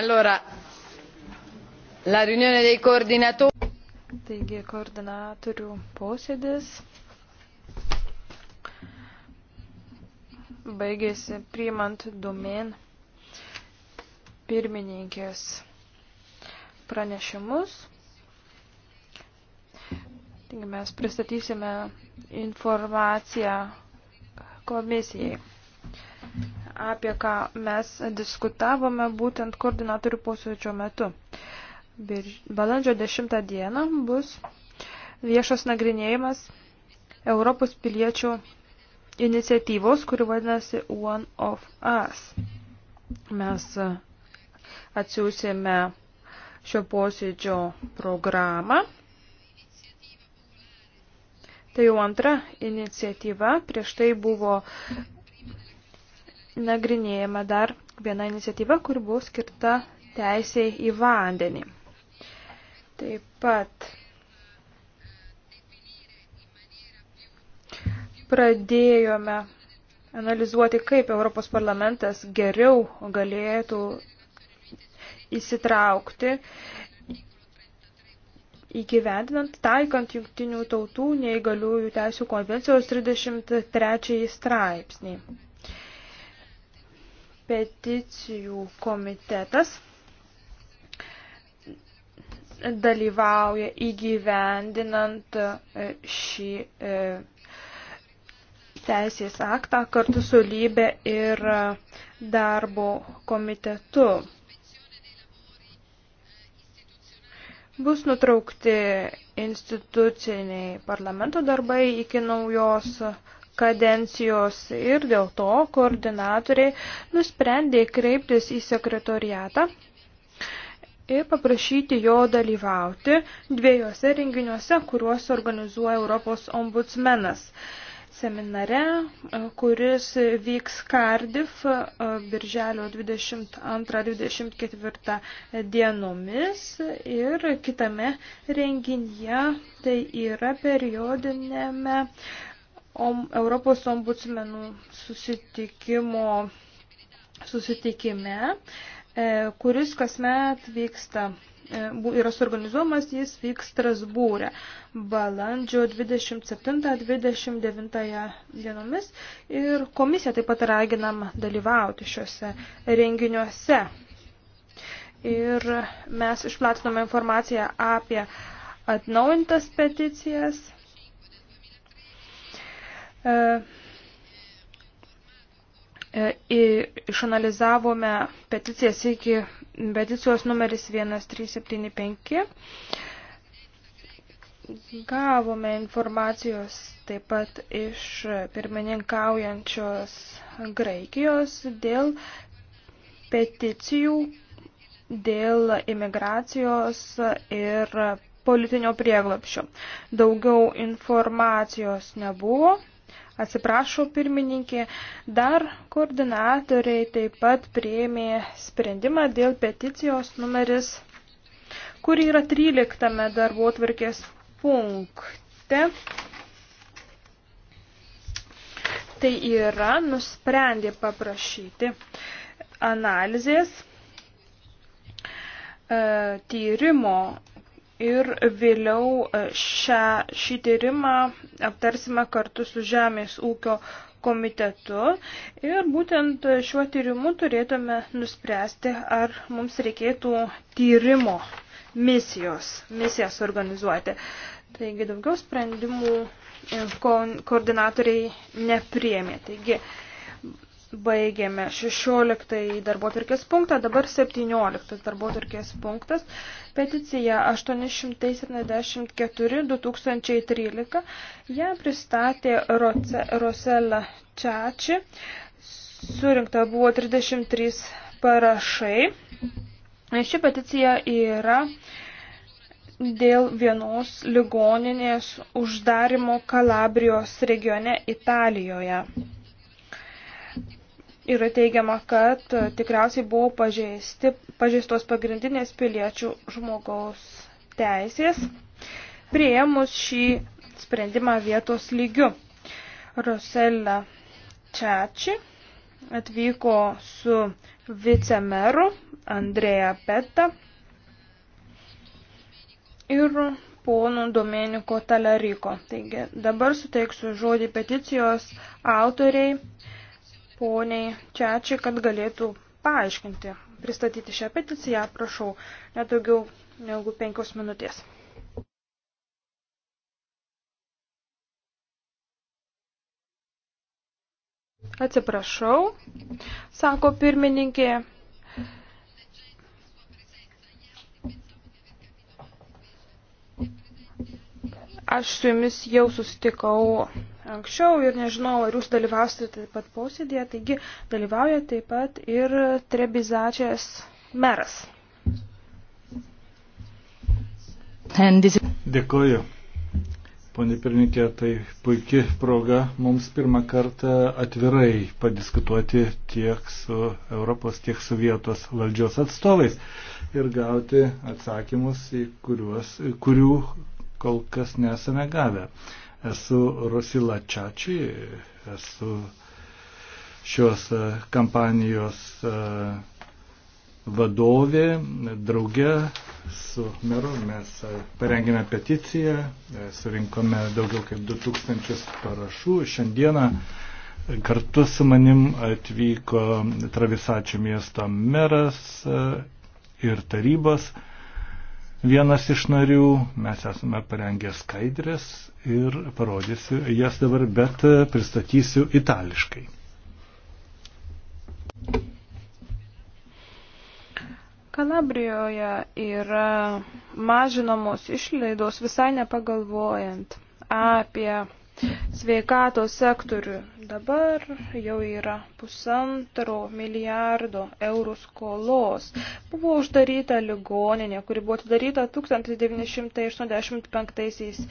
Allora, la riunione dei coordinatori. Taigi, koordinatorių posėdis baigėsi priimant domen pirmininkės pranešimus. Taigi mes pristatysime informaciją komisijai apie ką mes diskutavome būtent koordinatorių posėdžio metu. Balandžio 10 dieną bus viešas nagrinėjimas Europos piliečių iniciatyvos, kuri vadinasi One of Us. Mes e, atsiūsime šio posėdžio programą. Tai jau antra iniciatyva, prieš tai buvo nagrinėjama dar viena iniciatyva, kur buvo skirta teisiai į vandenį. Taip pat pradėjome analizuoti, kaip Europos parlamentas geriau galėtų įsitraukti įgyvendinant, taikant jungtinių tautų neįgaliųjų teisų konvencijos 33 straipsnį. Peticijų komitetas dalyvauja įgyvendinant e, šį e, teisės aktą kartu su lybė ir darbo komitetu. Bus nutraukti instituciniai parlamento darbai iki naujos kadencijos ir dėl to koordinatoriai nusprendė kreiptis į sekretoriatą ir paprašyti jo dalyvauti dviejose renginiuose, kuriuos organizuoja Europos ombudsmenas. Seminare, kuris vyks Cardiff birželio 22-24 dienomis ir kitame renginyje, tai yra periodinėme uh, om, Europos ombudsmenų susitikimo susitikime, e, kuris kasmet vyksta, e, yra suorganizuomas, jis vyks Strasbūrė balandžio 27-29 dienomis ir komisija taip pat raginama dalyvauti šiuose renginiuose. Ir mes išplatinome informaciją apie atnaujintas peticijas E, e, išanalizavome peticijas iki peticijos numeris 1375. Gavome informacijos taip pat iš pirmininkaujančios Graikijos dėl peticijų dėl imigracijos ir politinio prieglapščio. Daugiau informacijos nebuvo. Atsiprašau, pirmininkė, dar koordinatoriai taip pat prieimė sprendimą dėl peticijos numeris, kuri yra 13 darbo tvarkės punkte. Tai yra nusprendė paprašyti analizės e, tyrimo ir vėliau e, šią, šį tyrimą aptarsime kartu su Žemės ūkio komitetu ir būtent šiuo tyrimu turėtume nuspręsti, ar mums reikėtų tyrimo misijos, misijas organizuoti. Taigi daugiau sprendimų e, ko, koordinatoriai nepriemė. Taigi baigėme 16 darbo turkės punktą, dabar 17 darbo turkės punktas. Peticija 874-2013 ją pristatė Rosela Čiači. Surinkta buvo 33 parašai. Ši peticija yra dėl vienos ligoninės uždarimo Kalabrijos regione Italijoje yra teigiama, kad e, tikriausiai buvo pažeisti, pažeistos pagrindinės piliečių žmogaus teisės, prieimus šį sprendimą vietos lygiu. Roselė Čiači atvyko su vicemeru Andrėja Peta ir ponu Domeniko Talariko. Taigi dabar suteiksiu žodį peticijos autoriai poniai Čiačiai, kad galėtų paaiškinti, pristatyti šią peticiją, prašau, netaugiau negu penkios minutės. Atsiprašau, sako pirmininkė. Aš su jumis jau susitikau anksčiau ir nežinau, ar jūs dalyvausite taip pat posėdėje, taigi dalyvauja taip pat ir Trebizačės meras. Dėkoju. Pone pirmininkė, tai puikia proga mums pirmą kartą atvirai padiskutuoti tiek su Europos, tiek su vietos valdžios atstovais ir gauti atsakymus, kuriuos, kurių kol kas nesame gavę. Esu Rusila Čiači, esu šios e, kampanijos e, vadovė, draugė su meru mes e, parengėme peticiją, surinkome daugiau kaip 2000 parašų. Šiandieną kartu su manim atvyko Travisačio miesto meras ir tarybos vienas iš narių, mes esame parengę skaidrės ir parodysiu jas dabar, bet pristatysiu itališkai. Kalabrijoje yra mažinamos išlaidos visai nepagalvojant apie sveikatos sektorių. Dabar jau yra pusantro milijardo eurų skolos. Buvo uždaryta ligoninė, kuri buvo atidaryta 1985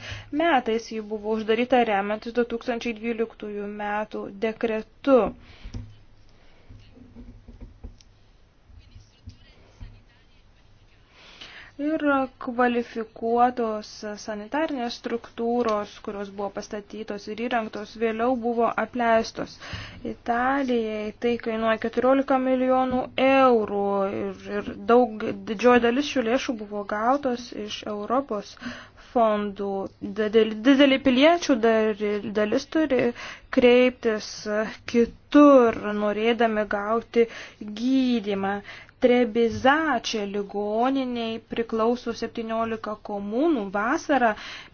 metais. Ji buvo uždaryta remiantis 2012 metų dekretu. ir kvalifikuotos sanitarnės struktūros, kurios buvo pastatytos ir įrengtos, vėliau buvo apleistos. Italijai tai kainuoja 14 milijonų eurų ir, ir daug didžioji dalis šių lėšų buvo gautos iš Europos fondų. Didelį piliečių dalis turi kreiptis kitur, norėdami gauti gydymą. Trebizačia ligoniniai priklauso 17 komunų. Vasarą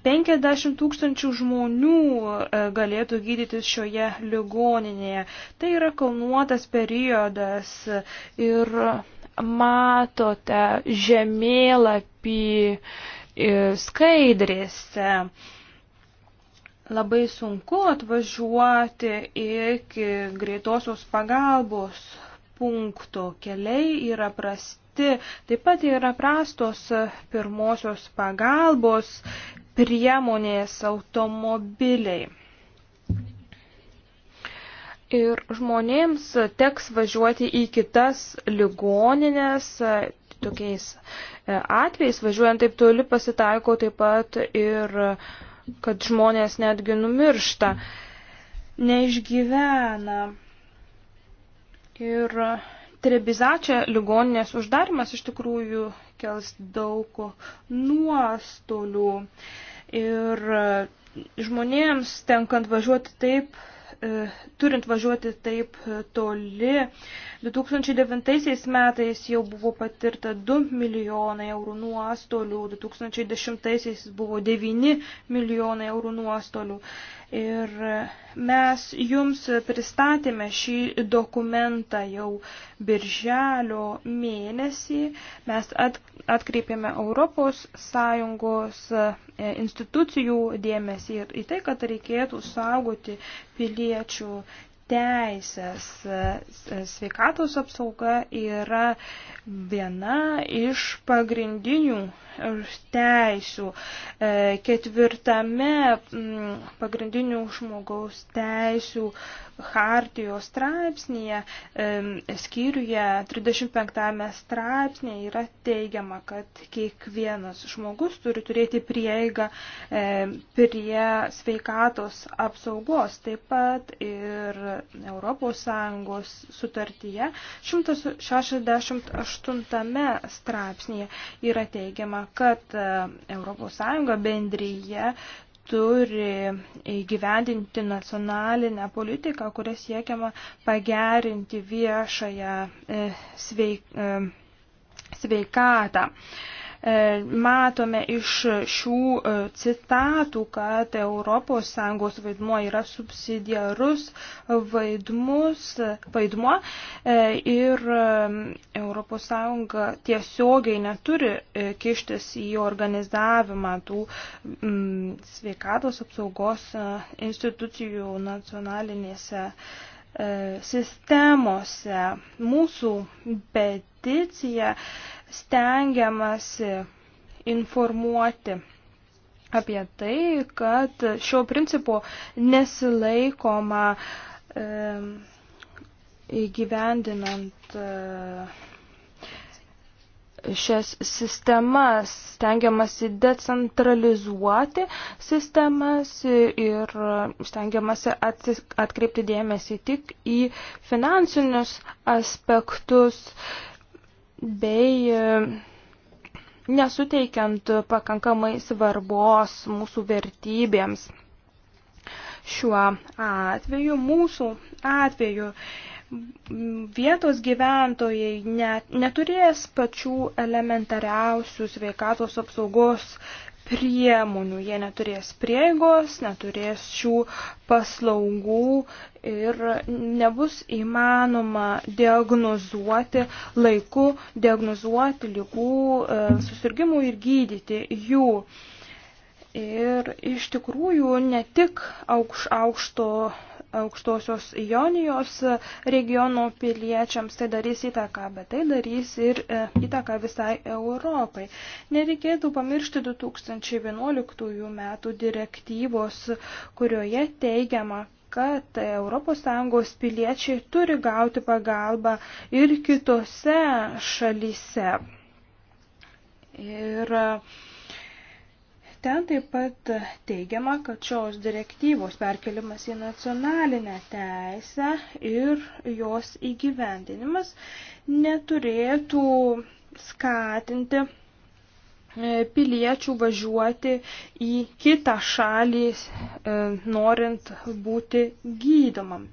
50 tūkstančių žmonių e, galėtų gydytis šioje ligoninėje. Tai yra kalnuotas periodas ir matote žemėlapį e, skaidrėse labai sunku atvažiuoti iki greitosios pagalbos punktų. Keliai yra prasti, taip pat yra prastos pirmosios pagalbos priemonės automobiliai. Ir žmonėms teks važiuoti į kitas ligoninės, tokiais e, atvejais važiuojant taip toli pasitaiko taip pat ir, kad žmonės netgi numiršta, neišgyvena. Ir Trebizačia ligoninės uždarimas iš tikrųjų kels daug nuostolių. Ir žmonėms tenkant važiuoti taip, e, turint važiuoti taip toli, 2009 metais jau buvo patirta 2 milijonai eurų nuostolių, 2010 buvo 9 milijonai eurų nuostolių. Ir mes jums pristatėme šį dokumentą jau birželio mėnesį. Mes atkreipėme Europos Sąjungos e, institucijų dėmesį į tai, kad reikėtų saugoti piliečių teisės. Sveikatos apsauga yra viena iš pagrindinių teisių. Ketvirtame mm, pagrindinių žmogaus teisių hartijos straipsnėje, mm, skyriuje 35 straipsnėje yra teigiama, kad kiekvienas žmogus turi turėti prieigą mm, prie sveikatos apsaugos, taip pat ir ES sutartyje 168 straipsnėje yra teigiama, kad ES bendryje turi įgyvendinti nacionalinę politiką, kuria siekiama pagerinti viešąją e, sveik, e, sveikatą. E, E, matome iš šių e, citatų, kad ES vaidmuo yra subsidiarus vaidmus, vaidmuo e, ir ES tiesiogiai neturi kištis į organizavimą tų sveikatos apsaugos institucijų nacionalinėse sistemose. Mūsų peticija stengiamasi informuoti apie tai, kad šio principo nesilaikoma įgyvendinant e, šias sistemas, stengiamasi decentralizuoti sistemas ir stengiamasi atkreipti dėmesį tik į finansinius aspektus bei e, nesuteikiant pakankamai svarbos mūsų vertybėms. Šiuo atveju, mūsų atveju, vietos gyventojai net, neturės pačių elementariausių sveikatos apsaugos priemonių, jie neturės prieigos, neturės šių paslaugų ir nebus įmanoma diagnozuoti laiku, diagnozuoti lygų e, susirgymų ir gydyti jų. Ir iš tikrųjų ne tik aukš, aukšto aukštosios Jonijos regiono piliečiams, tai darys įtaką, bet tai darys ir e, įtaką visai Europai. Nereikėtų pamiršti 2011 metų direktyvos, kurioje teigiama, kad ES piliečiai turi gauti pagalbą ir kitose šalyse. Ir uh, Ten taip pat teigiama, kad šios direktyvos perkelimas į nacionalinę teisę ir jos įgyvendinimas neturėtų skatinti e, piliečių važiuoti į kitą šalį, e, norint būti gydomam.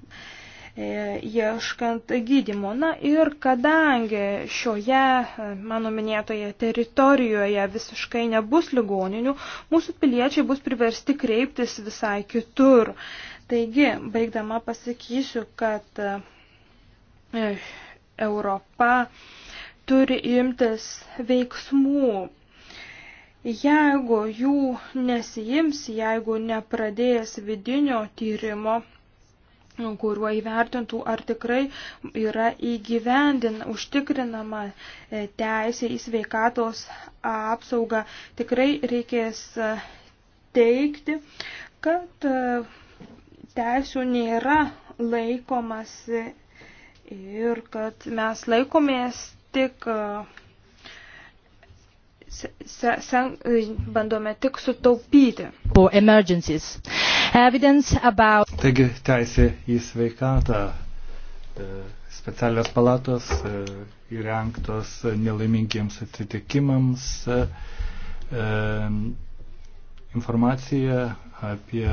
E, ieškant gydimo. Na ir kadangi šioje e, mano minėtoje teritorijoje visiškai nebus ligoninių, mūsų piliečiai bus priversti kreiptis visai kitur. Taigi, baigdama pasakysiu, kad e, Europa turi imtis veiksmų Jeigu jų nesijims, jeigu nepradės vidinio tyrimo, kuriuo įvertintų, ar tikrai yra įgyvendin, užtikrinama e, teisė į sveikatos apsaugą, tikrai reikės e, teikti, kad e, teisų nėra laikomasi ir kad mes laikomės tik sen, bandome tik sutaupyti. Po emergencies about... Taigi teisė į sveikatą. E, specialios palatos e, įrengtos nelaimingiems atsitikimams. E, informacija apie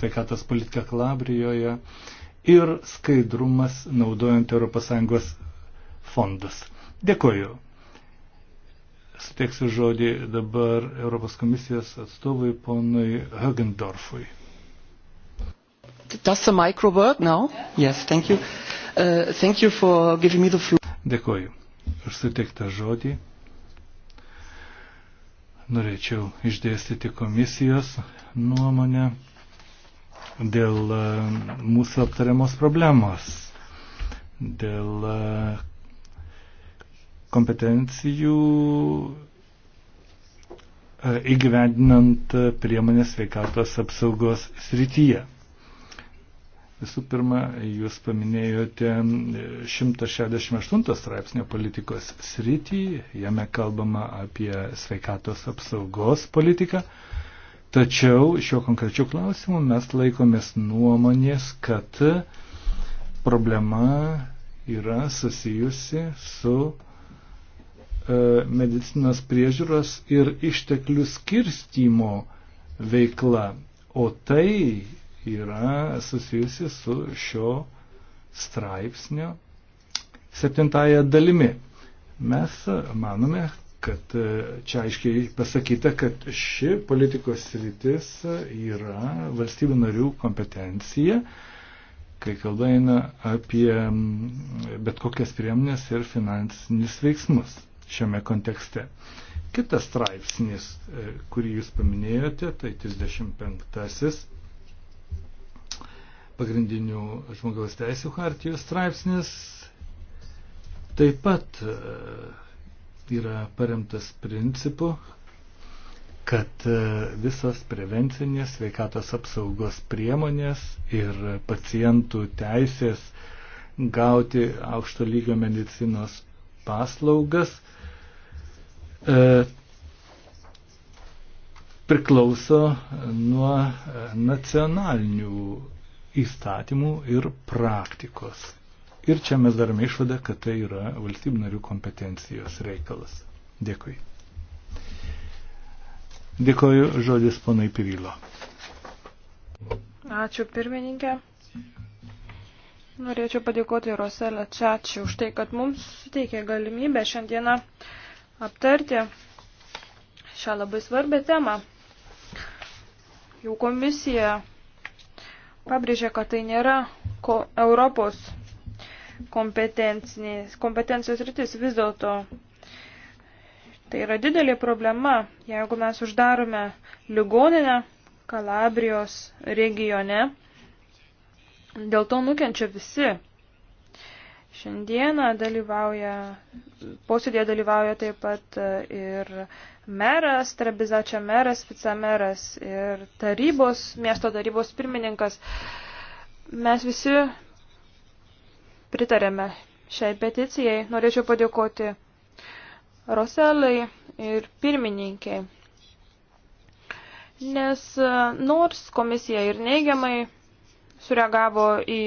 sveikatos politiką Kalabrijoje ir skaidrumas naudojant ES fondus. Dėkoju suteiksiu žodį dabar Europos komisijos atstovui ponui Hagendorfui. Does the micro work now? Yes, thank you. Uh, thank you for giving me the floor. Dėkoju už suteiktą žodį. Norėčiau išdėstyti komisijos nuomonę dėl uh, mūsų aptariamos problemos, dėl uh, kompetencijų uh, įgyvendinant priemonės sveikatos apsaugos srityje. Visų pirma, jūs paminėjote 168 straipsnio politikos sritį, jame kalbama apie sveikatos apsaugos politiką. Tačiau šiuo konkrečiu klausimu mes laikomės nuomonės, kad problema yra susijusi su e, medicinos priežiūros ir išteklių skirstymo veikla. O tai yra susijusi su šio straipsnio septintąją dalimi. Mes manome, kad e, čia aiškiai pasakyta, kad ši politikos sritis yra valstybių narių kompetencija, kai kalba eina apie bet kokias priemonės ir finansinis veiksmus šiame kontekste. Kitas straipsnis, e, kurį jūs paminėjote, tai 35 pagrindinių žmogaus teisų hartijos straipsnis taip pat e, yra paremtas principu, kad e, visos prevencinės sveikatos apsaugos priemonės ir pacientų teisės gauti aukšto lygio medicinos paslaugas e, priklauso nuo e, nacionalinių įstatymų ir praktikos. Ir čia mes darome išvadą, kad tai yra valstybių narių kompetencijos reikalas. Dėkui. Dėkoju žodis ponai Pirylo. Ačiū pirmininkė. Norėčiau padėkoti Roselė Čiačiui už tai, kad mums suteikė galimybę šiandieną aptarti šią labai svarbę temą. Jau komisija pabrėžė, kad tai nėra ko, Europos kompetencijos rytis. Vis dėlto tai yra didelė problema, jeigu mes uždarome ligoninę Kalabrijos regione. Dėl to nukenčia visi. Šiandieną dalyvauja, posėdėje dalyvauja taip pat ir meras, Trebizačio meras, vicemeras ir tarybos, miesto tarybos pirmininkas. Mes visi pritarėme šiai peticijai. Norėčiau padėkoti Roselai ir pirmininkiai. Nes nors komisija ir neigiamai sureagavo į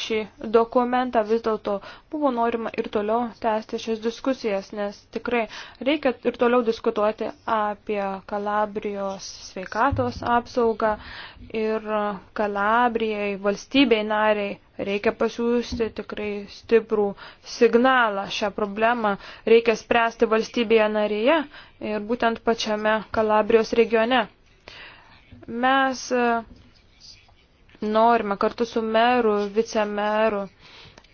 šį dokumentą, vis dėlto buvo norima ir toliau tęsti šias diskusijas, nes tikrai reikia ir toliau diskutuoti apie Kalabrijos sveikatos apsaugą ir Kalabrijai, valstybei nariai reikia pasiūsti tikrai stiprų signalą. Šią problemą reikia spręsti valstybėje narėje ir būtent pačiame Kalabrijos regione. Mes norime kartu su meru, vicemeru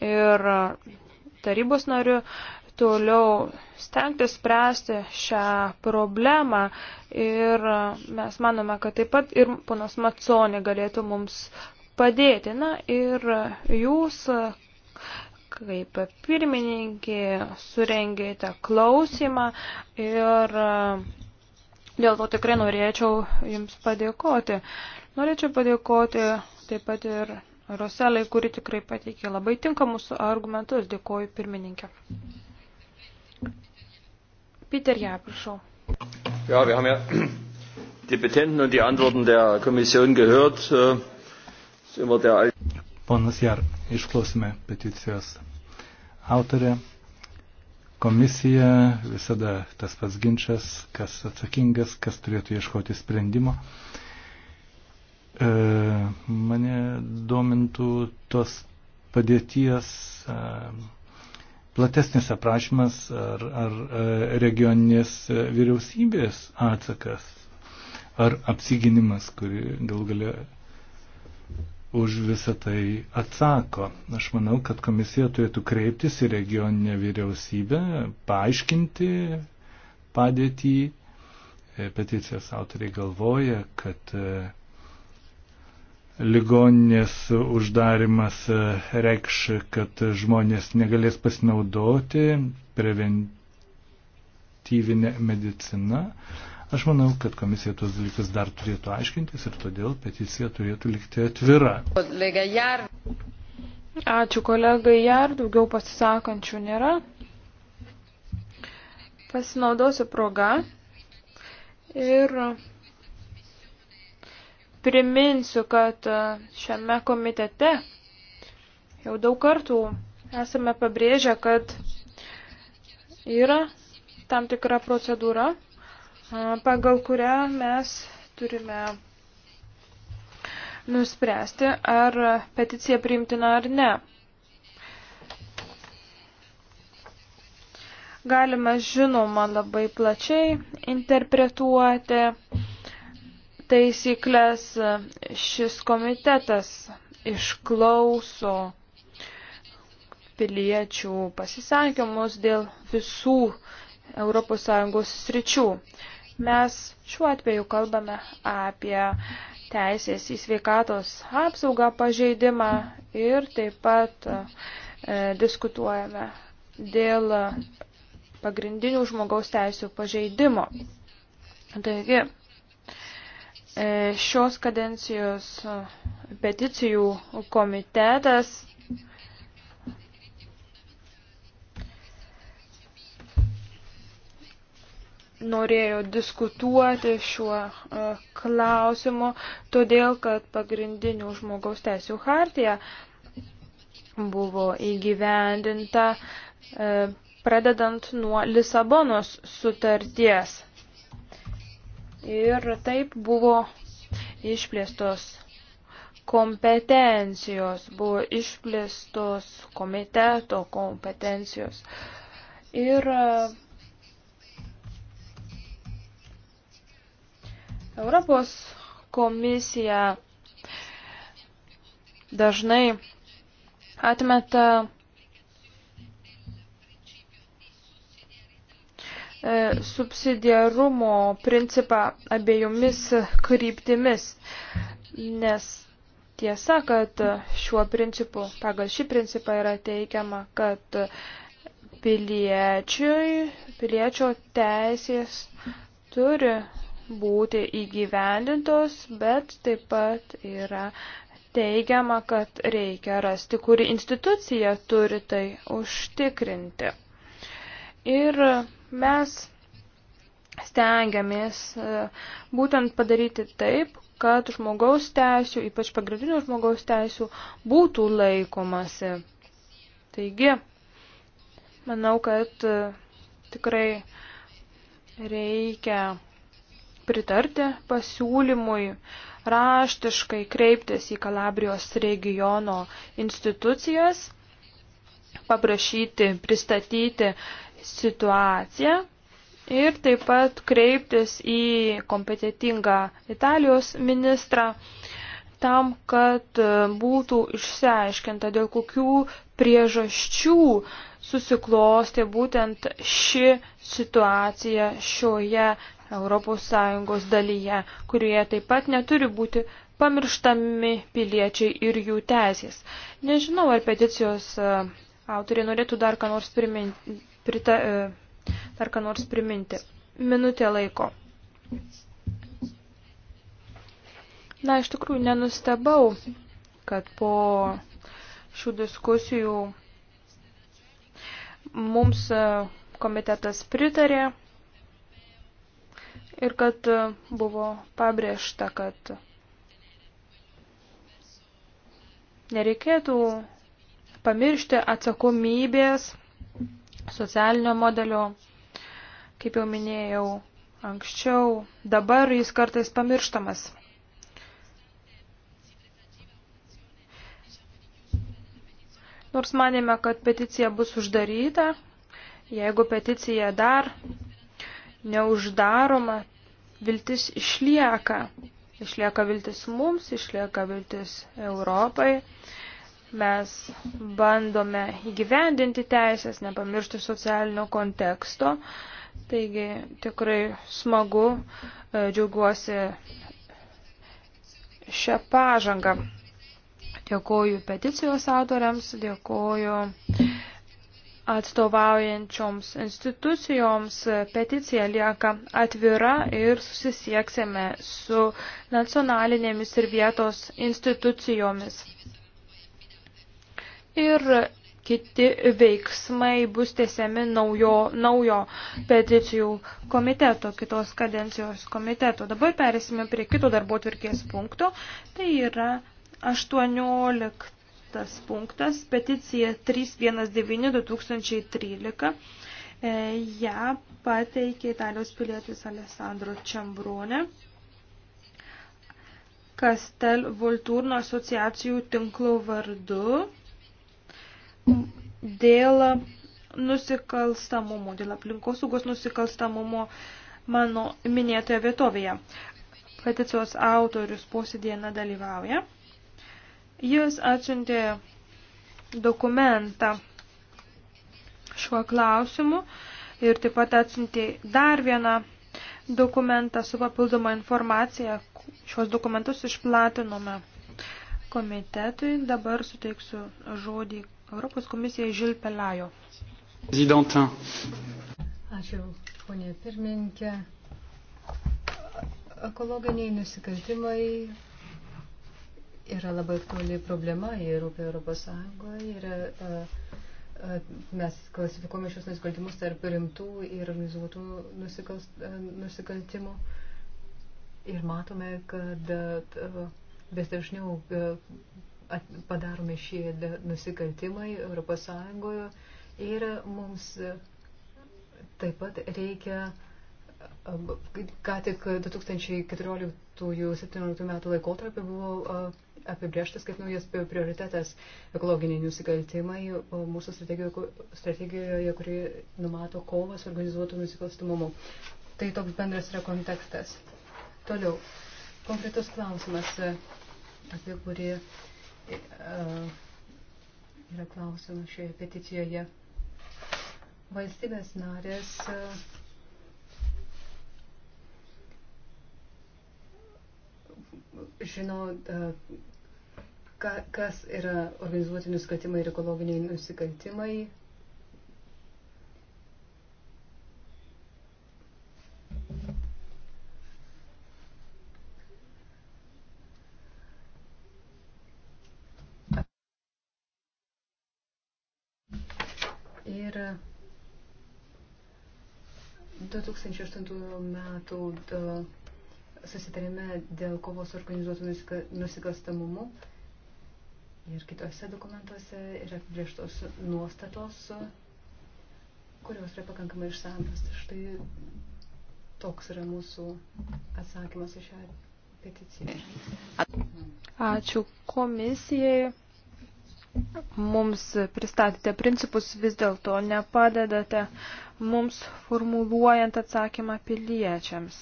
ir tarybos nariu toliau stengtis spręsti šią problemą ir mes manome, kad taip pat ir ponas Matsonė galėtų mums padėti. Na ir jūs, kaip pirmininkė, surengėte klausimą ir dėl to tikrai norėčiau jums padėkoti. Norėčiau padėkoti taip pat ir Roselai, kuri tikrai pateikė labai tinkamus argumentus. Dėkoju pirmininkė. Peter, ja, prašau. Ja, wir haben ja die Petenten und die Antworten der Kommission gehört. Äh, Ist immer der Ponas Jar, išklausime peticijos autorė. Komisija visada tas pats ginčas, kas atsakingas, kas turėtų ieškoti sprendimo. Uh, E, mane domintų tos padėties e, platesnis aprašymas ar, ar e, regioninės vyriausybės atsakas ar apsiginimas, kuri gal galia už visą tai atsako. Aš manau, kad komisija turėtų kreiptis į regioninę vyriausybę, paaiškinti padėtį. Peticijos autoriai galvoja, kad ligoninės uždarimas e, reikš, kad žmonės negalės pasinaudoti preventyvinę mediciną. Aš manau, kad komisija tuos dalykus dar turėtų aiškintis ir todėl peticija turėtų likti atvira. Ačiū kolegai Jar, daugiau pasisakančių nėra. Pasinaudosiu progą ir Priminsiu, kad e, šiame komitete jau daug kartų esame pabrėžę, kad yra tam tikra procedūra, e, pagal kurią mes turime nuspręsti, ar peticija priimtina ar ne. Galime, žinoma, labai plačiai interpretuoti taisyklės šis komitetas išklauso piliečių pasisakymus dėl visų ES sričių. Mes šiuo atveju kalbame apie teisės į sveikatos apsaugą pažeidimą ir taip pat e, diskutuojame dėl pagrindinių žmogaus teisų pažeidimo. Taigi, E, šios kadencijos e, peticijų komitetas norėjo diskutuoti šiuo e, klausimu, todėl kad pagrindinių žmogaus teisų hartija buvo įgyvendinta pradedant nuo Lisabonos sutarties ir taip buvo išplėstos kompetencijos, buvo išplėstos komiteto kompetencijos. Ir e, Europos komisija dažnai atmeta E, subsidiarumo principą abiejomis kryptimis, nes tiesa, kad šiuo principu, pagal šį principą yra teikiama, kad piliečiui, piliečio teisės turi būti įgyvendintos, bet taip pat yra teigiama, kad reikia rasti, kuri institucija turi tai užtikrinti. Ir Mes stengiamės e, būtent padaryti taip, kad žmogaus teisų, ypač pagrindinių žmogaus teisų, būtų laikomasi. Taigi, manau, kad e, tikrai reikia pritarti pasiūlymui raštiškai kreiptis į Kalabrijos regiono institucijas, paprašyti, pristatyti situaciją ir taip pat kreiptis į kompetitingą Italijos ministrą tam, kad e, būtų išsiaiškinta, dėl kokių priežasčių susiklosti būtent ši situacija šioje ES dalyje, kurioje taip pat neturi būti pamirštami piliečiai ir jų teisės. Nežinau, ar peticijos e, autoriai norėtų dar ką nors priminti, prita, e, dar ką nors priminti. Minutė laiko. Na, iš tikrųjų, nenustebau, kad po šių diskusijų mums e, komitetas pritarė ir kad e, buvo pabrėžta, kad nereikėtų pamiršti atsakomybės socialinio modelio, kaip jau minėjau anksčiau, dabar jis kartais pamirštamas. Nors manėme, kad peticija bus uždaryta, jeigu peticija dar neuždaroma, viltis išlieka. Išlieka viltis mums, išlieka viltis Europai, Mes bandome įgyvendinti teisės, nepamiršti socialinio konteksto. Taigi tikrai smagu, e, džiaugiuosi šią pažangą. Dėkoju peticijos autoriams, dėkoju atstovaujančioms institucijoms. Peticija lieka atvira ir susisieksime su nacionalinėmis ir vietos institucijomis ir kiti veiksmai bus tiesiami naujo, naujo peticijų komiteto, kitos kadencijos komiteto. Dabar perėsime prie kito darbo tvirkės punkto. Tai yra 18 punktas, peticija 319-2013. E, ja pateikė Italijos pilietis Alessandro Čembrone. Kastel Volturno asociacijų tinklų vardu dėl nusikalstamumo, dėl aplinkosaugos nusikalstamumo mano minėtoje vietovėje. Peticijos autorius posėdėje nedalyvauja. Jis atsiuntė dokumentą šiuo klausimu ir taip pat atsiuntė dar vieną dokumentą su papildoma informacija. Šios dokumentus išplatinome komitetui. Dabar suteiksiu žodį Europos komisija Žil Pelajo. Ačiū, ponė pirmininkė. Ekologiniai nusikaltimai yra labai aktuali problema ir rūpia Europos Sąjungoje. Ir, uh, mes klasifikuojame šios nusikaltimus tarp rimtų ir organizuotų e, nusikaltimų. Ir matome, kad vis dažniau padaromi šie nusikaltimai ES ir mums taip pat reikia, ką tik 2014-2017 metų laikotarpį buvo apibrieštas kaip naujas prioritetas ekologiniai nusikaltimai mūsų strategijoje, strategijoje kuri numato kovą su organizuotu nusikalstamumu. Tai toks bendras yra kontekstas. Toliau. Konkretus klausimas, apie kurį E, yra klausimų šioje peticijoje. Valstybės narės e, žino, e, kas yra organizuoti nusikaltimai ir ekologiniai nusikaltimai Ir 2008 metų susitarime dėl kovos organizuotų nusikalstamumu ir kitose dokumentuose yra apibrieštos nuostatos, kurios yra pakankamai išsamios. Štai toks yra mūsų atsakymas į šią peticiją. Ačiū komisijai mums pristatėte principus, vis dėlto nepadedate mums formuluojant atsakymą piliečiams.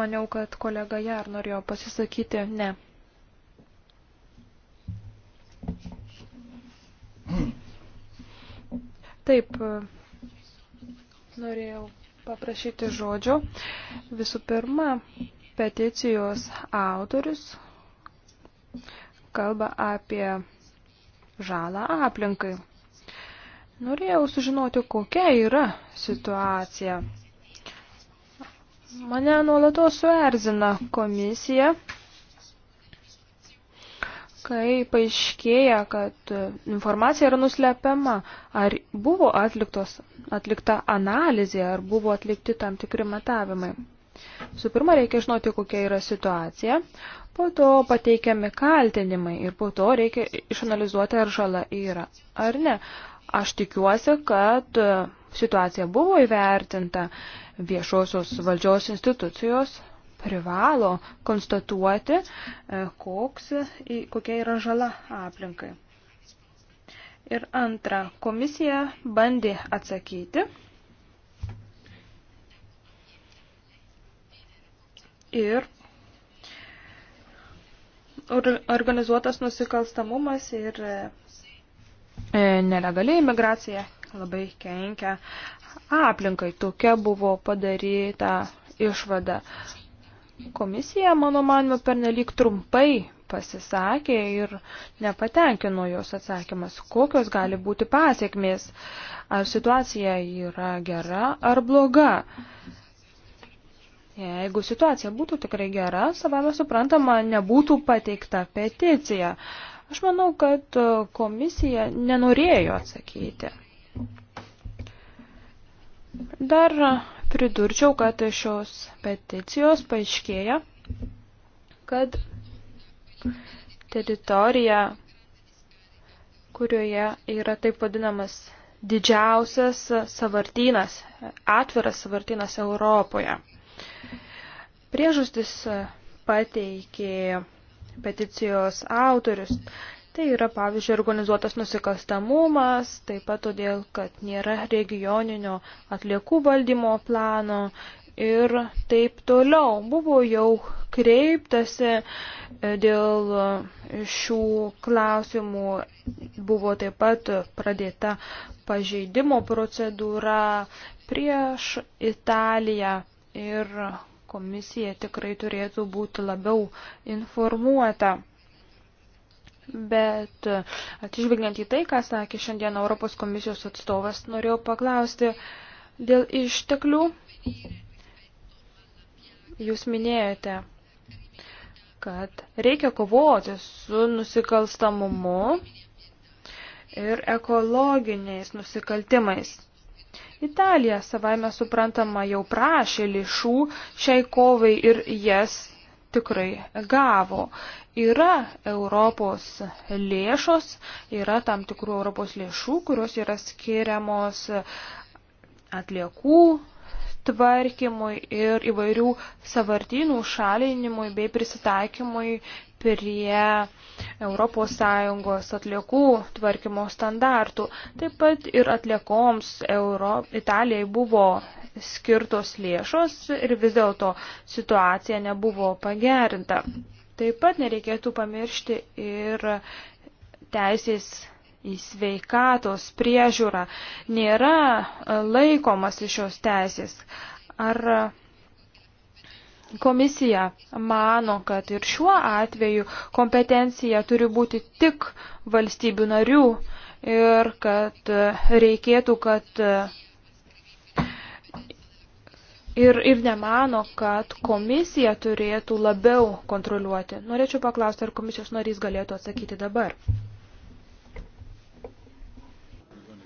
Maniau, kad kolega Jar norėjo pasisakyti. Ne. Taip, norėjau paprašyti žodžio. Visų pirma, peticijos autorius kalba apie žalą aplinkai. Norėjau sužinoti, kokia yra situacija. Mane nuolatos suerzina komisija, kai paaiškėja, kad informacija yra nuslepiama. Ar buvo atliktos, atlikta analizė, ar buvo atlikti tam tikri matavimai. Su pirma, reikia žinoti, kokia yra situacija po to pateikiami kaltinimai ir po to reikia išanalizuoti, ar žala yra ar ne. Aš tikiuosi, kad e, situacija buvo įvertinta viešosios valdžios institucijos privalo konstatuoti, e, koks, kokia yra žala aplinkai. Ir antra, komisija bandė atsakyti ir organizuotas nusikalstamumas ir e, nelegaliai imigracija labai kenkia aplinkai. Tokia buvo padaryta išvada. Komisija, mano manimo, pernelyg trumpai pasisakė ir nepatenkino jos atsakymas, kokios gali būti pasiekmės, ar situacija yra gera ar bloga. Jeigu situacija būtų tikrai gera, savame suprantama, nebūtų pateikta peticija. Aš manau, kad e, komisija nenorėjo atsakyti. Dar pridurčiau, kad šios peticijos paaiškėja, kad teritorija, kurioje yra taip vadinamas didžiausias savartynas, atviras savartynas Europoje – Priežastis pateikė peticijos autorius. Tai yra, pavyzdžiui, organizuotas nusikastamumas, taip pat todėl, kad nėra regioninio atliekų valdymo plano ir taip toliau. Buvo jau kreiptasi e, dėl šių klausimų, buvo taip pat pradėta pažeidimo procedūra prieš Italiją ir komisija tikrai turėtų būti labiau informuota. Bet e, atsižvelgiant į tai, ką sakė šiandien Europos komisijos atstovas, norėjau paklausti dėl išteklių. Jūs minėjote, kad reikia kovoti su nusikalstamumu ir ekologiniais nusikaltimais. Italija savaime suprantama jau prašė lišų šiai kovai ir jas tikrai gavo. Yra Europos lėšos, yra tam tikrų Europos lėšų, kurios yra skiriamos atliekų tvarkymui ir įvairių savartynų šalinimui bei prisitaikymui prie ES atliekų tvarkymo standartų. Taip pat ir atliekoms Euro, Italijai buvo skirtos lėšos ir vis dėlto situacija nebuvo pagerinta. Taip pat nereikėtų pamiršti ir teisės į sveikatos priežiūrą. Nėra laikomas iš šios teisės. Ar komisija mano, kad ir šiuo atveju kompetencija turi būti tik valstybių narių ir kad reikėtų, kad ir, ir nemano, kad komisija turėtų labiau kontroliuoti. Norėčiau paklausti, ar komisijos narys galėtų atsakyti dabar.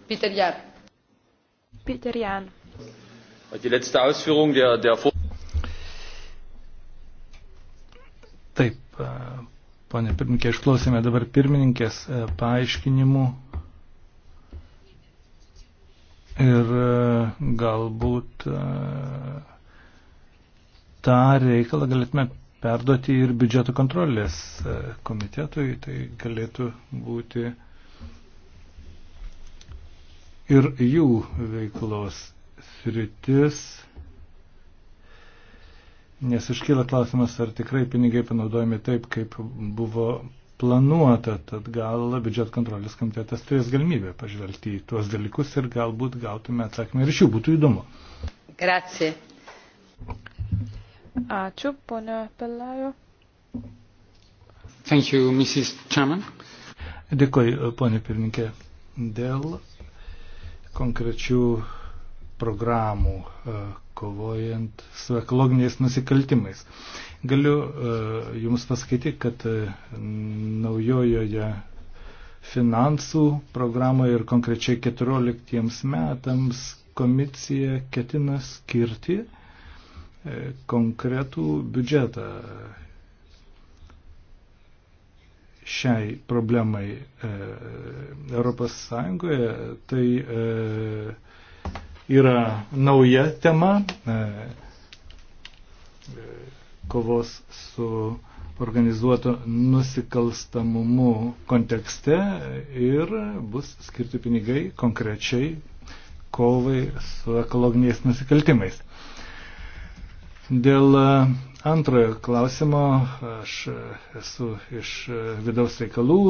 Peter Jan. Peter Jan. Die letzte Ausführung der, der Vor Taip, e, ponė pirmininkė, išklausėme dabar pirmininkės e, paaiškinimų ir e, galbūt tą reikalą galėtume perduoti ir biudžeto kontrolės komitetui, tai galėtų būti ir jų veiklos sritis nes iškyla klausimas, ar tikrai pinigai panaudojami taip, kaip buvo planuota, tad gal biudžet kontrolės komitetas turės galimybę pažvelgti į tuos dalykus ir galbūt gautume atsakymą ir iš jų būtų įdomu. Grazie. Ačiū, ponia Pelajo. Thank you, Mrs. Chairman. Dėkui, ponia pirmininkė, dėl konkrečių programų e, kovojant su ekologiniais nusikaltimais. Galiu e, Jums pasakyti, kad e, naujojoje finansų programoje ir konkrečiai 14 metams komisija ketina skirti konkretų biudžetą šiai problemai Europos Sąjungoje, tai e, yra nauja tema e, e, kovos su organizuoto nusikalstamumu kontekste ir bus skirti pinigai konkrečiai kovai su ekologiniais nusikaltimais. Dėl e, antrojo klausimo aš esu iš vidaus reikalų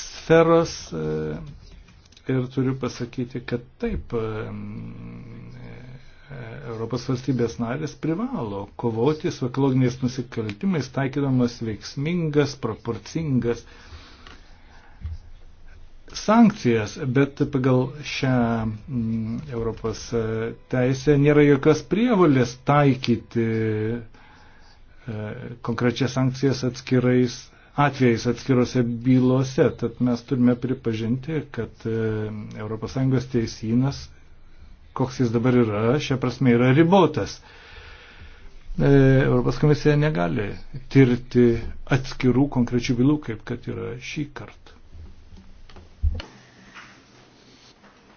sferos Ir turiu pasakyti, kad taip, e, e, Europos valstybės narės privalo kovoti su ekologiniais nusikaltimais, taikydamas veiksmingas, proporcingas sankcijas, bet pagal šią mm, Europos e, teisę nėra jokios prievalės taikyti konkrečias sankcijas atskirais atvejais atskirose bylose. Tad mes turime pripažinti, kad ES teisynas, koks jis dabar yra, šia prasme yra ribotas. E, Europos komisija negali tirti atskirų konkrečių bylų, kaip kad yra šį kartą.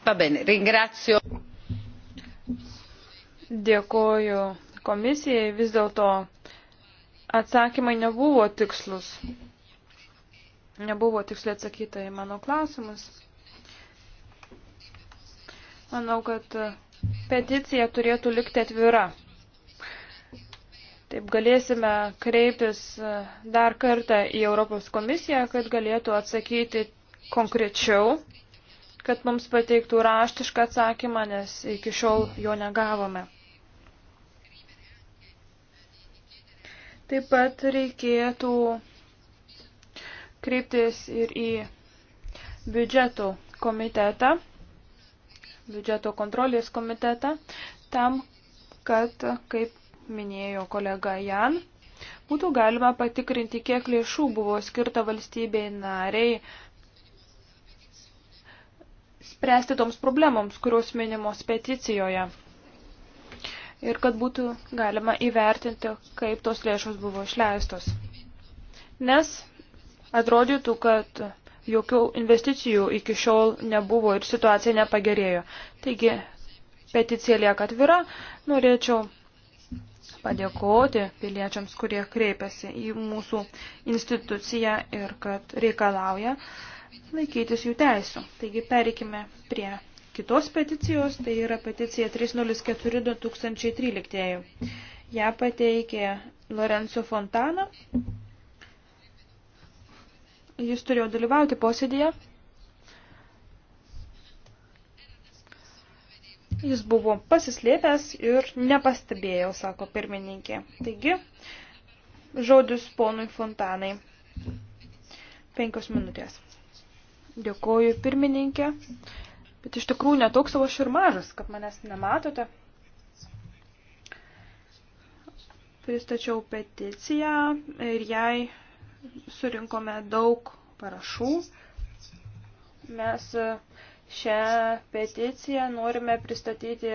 Va bene, ringrazio. Dėkoju komisijai, vis dėlto atsakymai nebuvo tikslus. Nebuvo tiksliai atsakyta į mano klausimus. Manau, kad peticija turėtų likti atvira. Taip galėsime kreiptis dar kartą į Europos komisiją, kad galėtų atsakyti konkrečiau, kad mums pateiktų raštišką atsakymą, nes iki šiol jo negavome. Taip pat reikėtų kreiptis ir į biudžeto komitetą, biudžeto kontrolės komitetą, tam, kad, kaip minėjo kolega Jan, būtų galima patikrinti, kiek lėšų buvo skirta valstybei nariai spręsti toms problemoms, kurios minimos peticijoje. Ir kad būtų galima įvertinti, kaip tos lėšos buvo išleistos. Nes Atrodytų, kad jokių investicijų iki šiol nebuvo ir situacija nepagerėjo. Taigi, peticija lieka atvira. Norėčiau padėkoti piliečiams, kurie kreipiasi į mūsų instituciją ir kad reikalauja laikytis jų teisų. Taigi, pereikime prie kitos peticijos, tai yra peticija 304-2013. Ja pateikė Lorenzo Fontana. Jis turėjo dalyvauti posėdėje. Jis buvo pasislėpęs ir nepastebėjo, sako pirmininkė. Taigi, žodis ponui Fontanai. Penkios minutės. Dėkoju pirmininkė, bet iš tikrųjų netoks savo širmažas, kad manęs nematote. Pristačiau peticiją ir jai surinkome daug parašų. Mes šią peticiją norime pristatyti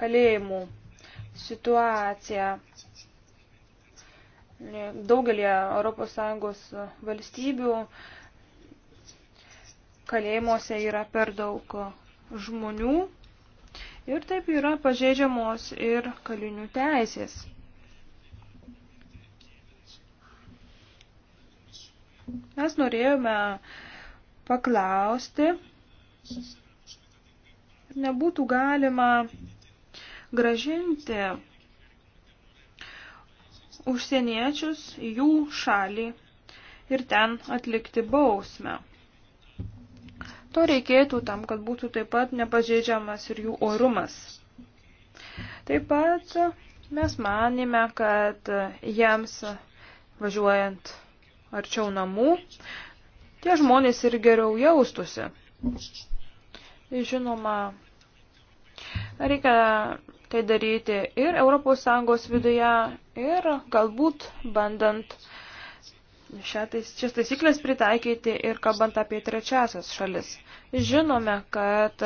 kalėjimų situaciją. Daugelį ES valstybių kalėjimuose yra per daug žmonių ir taip yra pažeidžiamos ir kalinių teisės. Mes norėjome paklausti, nebūtų galima gražinti užsieniečius į jų šalį ir ten atlikti bausmę. To reikėtų tam, kad būtų taip pat nepažeidžiamas ir jų orumas. Taip pat mes manėme, kad jiems važiuojant arčiau namų, tie žmonės ir geriau jaustusi. Žinoma, reikia tai daryti ir ES viduje, ir galbūt bandant šias taisyklės pritaikyti ir kalbant apie trečiasias šalis. Žinome, kad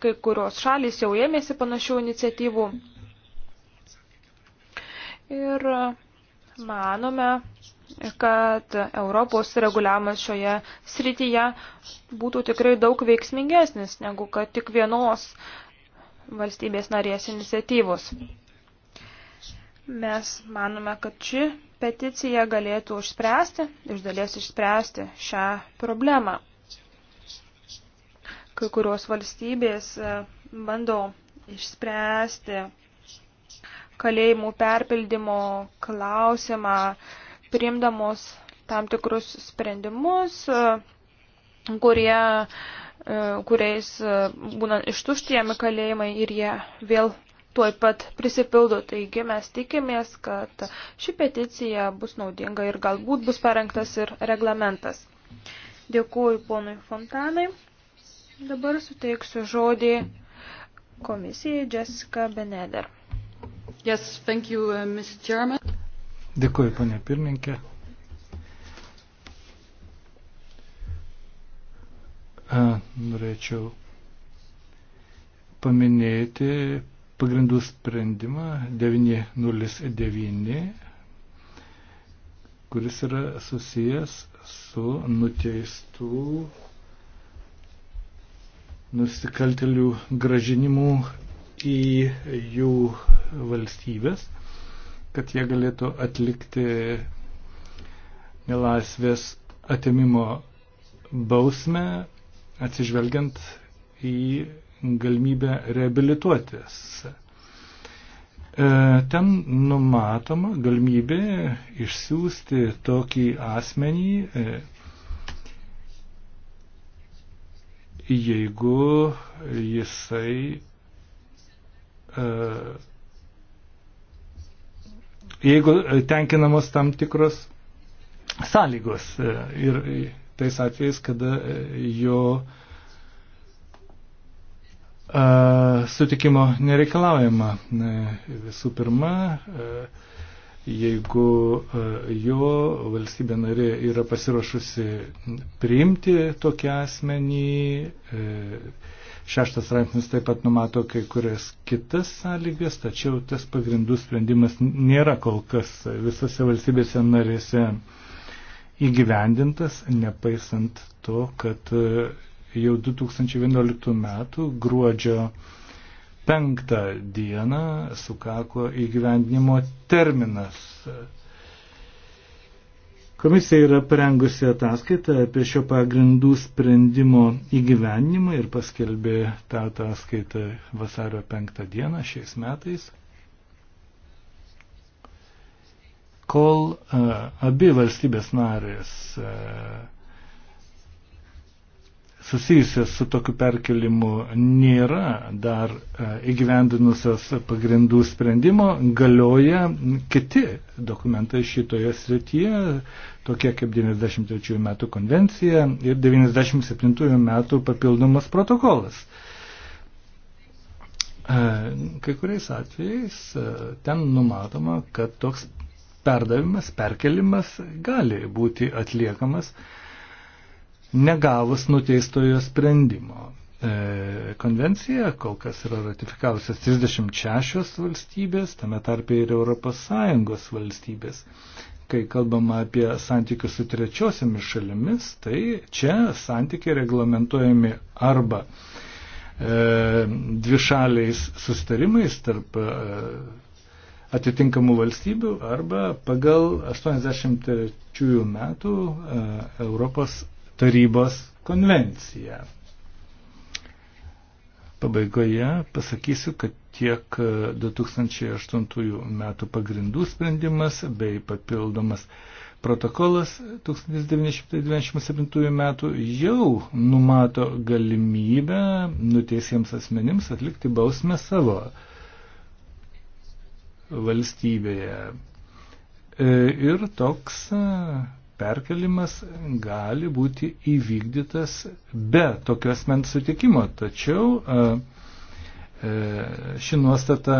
kai kurios šalys jau ėmėsi panašių iniciatyvų. Ir manome, kad Europos reguliavimas šioje srityje būtų tikrai daug veiksmingesnis negu kad tik vienos valstybės narės iniciatyvos. Mes manome, kad ši peticija galėtų išspręsti, iš dalies išspręsti šią problemą. Kai kurios valstybės e, bando išspręsti kalėjimų perpildymo klausimą, priimdamos tam tikrus sprendimus, e, kurie, e, kuriais e, būna ištuštėjami kalėjimai ir jie vėl tuoj pat prisipildo. Taigi mes tikimės, kad ši peticija bus naudinga ir galbūt bus parengtas ir reglamentas. Dėkuoju ponui Fontanai. Dabar suteiksiu žodį komisijai Jessica Beneder. Yes, thank you, uh, Ms. Chairman. Dėkuoju, ponė pirmininkė. Norėčiau paminėti pagrindų sprendimą 909, kuris yra susijęs su nuteistų nusikaltelių gražinimu į jų valstybės kad jie galėtų atlikti nelaisvės atimimo bausmę, atsižvelgiant į galimybę reabilituotis. E, ten numatoma galimybė išsiųsti tokį asmenį, e, jeigu jisai e, jeigu e, tenkinamos tam tikros sąlygos e, ir e, tais atvejais, kada jo sutikimo nereikalaujama. Visų pirma, jeigu jo valstybė narė yra pasiruošusi priimti tokį asmenį, Šeštas straipsnis taip pat numato kai kurias kitas sąlygas, tačiau tas pagrindų sprendimas nėra kol kas visose valstybėse narėse įgyvendintas, nepaisant to, kad e, jau 2011 m. gruodžio 5 dieną sukako įgyvendinimo terminas Komisija yra parengusi ataskaitą apie šio pagrindų sprendimo įgyvenimą ir paskelbė tą ataskaitą vasario 5 dieną šiais metais. Kol uh, abi valstybės narės uh, susijusios su tokiu perkelimu nėra dar e, įgyvendinusios pagrindų sprendimo, galioja kiti dokumentai šitoje srityje, tokie kaip 93 metų konvencija ir 97 metų papildomas protokolas. E, kai kuriais atvejais e, ten numatoma, kad toks perdavimas, perkelimas gali būti atliekamas negavus nuteistojo sprendimo. E, Konvenciją kol kas yra ratifikavusios 36 valstybės, tame tarpe ir ES valstybės. Kai kalbama apie santykius su trečiosiamis šalimis, tai čia santykiai reglamentojami arba e, dvišaliais sustarimais tarp e, atitinkamų valstybių arba pagal 83 metų e, Europos tarybos konvenciją. Pabaigoje pasakysiu, kad tiek 2008 metų pagrindų sprendimas bei papildomas protokolas 1997 metų jau numato galimybę nuteisiems asmenims atlikti bausmę savo valstybėje. E, ir toks perkelimas gali būti įvykdytas be tokios mens sutikimo, tačiau e, e, ši nuostata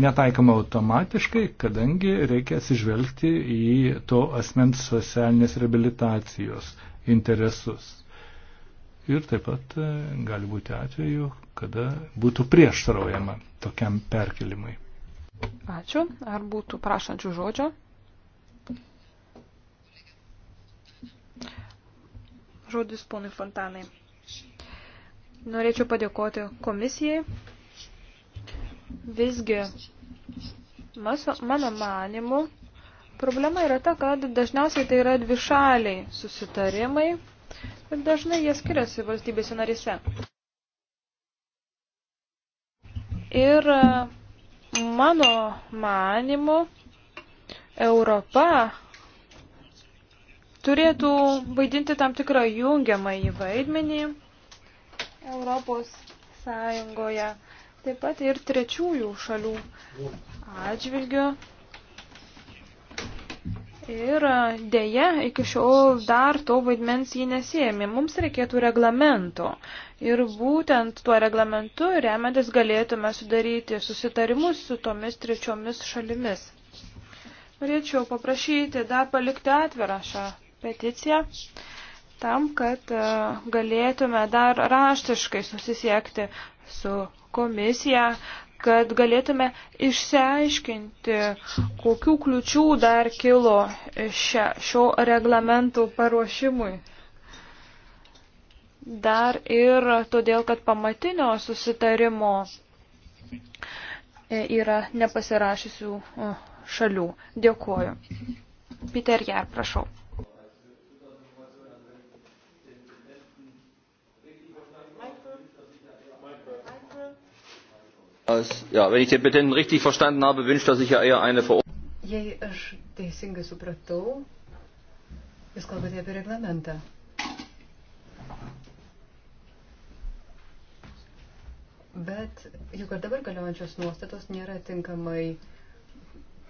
netaikoma automatiškai, kadangi reikia atsižvelgti į to asmens socialinės rehabilitacijos interesus. Ir taip pat e, gali būti atveju, kada būtų prieštaraujama tokiam perkelimui. Ačiū. Ar būtų prašančių žodžio? Žodis ponui Fontanai. Norėčiau padėkoti komisijai. Visgi, maso, mano manimu, problema yra ta, kad dažniausiai tai yra dvišaliai susitarimai ir dažnai jie skiriasi valstybėse narise. Ir e, mano manimu, Europa turėtų vaidinti tam tikrą jungiamą į vaidmenį Europos Sąjungoje, taip pat ir trečiųjų šalių atžvilgių. Ir dėja, iki šiol dar to vaidmens jį nesėmė. Mums reikėtų reglamento. Ir būtent tuo reglamentu remiantis galėtume sudaryti susitarimus su tomis trečiomis šalimis. Norėčiau paprašyti dar palikti atvirą šią peticiją tam, kad e, galėtume dar raštiškai susisiekti su komisija, kad galėtume išsiaiškinti, kokių kliučių dar kilo šia, šio reglamentų paruošimui. Dar ir todėl, kad pamatinio susitarimo e, yra nepasirašysių e, šalių. Dėkuoju. Peter Jar, prašau. Er Jei aš teisingai supratau, jūs kalbate apie reglamentą. Bet juk ir dabar galiojančios nuostatos nėra tinkamai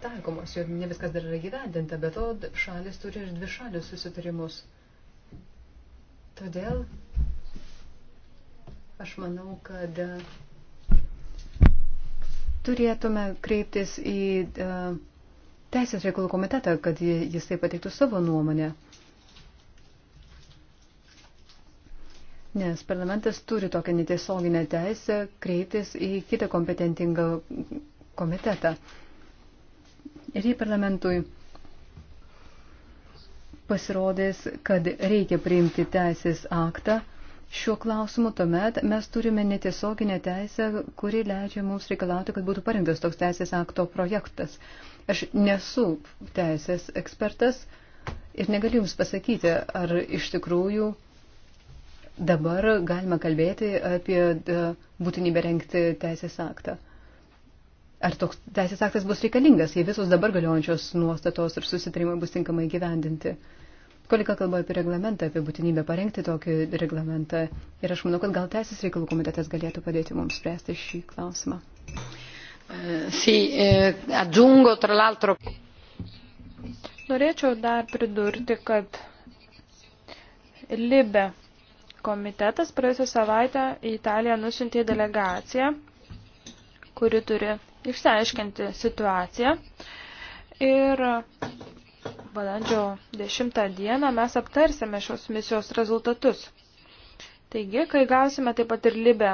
taikomos, jo ne viskas dar yra gyvendinta, bet to šalis turi ir dvi šalius susitarimus. Todėl aš manau, kad turėtume kreiptis į e, Teisės reikalų komitetą, kad jis taip pateiktų savo nuomonę. Nes parlamentas turi tokią netiesioginę teisę kreiptis į kitą kompetentingą komitetą. Ir jei parlamentui pasirodės, kad reikia priimti teisės aktą, šiuo klausimu, tuomet mes turime netiesioginę teisę, kuri leidžia mums reikalauti, kad būtų parengtas toks teisės akto projektas. Aš nesu teisės ekspertas ir negaliu Jums pasakyti, ar iš tikrųjų dabar galima kalbėti apie e, būtinybę rengti teisės aktą. Ar toks teisės aktas bus reikalingas, jei visos dabar galiojančios nuostatos ir susitarimai bus tinkamai gyvendinti? Uh, Kolika kalba apie reglamentą, apie būtinybę parengti tokį reglamentą. Ir aš manau, kad gal Teisės reikalų komitetas galėtų padėti mums spręsti šį klausimą. Uh, sì, eh, aggiungo tra l'altro. Norėčiau dar pridurti, kad Libe komitetas praėjusią savaitę į Italiją nusintė delegaciją, kuri turi išsiaiškinti situaciją. Ir balandžio 10 dieną mes aptarsime šios misijos rezultatus. Taigi, kai gausime taip pat ir Libę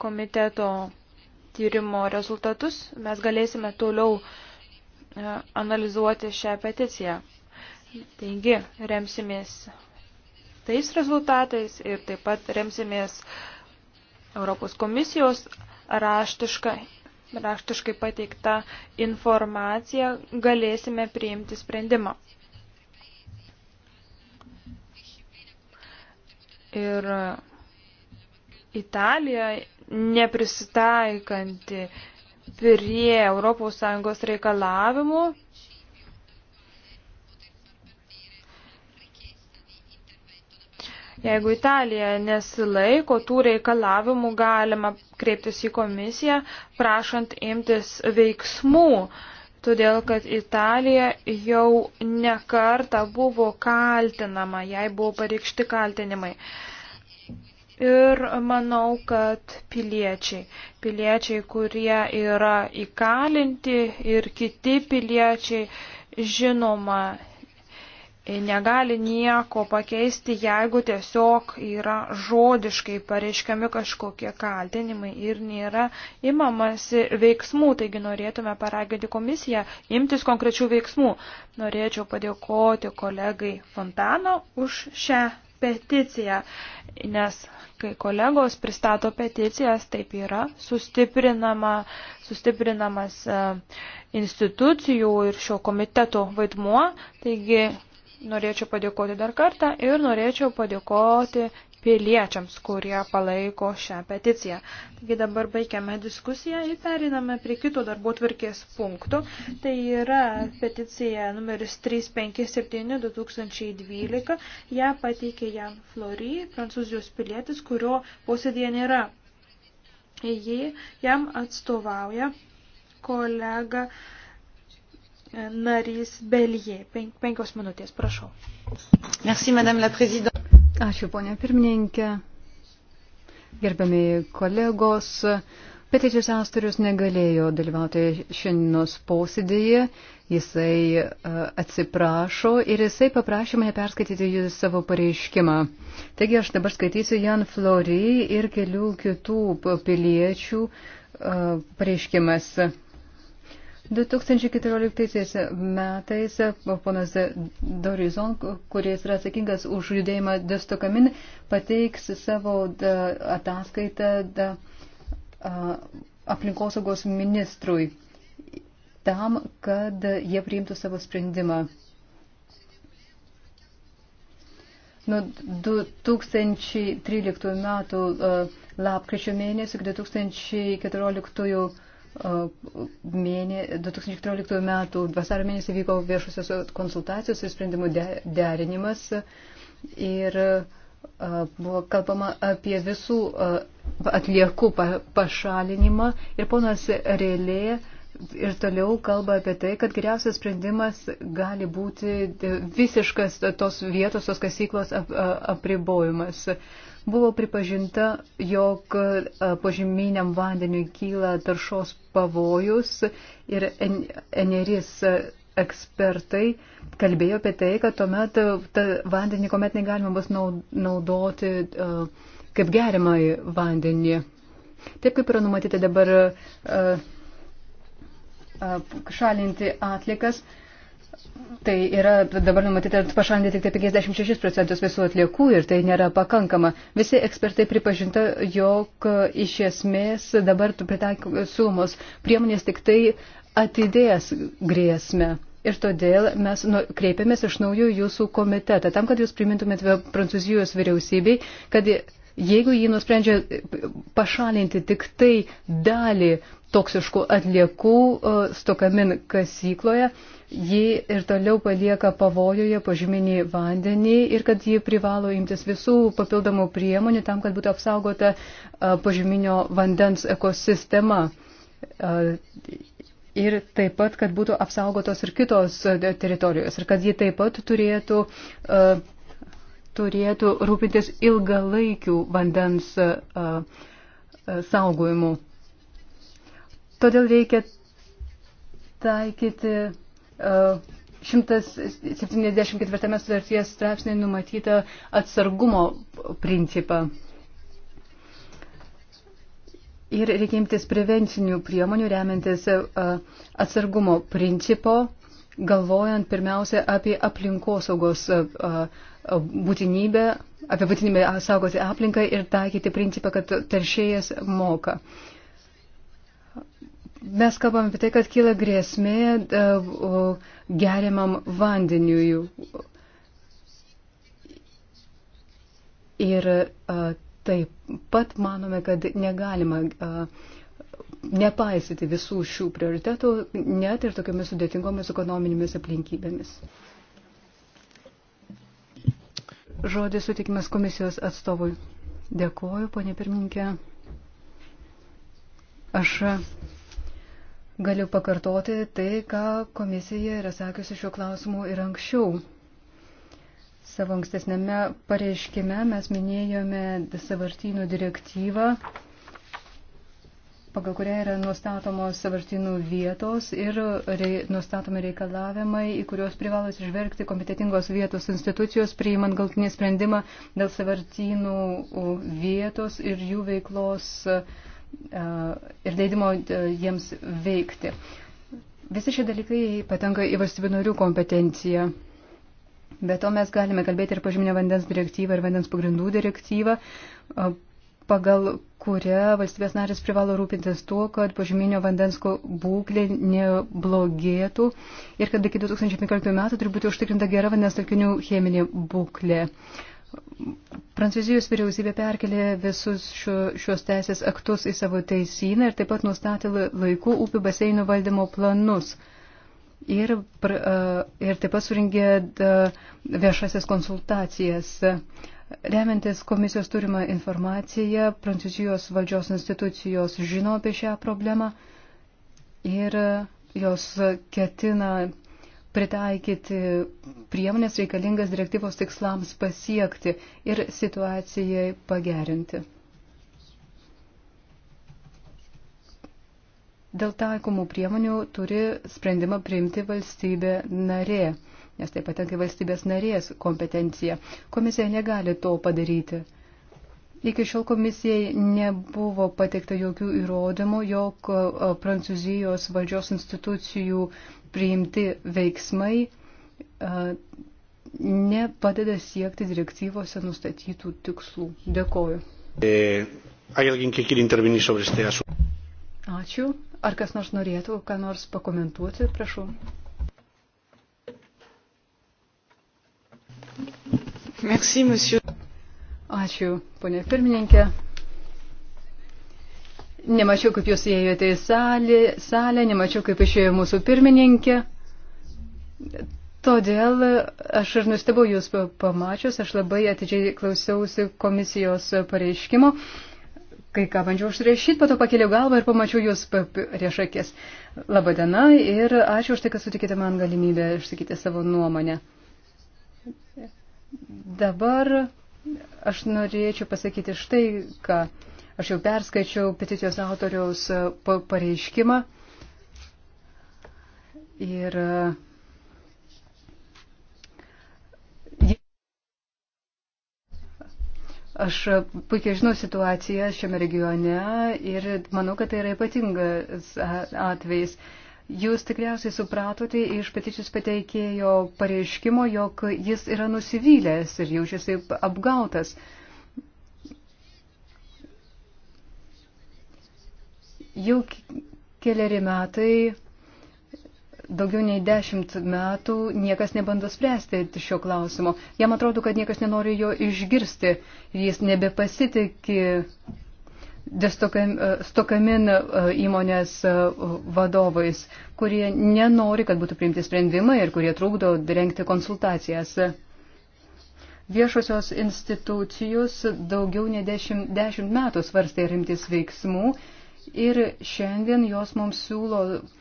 komiteto tyrimo rezultatus, mes galėsime toliau e, analizuoti šią peticiją. Taigi, remsimės tais rezultatais ir taip pat remsimės Europos komisijos raštišką raštiškai pateikta informacija galėsime priimti sprendimą. Ir Italija neprisitaikanti prie ES reikalavimų Jeigu Italija nesilaiko tų reikalavimų, galima kreiptis į komisiją, prašant imtis veiksmų, todėl kad Italija jau nekarta buvo kaltinama, jai buvo pareikšti kaltinimai. Ir manau, kad piliečiai, piliečiai, kurie yra įkalinti ir kiti piliečiai, žinoma, negali nieko pakeisti, jeigu tiesiog yra žodiškai pareiškiami kažkokie kaltinimai ir nėra imamasi veiksmų. Taigi norėtume paraginti komisiją imtis konkrečių veiksmų. Norėčiau padėkoti kolegai Fontano už šią peticiją, nes kai kolegos pristato peticijas, taip yra sustiprinama, sustiprinamas e, institucijų ir šio komiteto vaidmuo, taigi Norėčiau padėkoti dar kartą ir norėčiau padėkoti piliečiams, kurie palaiko šią peticiją. Taigi dabar baigiame diskusiją ir periname prie kito darbo tvarkės punktų. Tai yra peticija numeris 357-2012. Ja pateikė Jan Flory, prancūzijos pilietis, kurio posėdėje nėra. Jį jam atstovauja kolega uh, narys Belgie. Pen, penkios minutės, prašau. Merci, madame la présidente. Ačiū, ponia pirmininkė. Gerbiami kolegos, Peticijos astorius negalėjo dalyvauti šiandienos posėdėje, jisai e, atsiprašo ir jisai paprašė mane perskaityti savo pareiškimą. Taigi aš dabar skaitysiu Jan Flory ir kelių kitų piliečių e, pareiškimas. 2014 metais ponas Dorizon, kuris yra atsakingas už judėjimą Destokamin, pateiks savo da, e, ataskaitą da, e, aplinkosaugos ministrui tam, kad jie priimtų savo sprendimą. Nuo 2013 metų e, lapkričio mėnesio iki 2014 metų mėne, 2014 metų vasario mėnesį vyko viešusios konsultacijos ir sprendimų de, derinimas ir buvo kalbama apie visų atliekų pašalinimą ir ponas Relė ir toliau kalba apie tai, kad geriausias sprendimas gali būti visiškas tos vietos, tos kasyklos apribojimas. Ap buvo pripažinta, jog e, požeminiam vandeniui kyla taršos pavojus ir eneris ekspertai kalbėjo apie tai, kad tuomet e, tą vandenį, kuomet negalima bus naudoti e, kaip gerimai vandenį. Taip kaip yra numatyti dabar šalinti atlikas, uh, Tai yra dabar numatyta pašalinti tik 56 tai procentus visų atliekų ir tai nėra pakankama. Visi ekspertai pripažinta, jog iš esmės dabar pritaikomos priemonės tik tai atidės grėsmę. Ir todėl mes nu, kreipiamės iš naujo jūsų komitetą, tam, kad jūs primintumėte Prancūzijos vyriausybei, kad Jeigu jį nusprendžia pašalinti tik tai dalį toksiškų atliekų e, stokamin kasykloje, ji ir toliau palieka pavojoje pažyminį vandenį ir kad ji privalo imtis visų papildomų priemonių tam, kad būtų apsaugota e, pažyminio vandens ekosistema. E, ir taip pat, kad būtų apsaugotos ir kitos teritorijos. Ir kad ji taip pat turėtų turėtų rūpintis ilgalaikių vandens saugojimu. Todėl reikia taikyti 174 sutarties straipsnį numatytą atsargumo principą. Ir reikia imtis prevencinių priemonių, remiantis atsargumo principo, galvojant pirmiausia apie aplinkosaugos būtinybę, apie būtinybę saugoti aplinką ir taikyti principą, kad teršėjas moka. Mes kalbame apie tai, kad kyla grėsmė e, geriamam vandeniui. Ir e, taip pat manome, kad negalima e, nepaisyti visų šių prioritetų, net ir tokiamis sudėtingomis ekonominėmis aplinkybėmis. Žodis sutikimas komisijos atstovui. Dėkuoju, ponė pirmininkė. Aš galiu pakartoti tai, ką komisija yra sakiusi šiuo klausimu ir anksčiau. Savo ankstesnėme pareiškime mes minėjome savartynų direktyvą pagal kurią yra nustatomos savartinų vietos ir rei, nustatomi reikalavimai, į kuriuos privalo išvelgti kompetitingos vietos institucijos, priimant galtinį sprendimą dėl savartinų vietos ir jų veiklos e, ir leidimo e, jiems veikti. Visi šie dalykai patenka į valstybių narių kompetenciją. Be to mes galime kalbėti ir pažyminę vandens direktyvą ir vandens pagrindų direktyvą, pagal kurią valstybės narės privalo rūpintis tuo, kad požeminio vandens būklė neblogėtų ir kad iki 2015 metų turi būti užtikrinta gera vandens telkinių cheminė būklė. Prancūzijos vyriausybė perkelė visus šio, šios teisės aktus į savo teisyną ir taip pat nustatė laikų upių baseinų valdymo planus. Ir, ir taip pat suringė viešasias konsultacijas. Remiantis komisijos turimą informaciją, Prancūzijos valdžios institucijos žino apie šią problemą ir jos ketina pritaikyti priemonės reikalingas direktyvos tikslams pasiekti ir situacijai pagerinti. Dėl taikomų priemonių turi sprendimą priimti valstybė narė nes tai patenka valstybės narės kompetencija. Komisija negali to padaryti. Iki šiol komisijai nebuvo pateikta jokių įrodymų, jog e, Prancūzijos valdžios institucijų priimti veiksmai e, nepadeda siekti direktyvose nustatytų tikslų. Dėkoju. E, Ačiū. Ar kas nors norėtų ką nors pakomentuoti? Prašau. Merci, monsieur. Ačiū, ponė pirmininkė. Nemačiau, kaip jūs įėjote į salę, salę, nemačiau, kaip išėjo mūsų pirmininkė. Todėl aš ir nustebau jūs pamačius, aš labai atidžiai klausiausi komisijos pareiškimo. Kai ką bandžiau užrašyti, pato pakeliu galvą ir pamačiau jūs prieš akis. Labadiena ir ačiū už tai, kad sutikite man galimybę išsakyti savo nuomonę. Dabar aš norėčiau pasakyti štai, ką aš jau perskaičiau peticijos autoriaus e, pareiškimą. Ir e, Aš puikiai žinau situaciją šiame regione ir manau, kad tai yra ypatingas atvejis. Jūs tikriausiai supratote iš peticijos pateikėjo pareiškimo, jog jis yra nusivylęs ir jaučiasi apgautas. Jau keliari metai, daugiau nei dešimt metų, niekas nebando spręsti šio klausimo. Jam atrodo, kad niekas nenori jo išgirsti ir jis nebepasitikė Destokamin e, e, įmonės e, vadovais, kurie nenori, kad būtų priimti sprendimai ir kurie trukdo rengti konsultacijas. Viešosios institucijos daugiau nei dešimt, dešimt metų svarstė rimtis veiksmų ir šiandien jos mums siūlo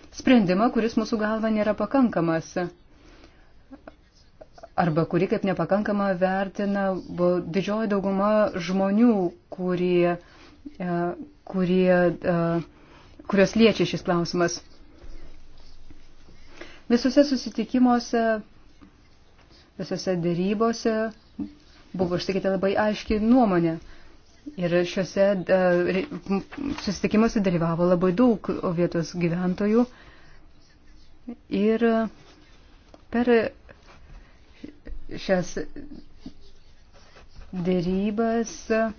sprendimą, kuris mūsų galva nėra pakankamas arba kuri kaip nepakankama vertina didžioji dauguma žmonių, kurie uh, E, kurie, e, kurios liečia šis klausimas. Visose susitikimuose, visose dėrybose buvo išsakyta labai aiški nuomonė. Ir šiuose e, susitikimuose dalyvavo labai daug vietos gyventojų. Ir per šias dėrybas uh,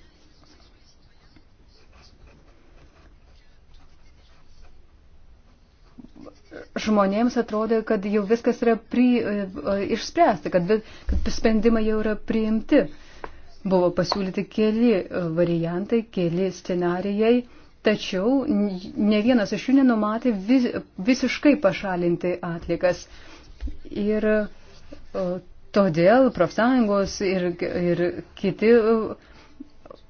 žmonėms atrodė, kad jau viskas yra pri, e, e, išspręsta, kad, kad sprendimai jau yra priimti. Buvo pasiūlyti keli e, variantai, keli scenarijai, tačiau ne vienas iš jų nenumatė vis, visiškai pašalinti atlikas. Ir todėl profsąjungos ir, ir kiti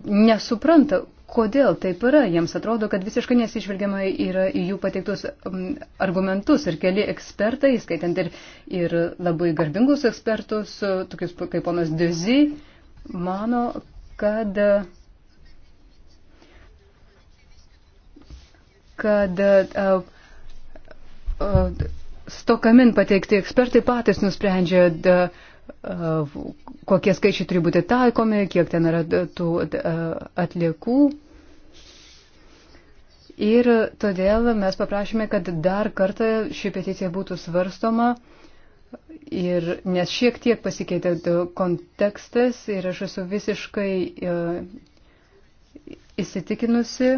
nesupranta, kodėl taip yra. Jiems atrodo, kad visiškai nesižvelgiama yra į jų pateiktus mm, argumentus ir keli ekspertai, skaitant ir, ir labai garbingus ekspertus, tokius kaip ponas Dezi, mano, kad kad uh, uh, Stokamin pateikti ekspertai patys nusprendžia, uh, kokie skaičiai turi būti taikomi, kiek ten yra tų atliekų. Ir todėl mes paprašėme, kad dar kartą ši peticija būtų svarstoma, ir, nes šiek tiek pasikeitė kontekstas ir aš esu visiškai įsitikinusi,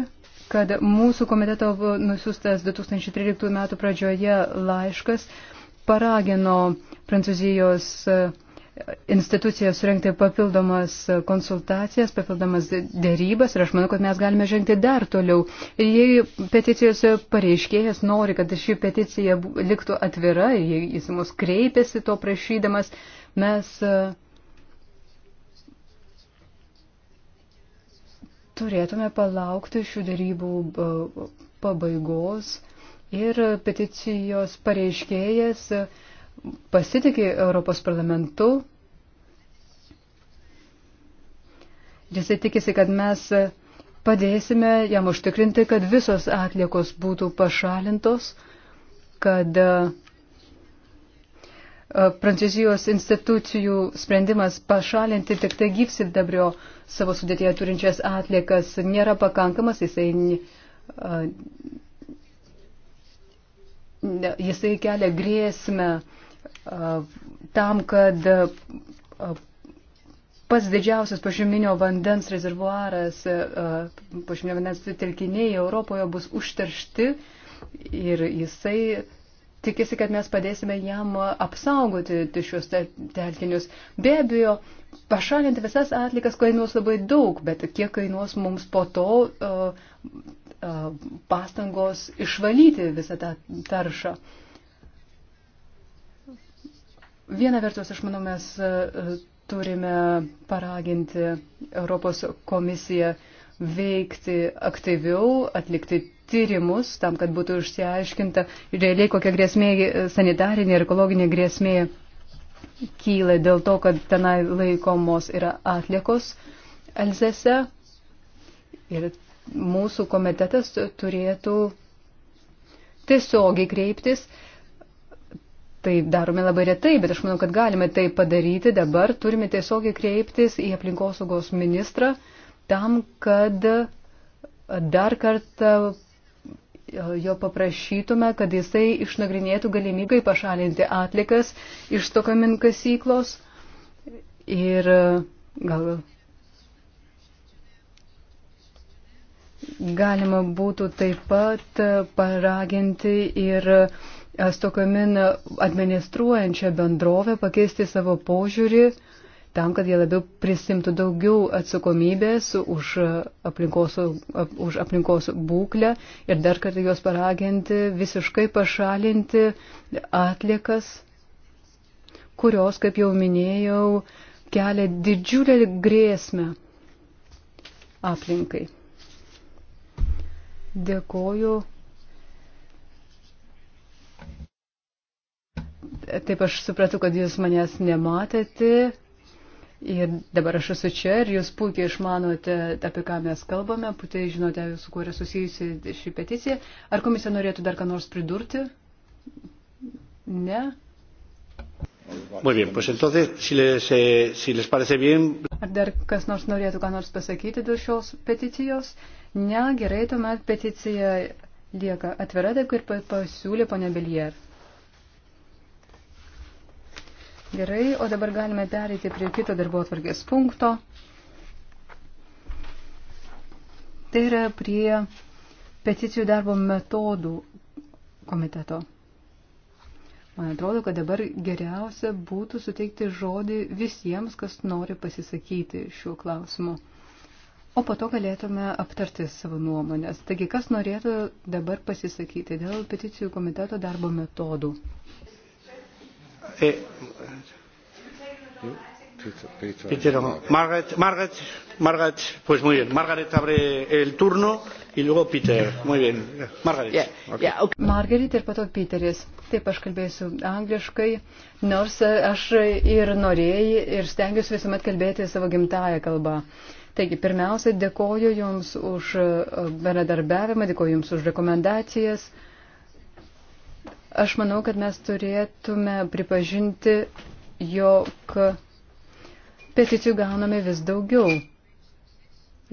kad mūsų komiteto nusiustas 2013 metų pradžioje laiškas uh, paragino Prancūzijos e, institucijos surinkti papildomas konsultacijas, papildomas dėrybas ir aš manau, kad mes galime žengti dar toliau. Ir jei peticijos pareiškėjas nori, kad ši peticija liktų atvira, jei jis mus kreipiasi to prašydamas, mes e, turėtume palaukti šių dėrybų e, pabaigos ir peticijos pareiškėjas pasitikė Europos parlamentu. Jisai tikisi, kad mes padėsime jam užtikrinti, kad visos atliekos būtų pašalintos, kad e, Prancūzijos institucijų sprendimas pašalinti tik tai gyvsidabrio savo sudėtėje turinčias atliekas nėra pakankamas, jisai e, jisai kelia grėsmę tam, kad pats didžiausias pažeminio vandens rezervuaras, pažeminio vandens telkiniai Europoje bus užteršti ir jisai tikisi, kad mes padėsime jam apsaugoti šios telkinius. Be abejo, pašalinti visas atlikas kainuos labai daug, bet kiek kainuos mums po to pastangos išvalyti visą tą taršą. Viena vertus, aš manau, mes turime paraginti Europos komisiją veikti aktyviau, atlikti tyrimus tam, kad būtų išsiaiškinta realiai kokia grėsmė, e, sanitarinė ir ekologinė grėsmė kyla dėl to, kad tenai laikomos yra atlikos Elzese. Ir mūsų komitetas turėtų tiesiogiai kreiptis. Tai darome labai retai, bet aš manau, kad galime tai padaryti dabar. Turime tiesiogiai kreiptis į aplinkosaugos ministrą tam, kad dar kartą jo paprašytume, kad jisai išnagrinėtų galimybę pašalinti atlikas iš tokamin kasyklos ir gal galima būtų taip pat paraginti ir e, Stokomin administruojančią bendrovę pakeisti savo požiūrį tam, kad jie labiau prisimtų daugiau atsakomybės už aplinkos, už aplinkos būklę ir dar kartą juos paraginti visiškai pašalinti atliekas, kurios, kaip jau minėjau, kelia didžiulę grėsmę aplinkai. Dėkoju. Taip aš supratau, kad jūs manęs nematėte. Ir dabar aš esu čia ir jūs puikiai išmanote, apie ką mes kalbame, puikiai žinote, su kuo yra susijusi ši peticija. Ar komisija norėtų dar ką nors pridurti? Ne? Muy bien, pues entonces, si les, eh, si les parece bien. Ar dar kas nors norėtų ką nors pasakyti dėl šios peticijos? Uh, Ne, gerai, tuomet peticija lieka atvira, taip kaip pasiūlė ponia Belier. Gerai, o dabar galime perėti prie kito darbo atvarkės punkto. Tai yra prie peticijų darbo metodų komiteto. Man atrodo, kad dabar geriausia būtų suteikti žodį visiems, kas nori pasisakyti šiuo klausimu o po to galėtume aptarti savo nuomonės. Taigi, kas norėtų dabar pasisakyti dėl peticijų komiteto darbo metodų? E... Margaret, Margaret, Margaret, pues muy bien. Margaret abre el turno y luego Peter. Muy bien. Margaret. Yeah, yeah, okay. Margaret ir pato Peteris. Taip aš kalbėsiu angliškai, nors aš ir norėjai ir stengiuosi visuomet kalbėti savo gimtają kalbą. Uh, Taigi, pirmiausia, dėkoju Jums už e, bendradarbiavimą, dėkoju Jums už rekomendacijas. Aš manau, kad mes turėtume pripažinti, jog peticijų gauname vis daugiau.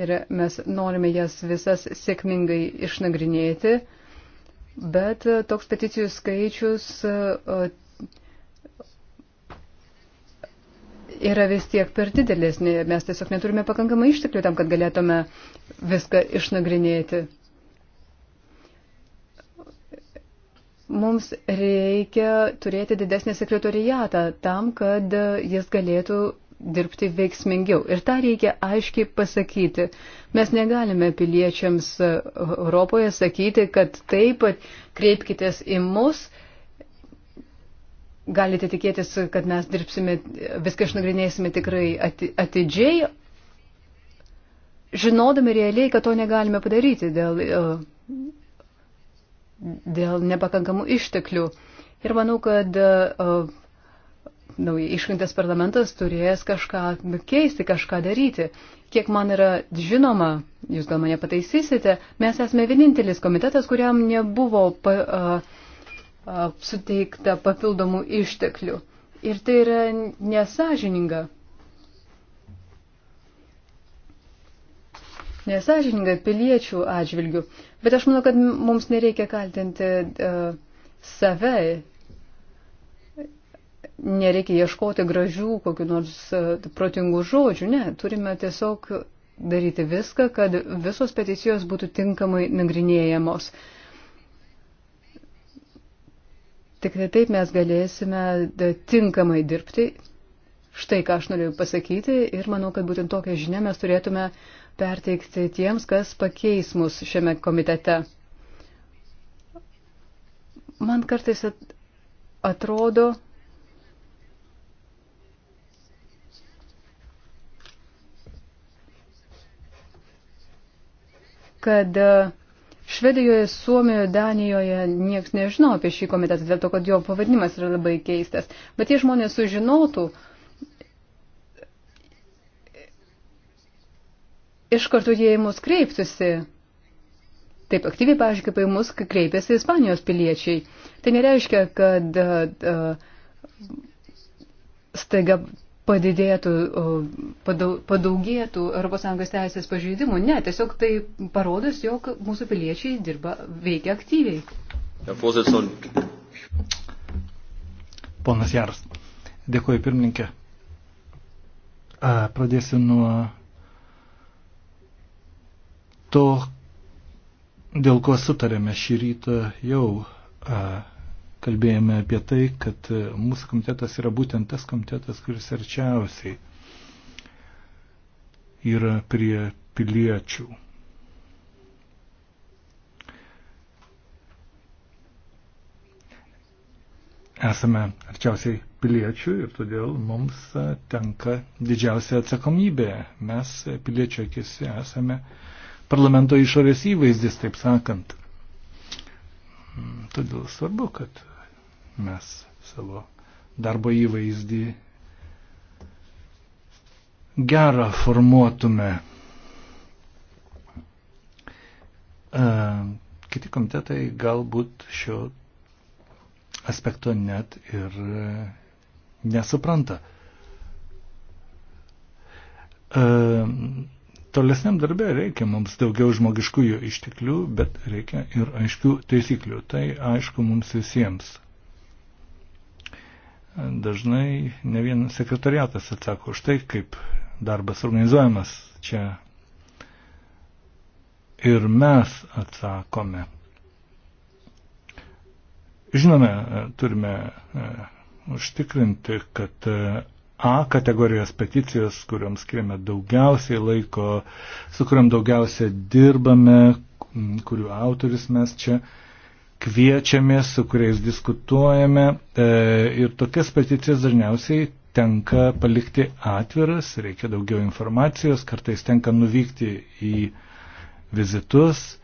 Ir mes norime jas visas sėkmingai išnagrinėti, bet toks peticijų skaičius e, yra vis tiek per didelis, mes tiesiog neturime pakankamai išteklių tam, kad galėtume viską išnagrinėti. Mums reikia turėti didesnį sekretorijatą tam, kad jis galėtų dirbti veiksmingiau. Ir tą reikia aiškiai pasakyti. Mes negalime piliečiams Europoje sakyti, kad taip pat kreipkitės į mus, galite tikėtis, kad mes dirbsime, viską išnagrinėsime tikrai atidžiai, žinodami realiai, kad to negalime padaryti dėl, e, dėl nepakankamų išteklių. Ir manau, kad e, naujai išrinktas parlamentas turės kažką keisti, kažką daryti. Kiek man yra žinoma, jūs gal mane pataisysite, mes esame vienintelis komitetas, kuriam nebuvo. Pa, uh, suteikta papildomų išteklių. Ir tai yra nesažininga. Nesažininga piliečių atžvilgių. Bet aš manau, kad mums nereikia kaltinti uh, save. Nereikia ieškoti gražių, kokiu nors uh, protingų žodžių. Ne, turime tiesiog daryti viską, kad visos peticijos būtų tinkamai nagrinėjamos. Uh, Tik tai taip mes galėsime tinkamai dirbti. Štai ką aš noriu pasakyti ir manau, kad būtent tokią žinią mes turėtume perteikti tiems, kas pakeis mus šiame komitete. Man kartais atrodo, kad Švedijoje, Suomijoje, Danijoje niekas nežino apie šį komitetą, dėl to, kad jo pavadinimas yra labai keistas. Bet jei žmonės sužinotų, iš karto jie į mus kreiptųsi. Taip aktyviai, pažiūrėk, kaip į mus kreipėsi Ispanijos piliečiai. Tai nereiškia, kad uh, uh staiga padidėtų, padaugėtų ES teisės pažeidimų. Ne, tiesiog tai parodas, jog mūsų piliečiai dirba, veikia aktyviai. Ponas Jaras. Dėkuoju pirmininkė. A, pradėsiu nuo to, dėl ko sutarėme šį rytą jau a, kalbėjome apie tai, kad e, mūsų komitetas yra būtent tas komitetas, kuris arčiausiai yra prie piliečių. Esame arčiausiai piliečių ir todėl mums e, tenka didžiausia atsakomybė. Mes e, piliečių akise esame parlamento išorės įvaizdis, taip sakant. Mm, todėl svarbu, kad Mes savo darbo įvaizdį gerą formuotume. E, kiti komitetai galbūt šio aspekto net ir e, nesupranta. E, tolesniam darbė reikia mums daugiau žmogiškųjų išteklių, bet reikia ir aiškių taisyklių. Tai aišku mums visiems dažnai ne vien sekretariatas atsako už tai, kaip darbas organizuojamas čia. Ir mes atsakome. Žinome, turime e, užtikrinti, kad e, A kategorijos peticijos, kuriuoms skiriame daugiausiai laiko, su kuriuom daugiausiai dirbame, kurių autorius mes čia uh, kviečiame, su kuriais diskutuojame e, ir tokias peticijas dažniausiai tenka palikti atviras, reikia daugiau informacijos, kartais tenka nuvykti į vizitus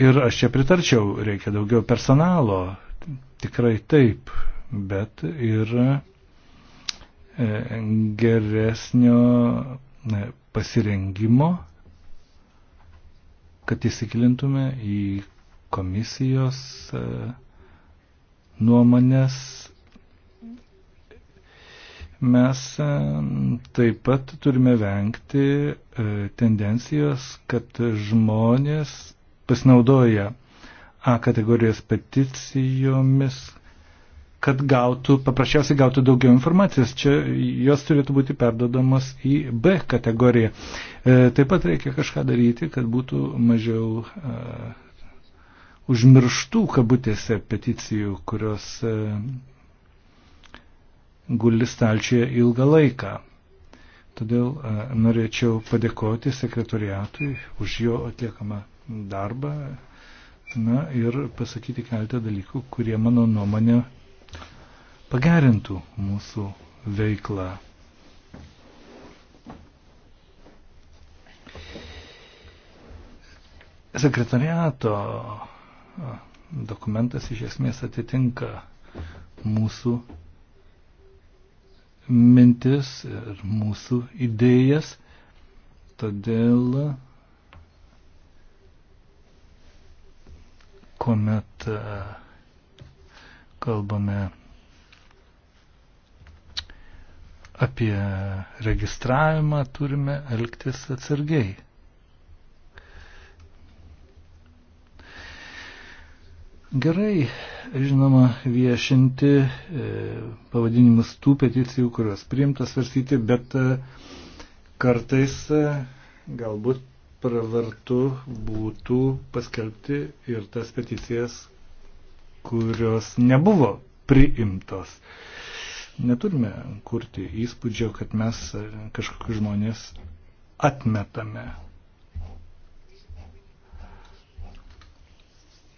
ir aš čia pritarčiau, reikia daugiau personalo, tikrai taip, bet ir e, geresnio e, pasirengimo, kad įsikilintume į komisijos e, nuomonės. Mes e, taip pat turime vengti e, tendencijos, kad žmonės pasinaudoja A kategorijos peticijomis, kad gautų, paprasčiausiai gautų daugiau informacijos. Čia jos turėtų būti perdodamos į B kategoriją. E, taip pat reikia kažką daryti, kad būtų mažiau e, užmirštų kabutėse peticijų, kurios e, guli stalčioje ilgą laiką. Todėl e, norėčiau padėkoti sekretoriatui už jo atliekamą darbą na, ir pasakyti keletą dalykų, kurie mano nuomonė pagerintų mūsų veiklą. Sekretariato dokumentas iš esmės atitinka mūsų mintis ir mūsų idėjas, todėl kuomet e, kalbame apie registravimą, turime elgtis atsargiai. Gerai, žinoma, viešinti e, pavadinimus tų peticijų, kurios priimta svarstyti, bet e, kartais e, galbūt pravartu būtų paskelbti ir tas peticijas, kurios nebuvo priimtos. Neturime kurti įspūdžio, kad mes e, kažkokius žmonės atmetame.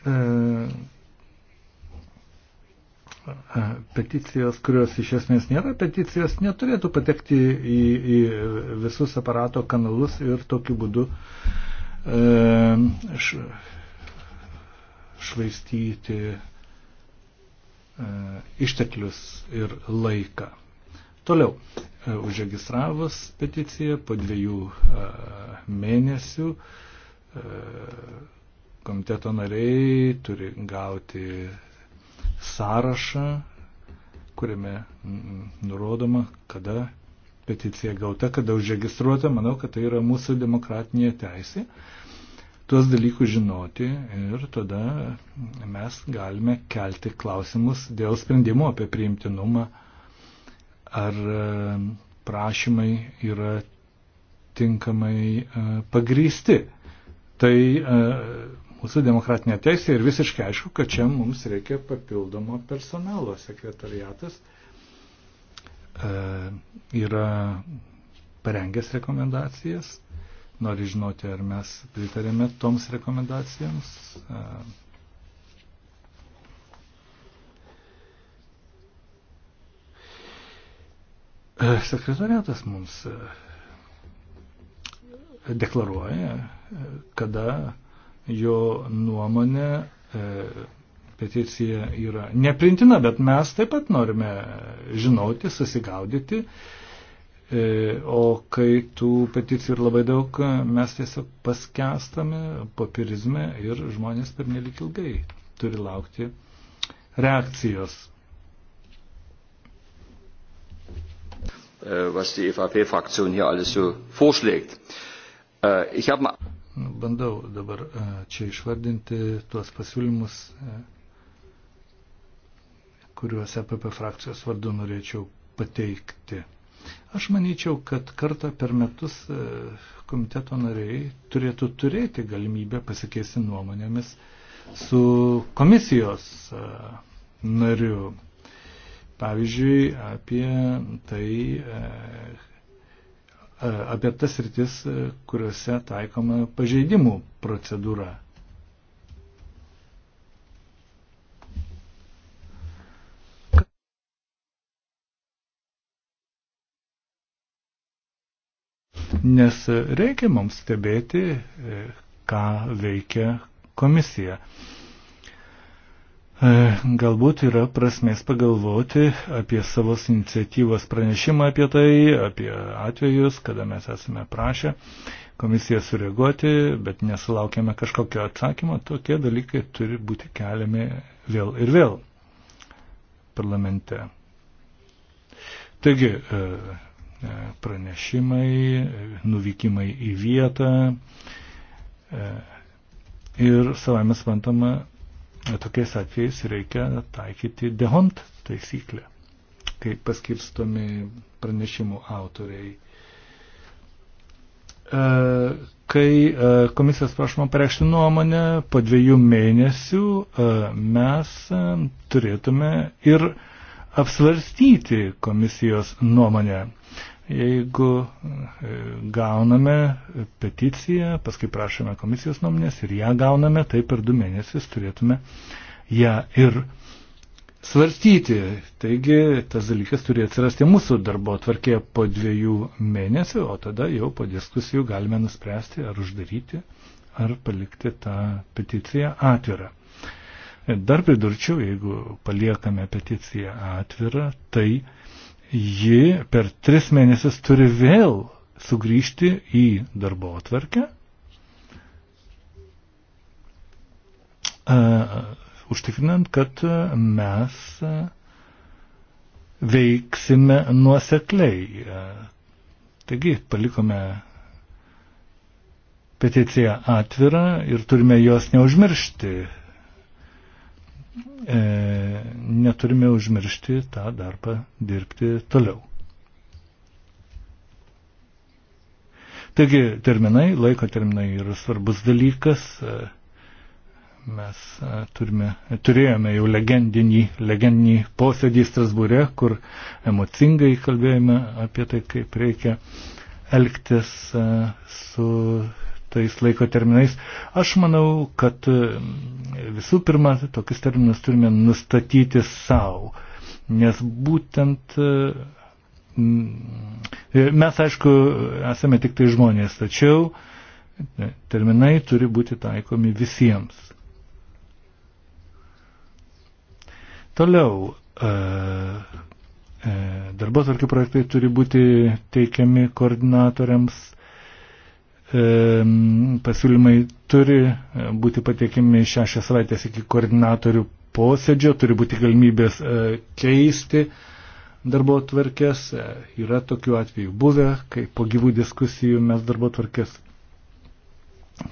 E, e, peticijos, kurios iš esmės nėra peticijos, neturėtų patekti į, į visus aparato kanalus ir tokiu būdu e, š, švaistyti e, išteklius ir laiką. Toliau, e, užregistravus peticiją po dviejų e, mėnesių e, komiteto nariai turi gauti sąrašą, kuriame nurodoma, kada peticija gauta, kada užregistruota. Manau, kad tai yra mūsų demokratinė teisė. Tuos dalykus žinoti ir tada mes galime kelti klausimus dėl sprendimo apie priimtinumą, ar e, prašymai yra tinkamai e, pagrysti. Tai e, mūsų demokratinė teisė ir visiškai aišku, kad čia mums reikia papildomo personalo. Sekretariatas e, yra parengęs rekomendacijas. Noriu žinoti, ar mes pritarėme toms rekomendacijoms. E, e Sekretariatas mums e, deklaruoja, e, kada Jo nuomonė e, peticija yra neprintina, bet mes taip pat norime žinoti, susigaudyti. E, o kai tų peticijų ir labai daug, mes tiesiog paskestame papirizme ir žmonės per nelik ilgai turi laukti reakcijos. Äh, was die EVP-Fraktion hier alles so vorschlägt. Äh, ich habe Bandau dabar e, čia išvardinti tuos pasiūlymus, e, kuriuos EPP frakcijos vardu norėčiau pateikti. Aš manyčiau, kad kartą per metus e, komiteto nariai turėtų turėti galimybę pasikeisti nuomonėmis su komisijos nariu. Pavyzdžiui, apie tai, apie tas rytis, kuriuose taikoma pažeidimų procedūra. Nes reikia mums stebėti, ką veikia komisija. E, galbūt yra prasmės pagalvoti apie savo iniciatyvos pranešimą apie tai, apie atvejus, kada mes esame prašę komisiją sureaguoti, bet nesulaukėme kažkokio atsakymo. Tokie dalykai turi būti keliami vėl ir vėl parlamente. Taigi, e, e, pranešimai, nuvykimai į vietą ir savame spantama tokiais atvejais reikia taikyti dehont taisyklę, kai paskirstomi pranešimų autoriai. E, kai e, komisijos prašoma pareikšti nuomonę, po dviejų mėnesių e, mes turėtume ir apsvarstyti komisijos nuomonę jeigu e, gauname peticiją, paskui prašome komisijos nuomonės ir ją gauname, tai per du mėnesius turėtume ją ir svarstyti. Taigi tas dalykas turi atsirasti mūsų darbo tvarkėje po dviejų mėnesių, o tada jau po diskusijų galime nuspręsti ar uždaryti, ar palikti tą peticiją atvirą. E, dar pridurčiau, jeigu paliekame peticiją atvirą, tai ji per tris mėnesius turi vėl sugrįžti į darbo atvarkę, uh, užtikrinant, kad mes veiksime nuosekliai. Taigi palikome peticiją atvirą ir turime jos neužmiršti e, neturime užmiršti tą darbą dirbti toliau. Taigi terminai, laiko terminai yra svarbus dalykas. E, mes e, turime, turėjome jau legendinį, legendinį posėdį Strasbūre, kur emocingai kalbėjome apie tai, kaip reikia elgtis e, su tais laiko terminais. Aš manau, kad mm, visų pirma, tokius terminus turime nustatyti savo, nes būtent mm, e, mes, aišku, esame tik tai žmonės, tačiau e, terminai turi būti taikomi visiems. Toliau, e, darbos arkių projektai turi būti teikiami koordinatoriams E, pasiūlymai turi e, būti patiekimi šešias savaitės iki koordinatorių posėdžio, turi būti galimybės e, keisti darbo tvarkės. Yra tokių atvejų buvę, kai po gyvų diskusijų mes darbo tvarkės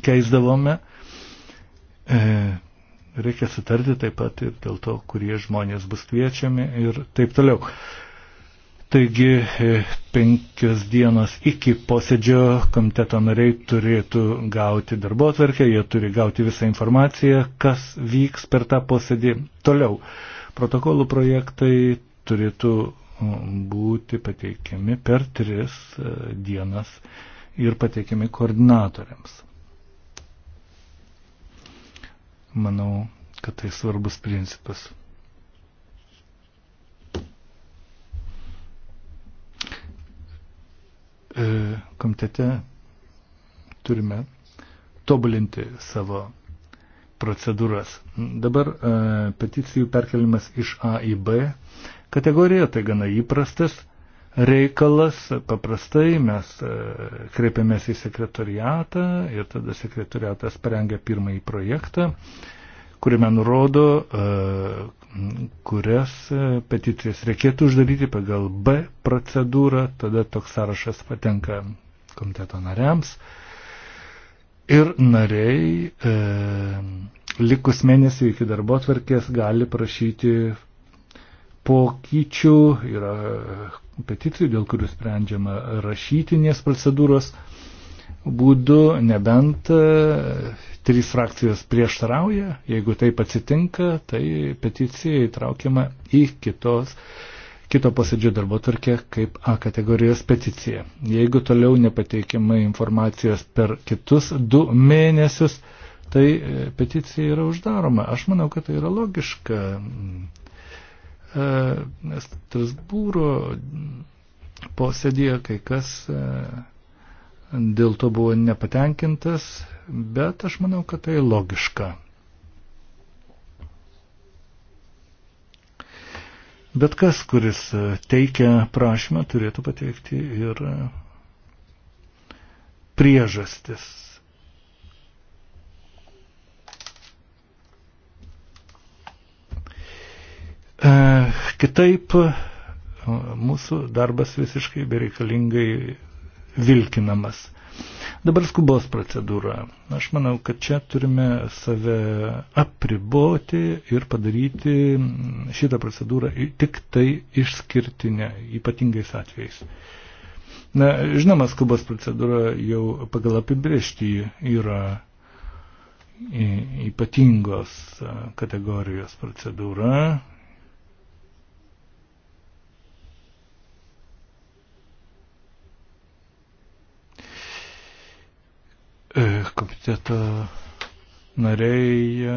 keisdavome. Reikia sutarti taip pat ir dėl to, kurie žmonės bus kviečiami ir taip toliau. Taigi e, penkios dienos iki posėdžio komiteto nariai turėtų gauti darbo atverkę, jie turi gauti visą informaciją, kas vyks per tą posėdį toliau. Protokolų projektai turėtų būti pateikiami per tris e, dienas ir pateikiami koordinatoriams. Manau, kad tai svarbus principas. E, komitete turime tobulinti savo procedūras. Dabar e, peticijų perkelimas iš A į B kategoriją, tai gana įprastas reikalas. Paprastai mes e, kreipiamės į sekretoriatą ir tada sekretoriatas parengia pirmąjį projektą, kuriame nurodo, kurias e, peticijas reikėtų uždaryti pagal B procedūrą, tada toks sąrašas patenka komiteto nariams. Ir nariai e, likus mėnesį iki darbo tvarkės gali prašyti pokyčių, yra peticijų, dėl kurių sprendžiama rašytinės procedūros būdu, nebent e, trys frakcijos prieštarauja. Jeigu taip atsitinka, tai peticija įtraukiama į kitos, kito posėdžio darbo turkė kaip A kategorijos peticija. Jeigu toliau nepateikiama informacijos per kitus du mėnesius, tai e, peticija yra uždaroma. Aš manau, kad tai yra logiška. E, Strasbūro posėdėje kai kas e, dėl to buvo nepatenkintas, bet aš manau, kad tai logiška. Bet kas, kuris e, teikia prašymą, turėtų pateikti ir e, priežastis. E, kitaip mūsų darbas visiškai bereikalingai vilkinamas. Dabar skubos procedūra. Aš manau, kad čia turime save apriboti ir padaryti šitą procedūrą tik tai išskirtinę, ypatingais atvejais. Na, žinoma, skubos procedūra jau pagal apibriežtį yra ypatingos kategorijos procedūra, E, komiteto nariai e,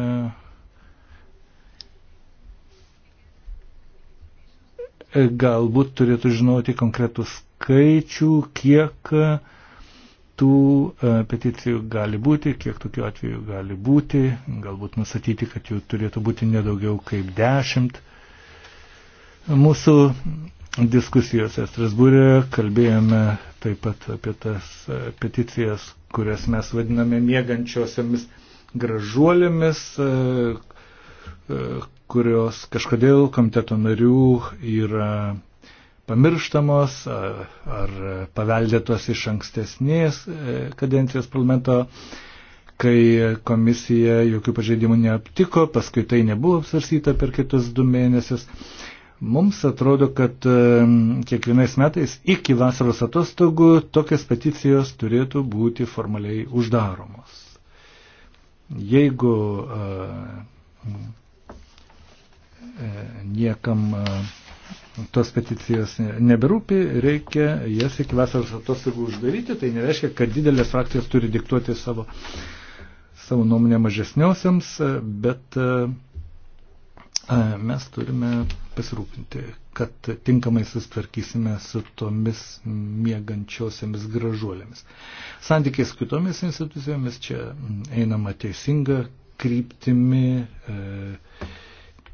e, galbūt turėtų žinoti konkretų skaičių, kiek tų peticijų gali būti, kiek tokių atvejų gali būti, galbūt nusatyti, kad jų turėtų būti nedaugiau kaip dešimt. Mūsų diskusijose Strasbūrė kalbėjome taip pat apie tas peticijas, kurias mes vadiname mėgančiosiomis gražuolėmis, e, e, kurios kažkodėl komiteto narių yra pamirštamos ar paveldėtos iš ankstesnės e, kadencijos parlamento, kai komisija jokių pažeidimų neaptiko, paskui tai nebuvo apsvarstyta per kitus du mėnesius. Mums atrodo, kad kiekvienais metais iki vasaros atostogų tokias peticijos turėtų būti formaliai uždaromos. Jeigu e, niekam tos peticijos neberūpi, reikia jas iki vasaros atostogų uždaryti, tai nereiškia, kad didelės frakcijos turi diktuoti savo, savo nuomonę mažesniausiams, bet mes turime pasirūpinti, kad tinkamai sustvarkysime su tomis miegančiosiamis gražuolėmis. Santykiai su kitomis institucijomis čia einama teisinga kryptimi, e,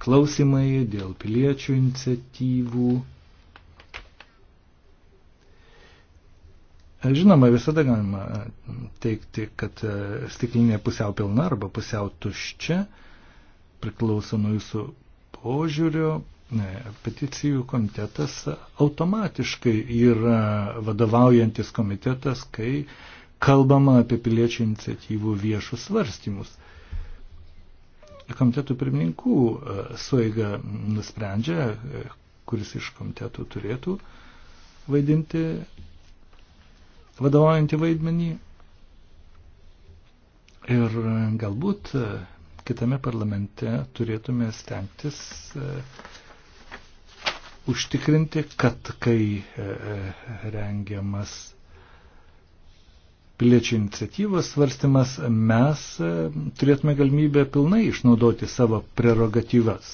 klausimai dėl piliečių iniciatyvų. Žinoma, visada galima e, teikti, kad e, stiklinė pusiau pilna arba pusiau tuščia priklauso nuo jūsų požiūrio peticijų komitetas automatiškai yra vadovaujantis komitetas, kai kalbama apie piliečių iniciatyvų viešus svarstymus. Komitetų pirmininkų e, sueiga nusprendžia, e, kuris iš komitetų turėtų vaidinti vadovaujantį vaidmenį. Ir e, galbūt kitame parlamente turėtume stengtis e, užtikrinti, kad kai e, e, rengiamas piliečių iniciatyvos svarstymas, mes turėtume galimybę pilnai išnaudoti savo prerogatyvas.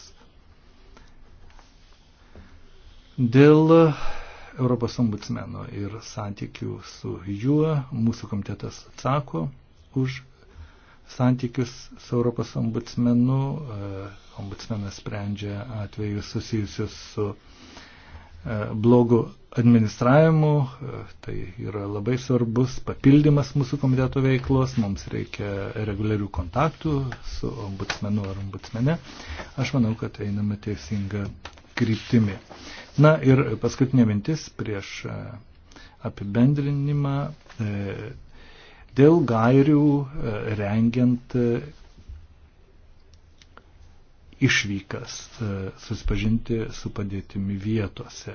Dėl Europos ombudsmeno ir santykių su juo mūsų komitetas atsako už santykius su Europos ombudsmenu. E, ombudsmenas sprendžia atvejus susijusius su e, blogu administravimu. E, tai yra labai svarbus papildymas mūsų komiteto veiklos. Mums reikia reguliarių kontaktų su ombudsmenu ar ombudsmene. Aš manau, kad einame teisinga kryptimi. Na ir paskutinė mintis prieš apibendrinimą. E, dėl gairių e, rengiant e, išvykas e, susipažinti su padėtimi vietose.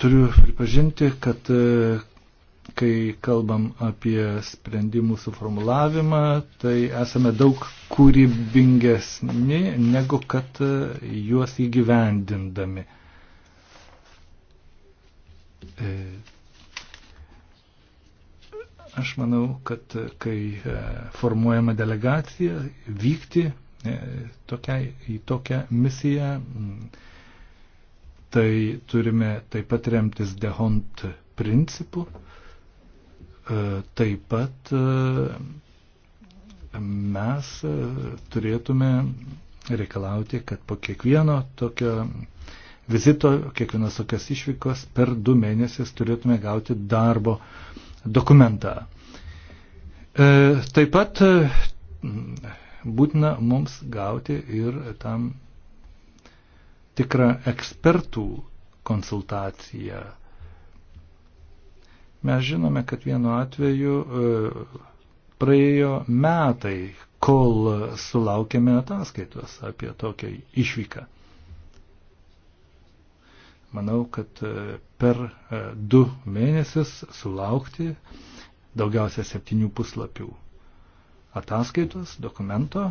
Turiu pripažinti, kad kai kalbam apie sprendimų suformulavimą, tai esame daug kūrybingesni negu kad juos įgyvendindami. E, aš manau, kad e, kai e, formuojama delegacija, vykti tokiai, į tokią misiją, tai turime taip pat remtis dehont principu, taip pat mes turėtume reikalauti, kad po kiekvieno tokio vizito, kiekvienas tokias išvykos, per du mėnesius turėtume gauti darbo dokumentą. E, taip pat e, būtina mums gauti ir tam tikrą ekspertų konsultaciją. Mes žinome, kad vienu atveju e, praėjo metai, kol sulaukėme ataskaitos apie tokią išvyką manau, kad e, per e, du mėnesius sulaukti daugiausia septynių puslapių ataskaitos, dokumento.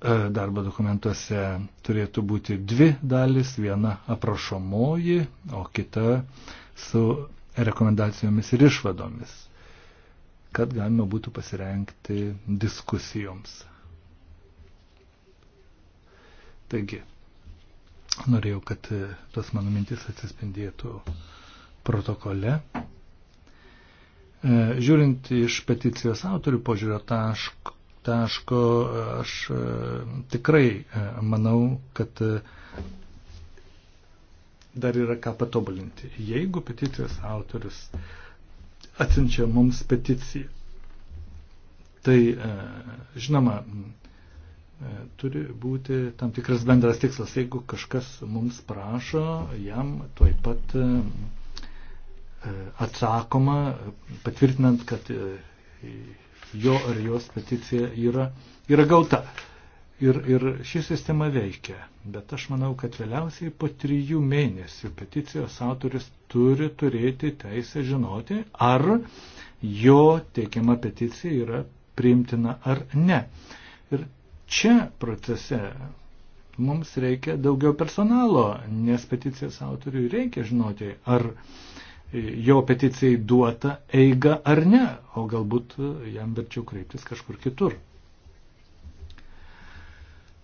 E, darbo dokumentuose turėtų būti dvi dalis, viena aprašomoji, o kita su rekomendacijomis ir išvadomis, kad galima būtų pasirenkti diskusijoms. Taigi, Norėjau, kad e, tos mano mintis atsispindėtų protokole. E, žiūrint iš peticijos autorių požiūrio taško, taško aš e, tikrai manau, kad dar yra ką patobulinti. Jeigu peticijos autorius atsinčia mums peticiją, tai žinoma, E, turi būti tam tikras bendras tikslas. Jeigu kažkas mums prašo, jam tuoj pat e, e, atsakoma, patvirtinant, kad jo ar jos peticija yra, yra gauta. Ir, ir ši sistema veikia. Bet aš manau, kad vėliausiai po trijų mėnesių peticijos autoris turi turėti teisę žinoti, ar jo teikiama peticija yra priimtina ar ne. Uh, čia procese mums reikia daugiau personalo, nes peticijos autoriui reikia žinoti, ar jo peticijai duota eiga ar ne, o galbūt jam verčiau kreiptis kažkur kitur.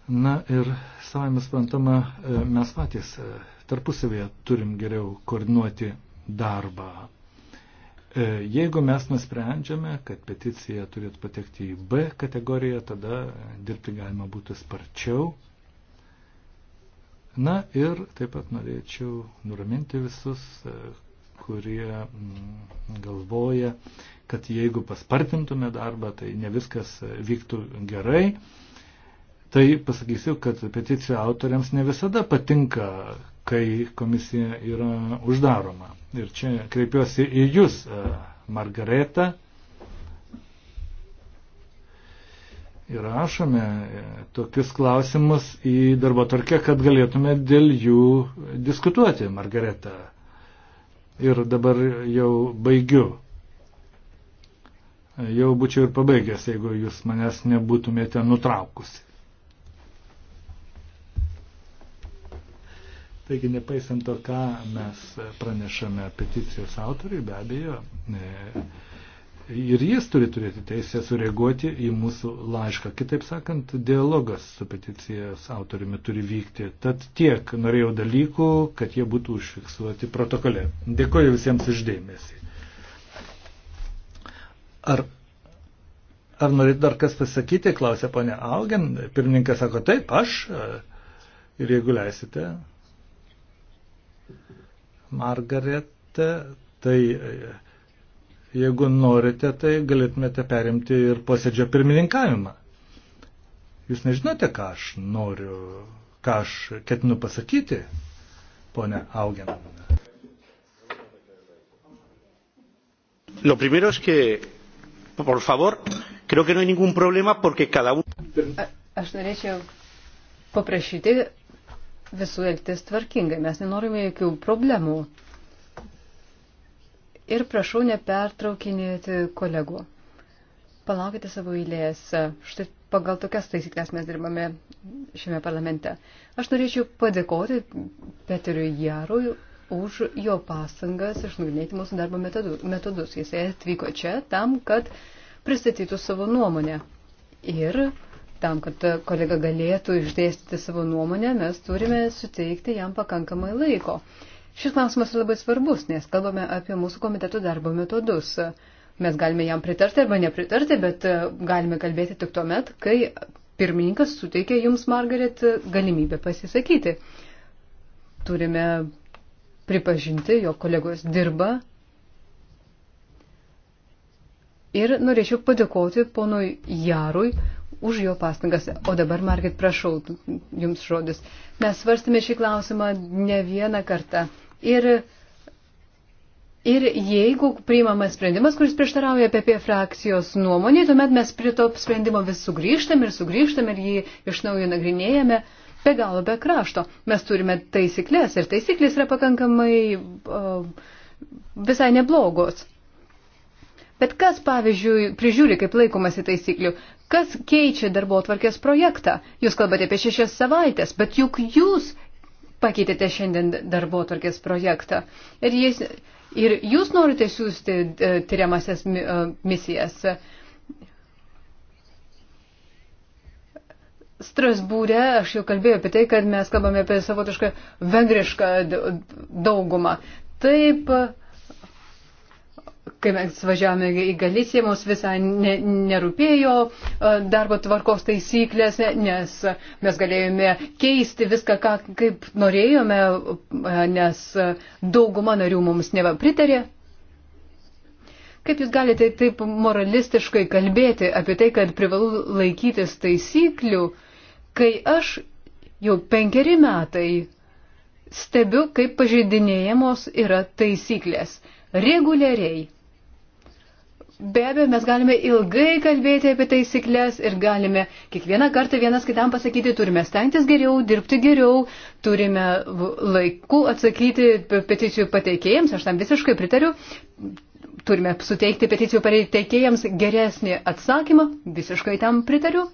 Na ir savai mes suprantama, mes patys tarpusavėje turim geriau koordinuoti darbą. E, jeigu mes nusprendžiame, kad peticija turėtų patekti į B kategoriją, tada dirbti galima būtų sparčiau. Na ir taip pat norėčiau nuraminti visus, e, kurie mm, galvoja, kad jeigu paspartintume darbą, tai ne viskas e, vyktų gerai. Tai pasakysiu, kad peticijų autoriams ne visada patinka, kai komisija yra uždaroma. Ir čia kreipiuosi į Jūs, e, Margareta. Įrašome e, tokius klausimus į darbo tarkę, kad galėtume dėl jų diskutuoti, Margareta. Ir dabar jau baigiu. E, jau būčiau ir pabaigęs, jeigu jūs manęs nebūtumėte nutraukusi. Taigi, nepaisant to, ką mes pranešame peticijos autoriui, be abejo, e, ir jis turi turėti teisę sureaguoti į mūsų laišką. Kitaip sakant, dialogas su peticijos autoriumi turi vykti. Tad tiek norėjau dalykų, kad jie būtų užfiksuoti protokole. Dėkoju visiems išdėmesį. Ar Ar norit dar kas pasakyti, klausė ponia Augen. Pirmininkas sako, taip, aš. E, ir jeigu leisite, Margaret, tai e, jeigu norite, tai galėtumėte perimti ir posėdžio pirmininkavimą. Jūs nežinote, ką aš noriu, ką aš ketinu pasakyti, ponė Augen. Lo primero es que, por favor, creo que no hay ningún problema porque cada uno. Aš norėčiau paprašyti visų elgtis tvarkingai, mes nenorime jokių problemų. Ir prašau nepertraukinėti kolegų. Palaukite savo eilės. Štai pagal tokias taisyklės mes dirbame šiame parlamente. Aš norėčiau padėkoti Peteriui Jarui už jo pastangas išnagrinėti mūsų darbo metodus. Jis atvyko čia tam, kad pristatytų savo nuomonę. Ir Tam, kad kolega galėtų išdėstyti savo nuomonę, mes turime suteikti jam pakankamai laiko. Šis klausimas labai svarbus, nes kalbame apie mūsų komiteto darbo metodus. Mes galime jam pritarti arba nepritarti, bet galime kalbėti tik tuo met, kai pirmininkas suteikia jums, Margaret, galimybę pasisakyti. Turime pripažinti, jo kolegos dirba. Ir norėčiau padėkoti ponui Jarui už jo pastangas. O dabar, Margit, prašau, jums žodis. Mes svarstame šį klausimą ne vieną kartą. Ir, ir jeigu priimamas sprendimas, kuris prieštarauja apie frakcijos nuomonį, tuomet mes prie to sprendimo vis sugrįžtam ir sugrįžtam ir jį iš naujo nagrinėjame be galo be krašto. Mes turime taisyklės ir taisyklės yra pakankamai o, visai neblogos. Bet kas, pavyzdžiui, prižiūri, kaip laikomasi taisyklių? Kas keičia darbo atvarkės projektą? Jūs kalbate apie šešias savaitės, bet juk jūs pakeitėte šiandien darbo atvarkės projektą. Ir, jis, ir jūs norite siūsti e, tyriamasias e, misijas. Strasbūrė, aš jau kalbėjau apie tai, kad mes kalbame apie savotišką vengrišką daugumą. Taip, kai mes važiavome į Galiciją, mums visai ne, nerūpėjo e, darbo tvarkos taisyklės, nes mes galėjome keisti viską, ką, kaip norėjome, e, nes dauguma narių mums neva pritarė. Kaip jūs galite taip moralistiškai kalbėti apie tai, kad privalu laikytis taisyklių, kai aš jau penkeri metai stebiu, kaip pažeidinėjamos yra taisyklės reguliariai Be abejo, mes galime ilgai kalbėti apie taisyklės ir galime kiekvieną kartą vienas kitam pasakyti, turime stengtis geriau, dirbti geriau, turime laiku atsakyti peticijų pateikėjams, aš tam visiškai pritariu, turime suteikti peticijų pateikėjams geresnį atsakymą, visiškai tam pritariu.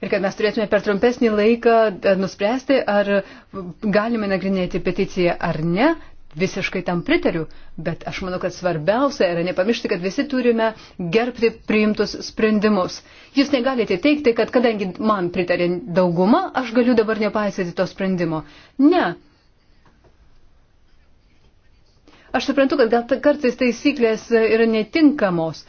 Ir kad mes turėtume per trumpesnį laiką e, nuspręsti, ar galime nagrinėti peticiją ar ne, visiškai tam pritariu, bet aš manau, kad svarbiausia yra nepamiršti, kad visi turime gerbti priimtus sprendimus. Jūs negalite teikti, kad kadangi man pritarė dauguma, aš galiu dabar nepaisyti to sprendimo. Ne. Aš suprantu, kad gal kartais taisyklės yra netinkamos.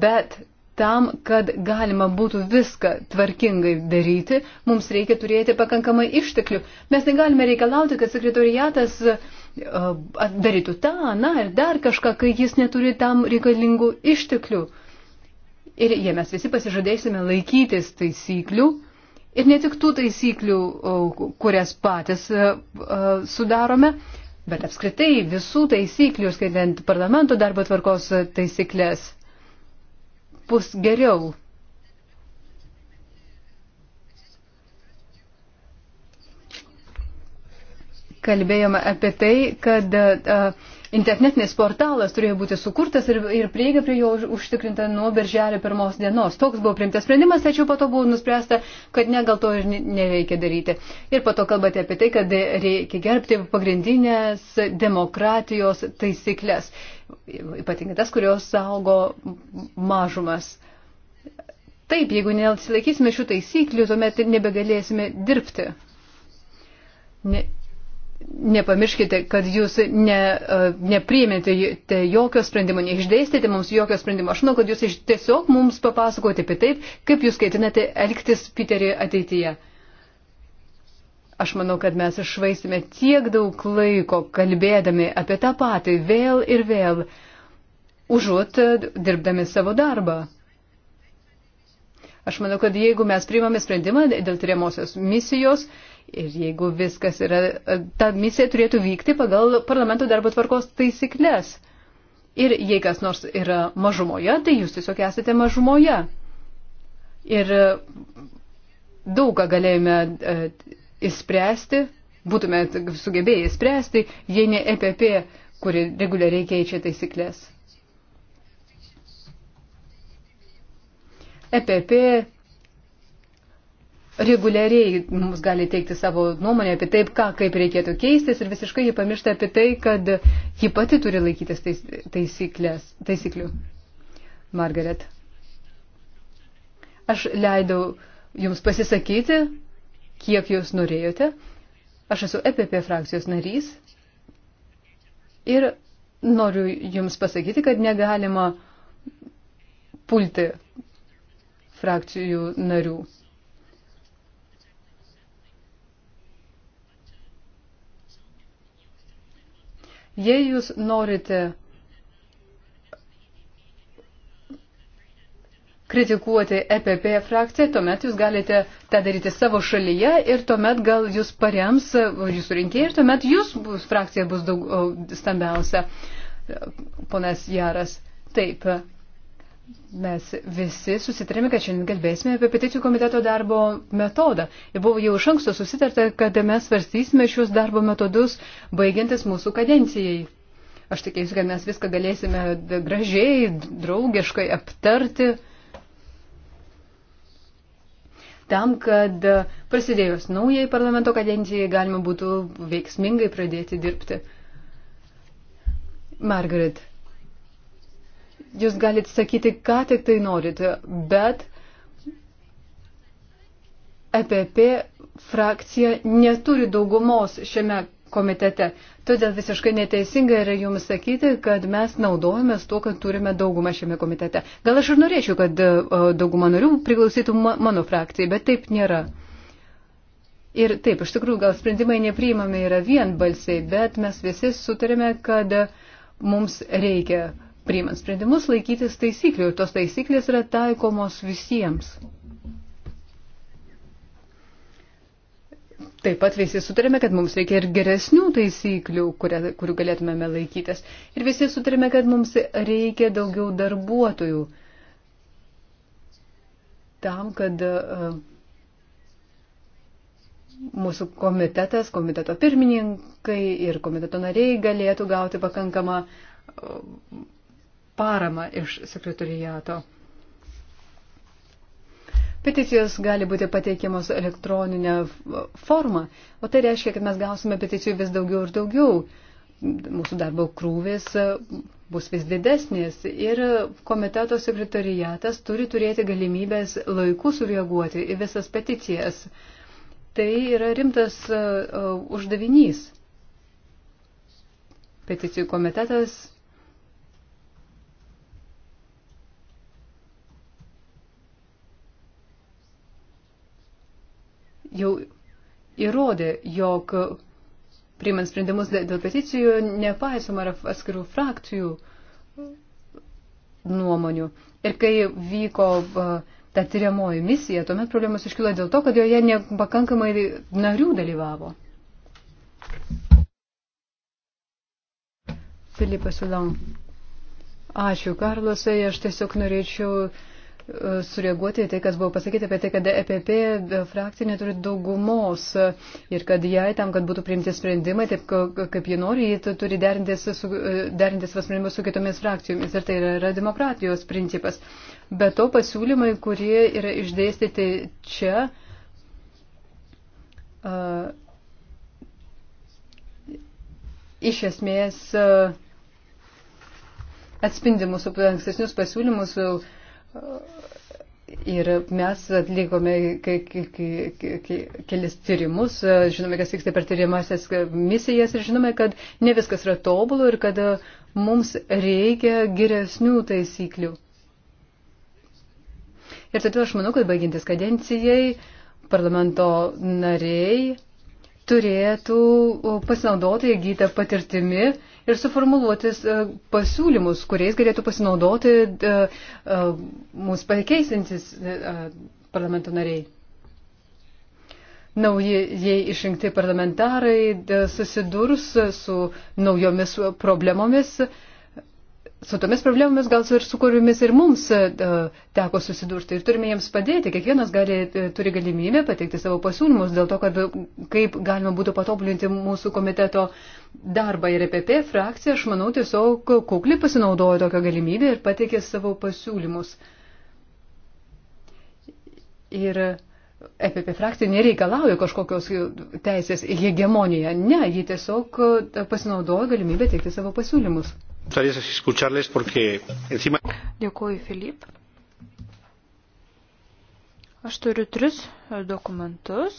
Bet tam, kad galima būtų viską tvarkingai daryti, mums reikia turėti pakankamai išteklių. Mes negalime reikalauti, kad sekretoriatas e, darytų tą, na ir dar kažką, kai jis neturi tam reikalingų išteklių. Ir jie mes visi pasižadėsime laikytis taisyklių. Ir ne tik tų taisyklių, kurias patys e, e, sudarome, bet apskritai visų taisyklių, skaitant parlamento darbo tvarkos taisyklės bus geriau. Kalbėjome apie tai, kad uh, internetinis portalas turėjo būti sukurtas ir, ir prieiga prie jo užtikrinta nuo birželio pirmos dienos. Toks buvo priimtas sprendimas, tačiau po to buvo nuspręsta, kad ne, gal to ir nereikia daryti. Ir po to kalbate apie tai, kad reikia gerbti pagrindinės demokratijos taisyklės ypatingai tas, kurios saugo mažumas. Taip, jeigu nesilaikysime šių taisyklių, tuomet nebegalėsime dirbti. Ne, nepamirškite, kad jūs ne, e, nepriimėte jokio sprendimo, neišdėstėte mums jokio sprendimo. Aš manau, kad jūs tiesiog mums papasakote apie taip, kaip jūs ketinate elgtis Piterį ateityje. Aš manau, kad mes išvaistėme tiek daug laiko kalbėdami apie tą patį vėl ir vėl, užuot dirbdami savo darbą. Aš manau, kad jeigu mes priimame sprendimą dėl tyriamosios misijos ir jeigu viskas yra, ta misija turėtų vykti pagal parlamento darbo tvarkos taisyklės. Ir jei kas nors yra mažumoje, tai jūs tiesiog esate mažumoje. Ir daug ką galėjome e, įspręsti, būtume sugebėję įspręsti, jei ne EPP, kuri reguliariai keičia taisyklės. EPP reguliariai mums gali teikti savo nuomonę apie taip, ką kaip reikėtų keistis ir visiškai jį pamiršta apie tai, kad ji pati turi laikytis tais, taisyklės, taisyklių. Margaret, aš leidau jums pasisakyti, kiek jūs norėjote. Aš esu EPP frakcijos narys ir noriu jums pasakyti, kad negalima pulti frakcijų narių. Jei jūs norite kritikuoti EPP frakciją, tuomet jūs galite tą daryti savo šalyje ir tuomet gal jūs parems jūsų rinkėjai ir tuomet jūs bus, frakcija bus daug o, stambiausia. Ponas Jaras. Taip. Mes visi susitarėme, kad šiandien kalbėsime apie peticijų komiteto darbo metodą. Ir buvo jau iš anksto susitarta, kad mes svarstysime šios darbo metodus baigiantis mūsų kadencijai. Aš tikėjusi, kad mes viską galėsime gražiai, draugiškai aptarti tam, kad prasidėjus naujai parlamento kadencijai galima būtų veiksmingai pradėti dirbti. Margaret, jūs galite sakyti, ką tik tai norite, bet EPP frakcija neturi daugumos šiame komitete. Todėl visiškai neteisinga yra jums sakyti, kad mes naudojame tuo, kad turime daugumą šiame komitete. Gal aš ir norėčiau, kad e, dauguma narių priklausytų mano frakcijai, bet taip nėra. Ir taip, iš tikrųjų, gal sprendimai nepriimami yra vienbalsiai, bet mes visi sutarėme, kad mums reikia priimant sprendimus laikytis taisyklių ir tos taisyklės yra taikomos visiems. Taip pat visi sutarėme, kad mums reikia ir geresnių taisyklių, kuria, kurių galėtumėme laikytis. Ir visi sutarėme, kad mums reikia daugiau darbuotojų tam, kad e, mūsų komitetas, komiteto pirmininkai ir komiteto nariai galėtų gauti pakankamą e, paramą iš sekretorijato. Peticijos gali būti pateikiamos elektroninė forma, o tai reiškia, kad mes gausime peticijų vis daugiau ir daugiau. Mūsų darbo krūvis e, bus vis didesnės ir komiteto sekretariatas turi turėti galimybės laiku sureaguoti į visas peticijas. Tai yra rimtas e, e, uždavinys. Peticijų komitetas jau įrodė, jog priimant sprendimus dėl peticijų nepaisoma atskirų frakcijų nuomonių. Ir kai vyko ta tyriamoji misija, tuomet problemas iškilo dėl to, kad joje nepakankamai narių dalyvavo. Filipas Ulan. Ačiū, Karlosai. Aš tiesiog norėčiau sureaguoti tai, kas buvo pasakyti apie tai, kad EPP frakcija neturi daugumos ir kad jai tam, kad būtų priimti sprendimai, taip kaip ji nori, ji turi derintis, su, derintis sprendimus su kitomis frakcijomis. Ir tai yra, yra demokratijos principas. Be to pasiūlymai, kurie yra išdėstyti čia. Uh, iš esmės uh, atspindi mūsų ankstesnius pasiūlymus, uh, Ir mes atlikome kelis tyrimus, žinome, kas vyksta per tyrimasias misijas ir žinome, kad ne viskas yra tobulų ir kad mums reikia geresnių taisyklių. Ir todėl aš manau, kad baigintis kadencijai parlamento nariai turėtų pasinaudoti įgytą patirtimi ir suformuluotis e, pasiūlymus, kuriais galėtų pasinaudoti e, e, mūsų pakeisintis parlamento nariai. Naujieji išrinkti parlamentarai susidurs su naujomis problemomis su tomis problemomis gal ir su kuriomis ir mums e, e, teko susidurti ir turime jiems padėti. Kiekvienas gali, e, turi galimybę pateikti savo pasiūlymus dėl to, kad kaip galima būtų patobulinti mūsų komiteto darbą ir EPP frakcija, aš manau, tiesiog kukliai pasinaudojo tokią galimybę ir pateikė savo pasiūlymus. Ir EPP frakcija nereikalauja kažkokios teisės hegemoniją. Ne, ji tiesiog pasinaudojo galimybę teikti savo pasiūlymus. Dėkuoju, Filip. Aš turiu tris e, dokumentus.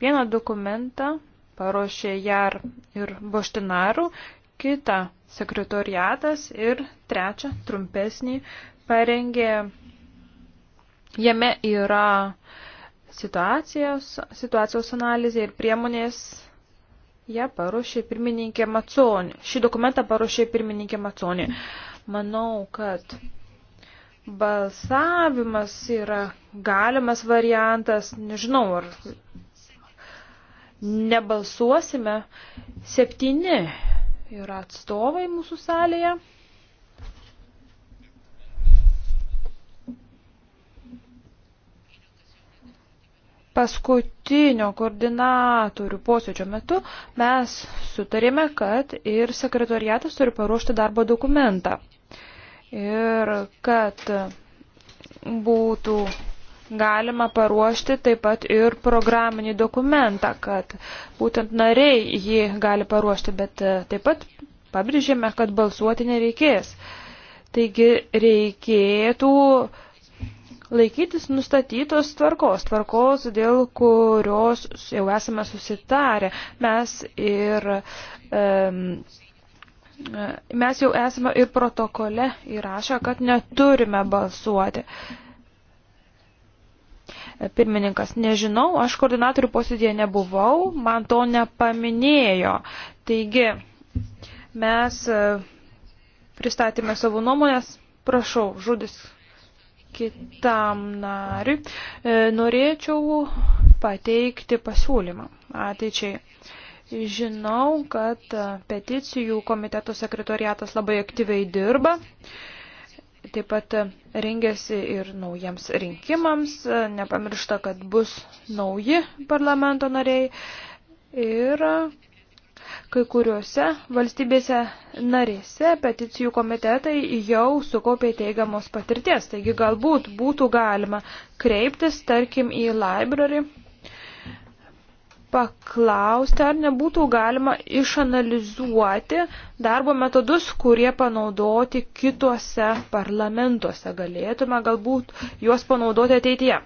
Vieną dokumentą paruošė Jar ir Boštinarų, kitą sekretoriatas ir trečią trumpesnį parengė. Jame yra situacijos, situacijos analizė ir priemonės ją paruošė pirmininkė Maconė. Šį dokumentą paruošė pirmininkė Maconė. Manau, kad balsavimas yra galimas variantas, nežinau, ar nebalsuosime. Septyni yra atstovai mūsų salėje. paskutinio koordinatorių posėdžio metu mes sutarėme, kad ir sekretariatas turi paruošti darbo dokumentą. Ir kad būtų galima paruošti taip pat ir programinį dokumentą, kad būtent nariai jį gali paruošti, bet e, taip pat pabrėžėme, kad balsuoti nereikės. Taigi reikėtų uh, laikytis nustatytos tvarkos, tvarkos, dėl kurios jau esame susitarę. Mes ir. Um, Mes jau esame ir protokole įrašę, kad neturime balsuoti. Pirmininkas, nežinau, aš koordinatorių posėdėje nebuvau, man to nepaminėjo. Taigi, mes e, pristatėme savo nuomonės, prašau, žodis kitam nariui, e, norėčiau pateikti pasiūlymą ateičiai. Žinau, kad peticijų komiteto sekretoriatas labai aktyviai dirba. Taip pat rengiasi ir naujiems rinkimams. Nepamiršta, kad bus nauji parlamento nariai. Ir Kai kuriuose valstybėse narėse peticijų komitetai jau sukaupė teigiamos patirties, taigi galbūt būtų galima kreiptis, tarkim, į library, paklausti, ar nebūtų galima išanalizuoti darbo metodus, kurie panaudoti kituose parlamentuose. Galėtume galbūt juos panaudoti ateityje.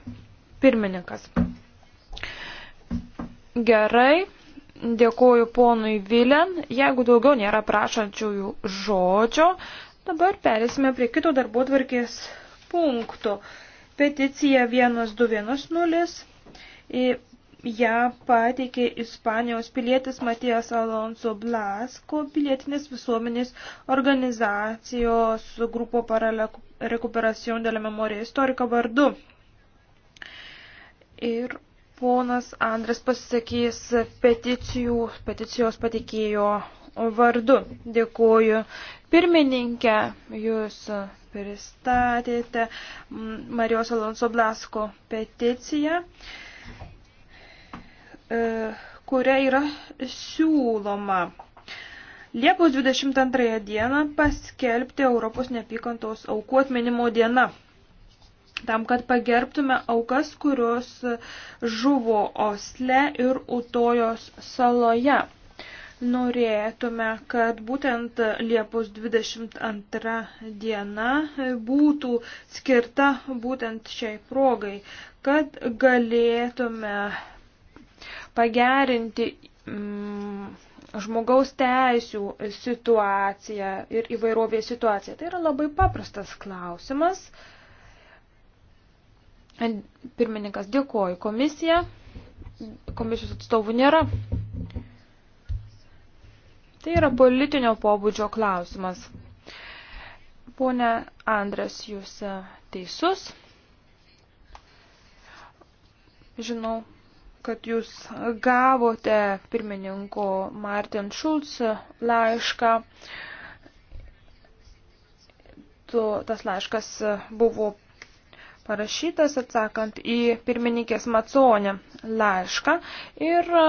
Pirmininkas. Gerai. Dėkuoju ponui Vilen. Jeigu daugiau nėra prašančiųjų žodžio, dabar perėsime prie kito darbo tvarkės punkto. Peticija 1210. Į ją pateikė Ispanijos pilietis Matijas Alonso Blasko, pilietinės visuomenės organizacijos grupo para recuperación de la memoria istorika vardu. Ir ponas Andras pasisakys peticijų, peticijos patikėjo vardu. Dėkuoju pirmininkę, jūs pristatėte Marijos Alonso Blasko peticiją, e, kuria yra siūloma Liepos 22 dieną paskelbti Europos nepykantos aukų atminimo dieną tam, kad pagerbtume aukas, kurios žuvo Osle ir Utojos saloje. Norėtume, kad būtent Liepos 22 diena būtų skirta būtent šiai progai, kad galėtume pagerinti mm, žmogaus teisų situaciją ir įvairovės situaciją. Tai yra labai paprastas klausimas. Uh, Pirmininkas, dėkoju. Komisija, komisijos atstovų nėra. Tai yra politinio pobūdžio klausimas. Pone Andres, jūs e, teisus. Žinau, kad jūs gavote pirmininko Martin Schulz e, laišką. Tu, tas laiškas e, buvo parašytas atsakant į pirmininkės Maconę laišką ir e,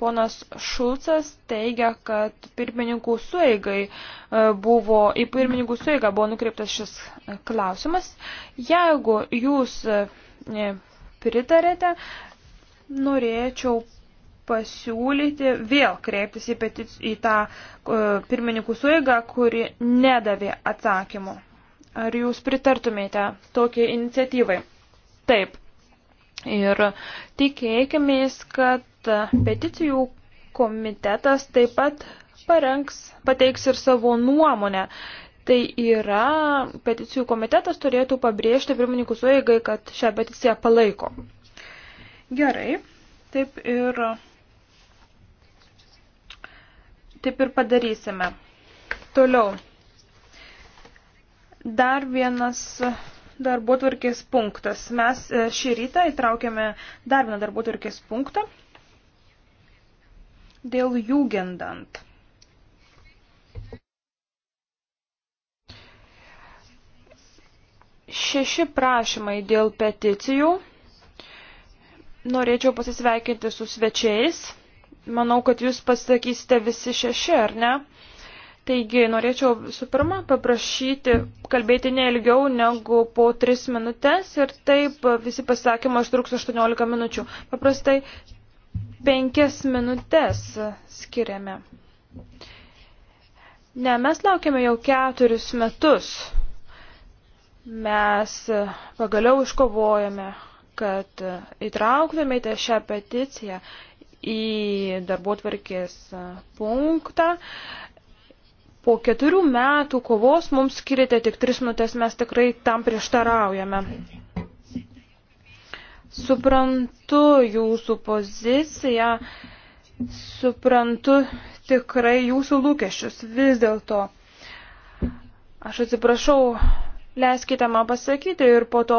ponas Šulcas teigia, kad pirmininkų sueigai e, buvo, į pirmininkų sueigą buvo nukreiptas šis e, klausimas. Jeigu jūs pritarėte, norėčiau pasiūlyti vėl kreiptis į, petic, į tą e, pirmininkų suėgą, kuri nedavė atsakymų. Ar jūs pritartumėte tokiai iniciatyvai? Taip. Ir tikėkimės, kad peticijų komitetas taip pat parengs, pateiks ir savo nuomonę. Tai yra, peticijų komitetas turėtų pabrėžti pirmininkų suėgai, kad šią peticiją palaiko. Gerai, taip ir, taip ir padarysime. Toliau. Dar vienas e, darbotvarkės punktas. Mes e, šį rytą įtraukėme dar vieną darbotvarkės punktą dėl jūgendant. Šeši prašymai dėl peticijų. Norėčiau pasisveikinti su svečiais. Manau, kad jūs pasakysite visi šeši, ar ne? Taigi norėčiau su pirma paprašyti kalbėti ne ilgiau negu po 3 minutės ir taip visi pasisakymai užtruks 18 minučių. Paprastai 5 minutės skiriame. Ne, mes laukiame jau keturis metus. Mes pagaliau iškovojame, kad įtrauktumėte šią peticiją į darbotvarkės punktą po keturių metų kovos mums skirite tik tris minutės, mes tikrai tam prieštaraujame. Suprantu jūsų poziciją, suprantu tikrai jūsų lūkesčius. Vis dėlto, aš atsiprašau, Leiskite man pasakyti ir po to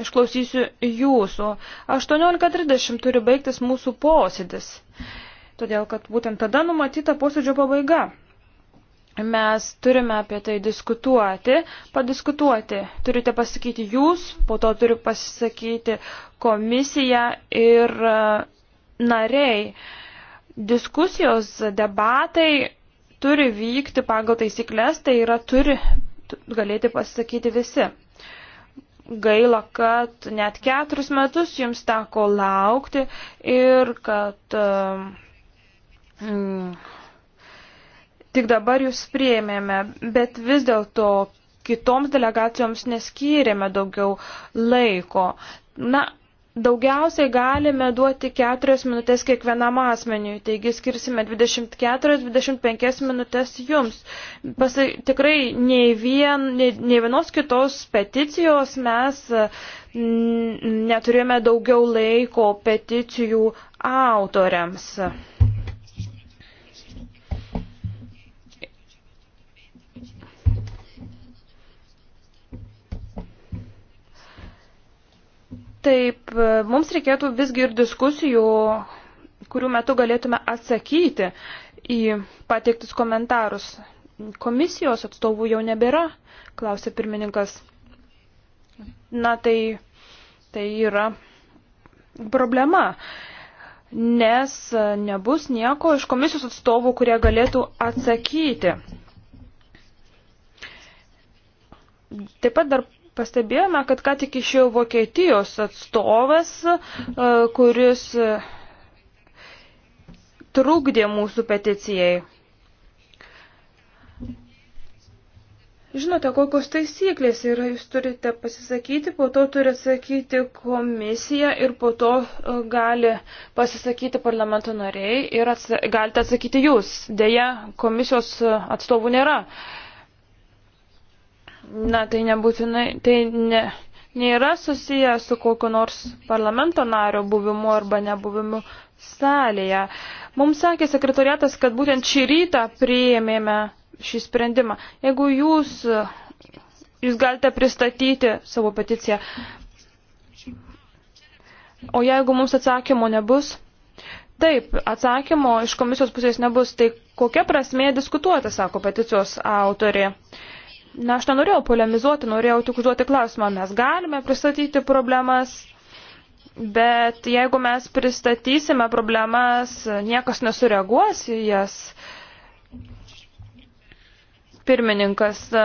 išklausysiu jūsų. 18.30 turi baigtis mūsų posėdis, todėl kad būtent tada numatyta posėdžio pabaiga mes turime apie tai diskutuoti, padiskutuoti. Turite pasakyti jūs, po to turi pasisakyti komisija ir e, nariai. Diskusijos, debatai turi vykti pagal taisyklės, tai yra turi galėti pasisakyti visi. Gaila, kad net keturis metus jums teko laukti ir kad. Um, mm, tik dabar jūs prieimėme, bet vis dėlto kitoms delegacijoms neskyrėme daugiau laiko. Na, daugiausiai galime duoti 4 minutės kiekvienam asmeniui, taigi skirsime 24-25 minutės jums. Pasai, tikrai nei, vien, nei, nei vienos kitos peticijos mes mm, neturėjome daugiau laiko peticijų autoriams. Taip, mums reikėtų visgi ir diskusijų, kurių metu galėtume atsakyti į pateiktus komentarus. Komisijos atstovų jau nebėra, klausė pirmininkas. Na tai, tai yra problema, nes nebus nieko iš komisijos atstovų, kurie galėtų atsakyti. Taip pat dar Pastebėjome, kad ką tik išėjo Vokietijos atstovas, e, kuris e, trukdė mūsų peticijai. Žinote, kokios taisyklės yra, jūs turite pasisakyti, po to turi atsakyti komisija ir po to e, gali pasisakyti parlamento nariai ir atsa galite atsakyti jūs. Deja, komisijos atstovų nėra. Uh, na, tai nebūtinai, tai ne, nėra susiję su kokiu nors parlamento nario buvimu arba nebuvimu salėje. Mums sakė sekretoriatas, kad būtent šį rytą priėmėme šį sprendimą. Jeigu jūs, jūs galite pristatyti savo peticiją, o jeigu mums atsakymo nebus, Taip, atsakymo iš komisijos pusės nebus, tai kokia prasmė diskutuoti, sako peticijos autorė. Uh, Na, aš nenorėjau polemizuoti, norėjau tik užduoti klausimą. Mes galime pristatyti problemas, bet jeigu mes pristatysime problemas, niekas nesureaguos į jas. Pirmininkas, e,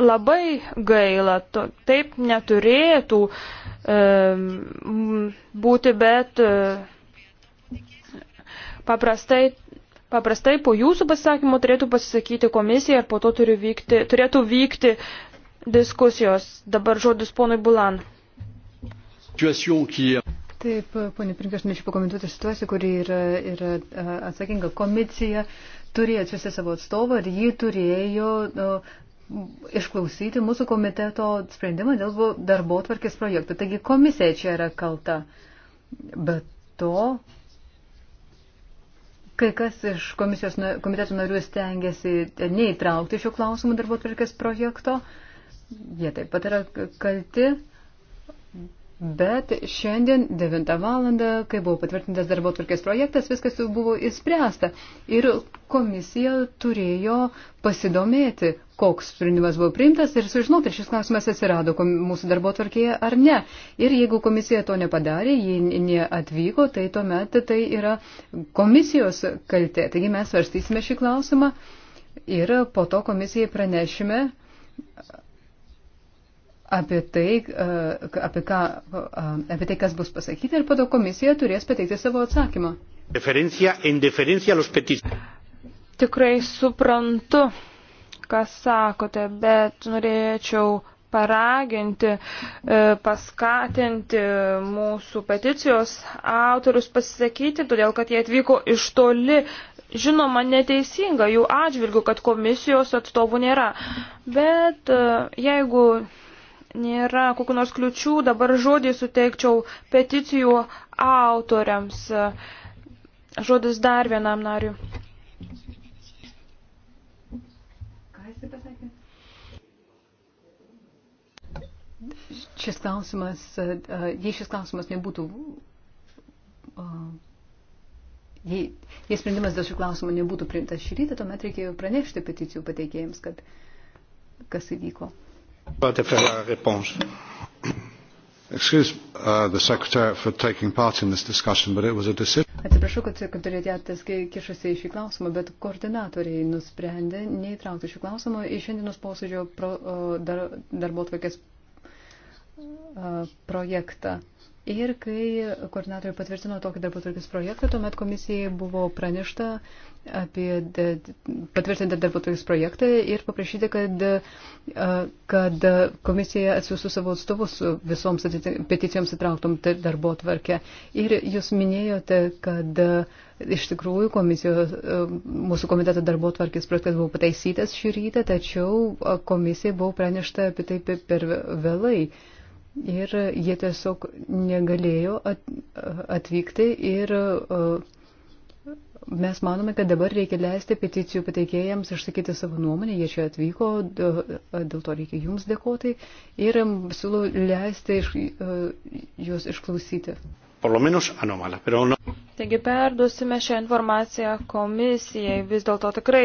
labai gaila, taip neturėtų e, būti, bet e, paprastai Paprastai po jūsų pasisakymo turėtų pasisakyti komisija ir po to vykti, turėtų vykti diskusijos. Dabar žodis ponui Bulan. Taip, ponė Pirinkė, aš norėčiau pakomentuoti situaciją, kuri yra, yra atsakinga. Komisija turėjo atsiųsti savo atstovą ir jį turėjo uh, išklausyti mūsų komiteto sprendimą dėl darbo tvarkės projektų. Taigi komisija čia yra kalta. Bet to Kai kas iš komisijos komiteto narių stengiasi neįtraukti šių klausimų darbo tvarkės projekto, jie taip pat yra kalti. Bet šiandien 9 valandą, kai buvo patvirtintas darbo tvarkės projektas, viskas jau buvo įspręsta. Ir komisija turėjo pasidomėti, koks sprendimas buvo priimtas ir sužinoti, ar šis klausimas atsirado mūsų darbo tvarkėje ar ne. Ir jeigu komisija to nepadarė, ji neatvyko, tai tuomet tai yra komisijos kalte. Taigi mes svarstysime šį klausimą ir po to komisijai pranešime apie tai, e, apie, ką, e, apie tai, kas bus pasakyta ir po to komisija turės pateikti savo atsakymą. Tikrai suprantu, ką sakote, bet norėčiau paraginti, e, paskatinti mūsų peticijos autorius pasisakyti, todėl kad jie atvyko iš toli. Žinoma, neteisinga jų atžvilgių, kad komisijos atstovų nėra. Bet jeigu nėra kokių nors kliučių, dabar žodį suteikčiau peticijų autoriams. Žodis dar vienam nariu. Šis klausimas, jei šis klausimas nebūtų, jei, jei sprendimas dėl šio klausimo nebūtų priimtas šį rytą, tuomet reikėjo pranešti peticijų pateikėjams, kad kas įvyko. Uh, Atsiprašau, kad sekretariatas kišasi į šį klausimą, bet koordinatoriai nusprendė neįtraukti šį klausimą į šiandienos posėdžio pro, dar, darbo tvarkės uh, projektą. Ir kai koordinatoriai patvirtino tokį darbo tvarkės projektą, tuomet komisijai buvo pranešta apie patvirtintą darbo tvarkės projektą ir paprašyti, kad, kad komisija atsiųstų savo atstovus visoms peticijoms įtrauktom darbo tvarkę. Ir jūs minėjote, kad iš tikrųjų komisijos, mūsų komiteto darbo tvarkės projektas buvo pataisytas šį rytą, tačiau komisijai buvo pranešta apie tai per vėlai. Ir jie tiesiog negalėjo atvykti ir e, mes manome, kad dabar reikia leisti peticijų pateikėjams išsakyti savo nuomonę, jie čia atvyko, e, dėl to reikia jums dėkoti ir siūlau leisti iš, e, juos išklausyti. Anomala, no... Taigi perduosime šią informaciją komisijai, vis dėlto tikrai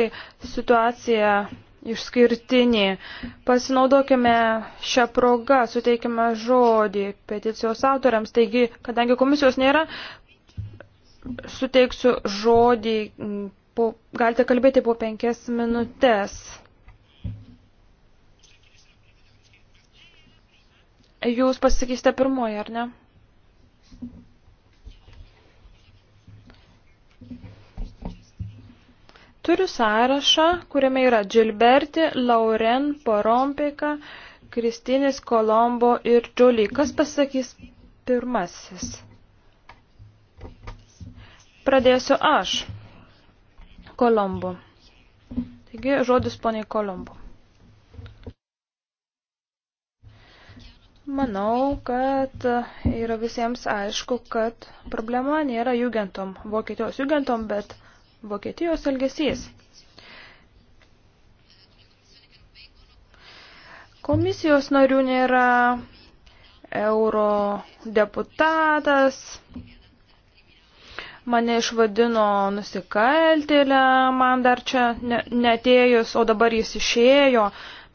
situacija išskirtinė. Pasinaudokime šią progą, suteikime žodį peticijos autoriams. Taigi, kadangi komisijos nėra, suteiksiu žodį, po, galite kalbėti po penkias minutės. Jūs pasakysite pirmoji, ar ne? Turiu sąrašą, kuriame yra Gilberti, Lauren, Porompika, Kristinis, Kolombo ir Džoly. Kas pasakys pirmasis? Pradėsiu aš. Kolombo. Taigi žodis poniai Kolombo. Manau, kad yra visiems aišku, kad problema nėra jugentom, Vokietijos jugentom, bet Vokietijos elgesys. Komisijos narių nėra, euro deputatas mane išvadino nusikaltėlę, man dar čia ne, netėjus, o dabar jis išėjo,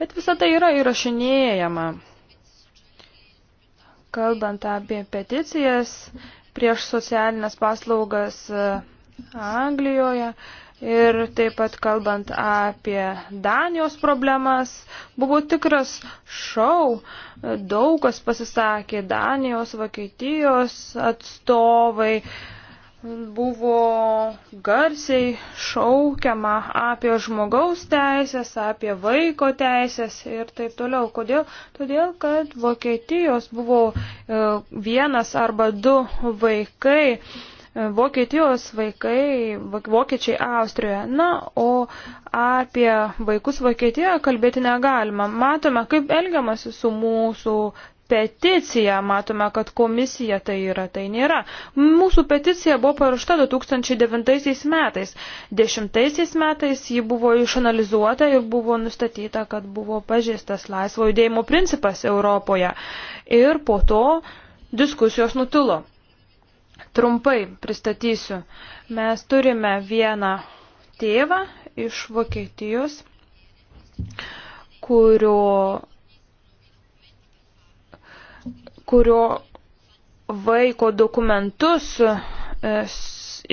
bet visa tai yra įrašinėjama. Kalbant apie peticijas prieš socialinės paslaugas Anglijoje. Ir taip pat kalbant apie Danijos problemas, buvo tikras šau, daug kas pasisakė, Danijos, Vokietijos atstovai buvo garsiai šaukiama apie žmogaus teisės, apie vaiko teisės ir taip toliau. Kodėl? Todėl, kad Vokietijos buvo e, vienas arba du vaikai Vokietijos vaikai, vokiečiai Austrijoje. Na, o apie vaikus Vokietijoje kalbėti negalima. Matome, kaip elgiamasi su mūsų peticiją, matome, kad komisija tai yra, tai nėra. Mūsų peticija buvo paruošta 2009 metais. Dešimtaisiais metais ji buvo išanalizuota ir buvo nustatyta, kad buvo pažįstas laisvo judėjimo principas Europoje. Ir po to diskusijos nutilo. Trumpai pristatysiu. Mes turime vieną tėvą iš Vokietijos, kurio, kurio vaiko dokumentus e,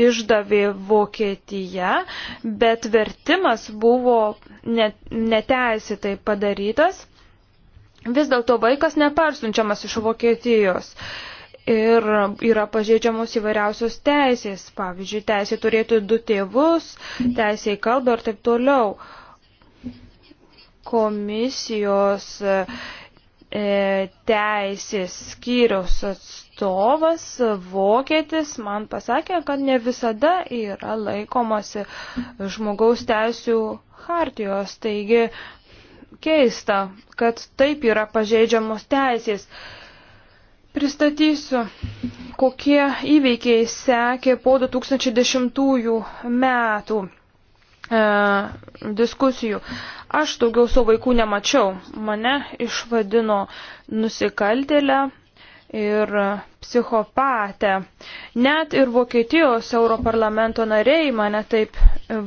išdavė Vokietija, bet vertimas buvo neteisėtai padarytas. Vis dėlto vaikas nepersunčiamas iš Vokietijos. E, ir yra pažeidžiamos įvairiausios teisės. Pavyzdžiui, teisė turėti du tėvus, teisė į kalbą ir taip toliau. Komisijos e, teisės skyriaus atstovas, vokietis, man pasakė, kad ne visada yra laikomasi žmogaus teisų hartijos. Taigi keista, kad taip yra pažeidžiamos teisės. E, Pristatysiu, kokie įveikiai sekė po 2010 metų e, diskusijų. Aš daugiau savo vaikų nemačiau. Mane išvadino nusikaltėlę ir psichopatę. Net ir Vokietijos Europarlamento nariai mane taip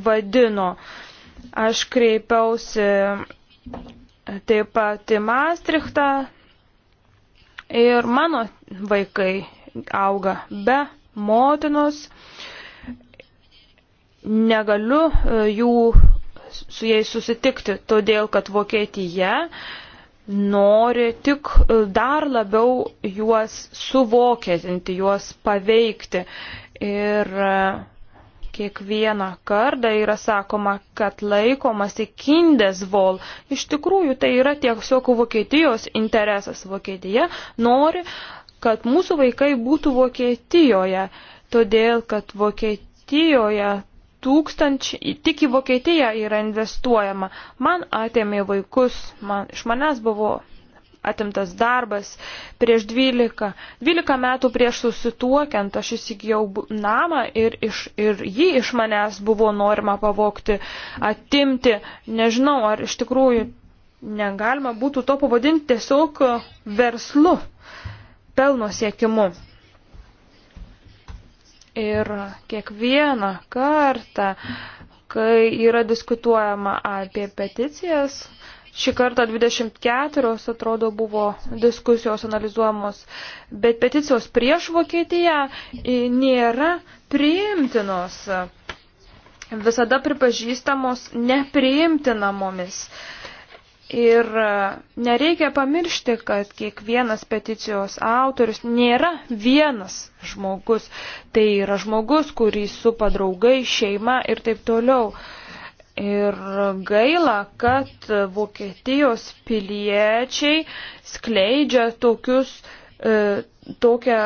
vadino. Aš kreipiausi taip pat į Maastrichtą, Ir mano vaikai auga be motinos. Negaliu e, jų su jais susitikti, todėl kad Vokietija nori tik e, dar labiau juos suvokėtinti, juos paveikti. Ir uh, kiekvieną kartą yra sakoma, kad laikomasi Kindesvol. Iš tikrųjų, tai yra tiesiog Vokietijos interesas. Vokietija nori, kad mūsų vaikai būtų Vokietijoje, todėl kad Vokietijoje tūkstančiai, tik į Vokietiją yra investuojama. Man atėmė vaikus, man, iš manęs buvo atimtas darbas. Prieš 12, 12 metų prieš susituokiant aš įsigijau namą ir, iš, ir jį iš manęs buvo norima pavokti, atimti. Nežinau, ar iš tikrųjų negalima būtų to pavadinti tiesiog verslu, pelno siekimu. Ir kiekvieną kartą, kai yra diskutuojama apie peticijas, Šį kartą 24 atrodo buvo diskusijos analizuojamos, bet peticijos prieš Vokietiją e, nėra priimtinos, visada pripažįstamos nepriimtinamomis. Ir e, nereikia pamiršti, kad kiekvienas peticijos autorius nėra vienas žmogus. Tai yra žmogus, kurį supa draugai, šeima ir taip toliau. Ir gaila, kad Vokietijos piliečiai skleidžia tokius, e, tokią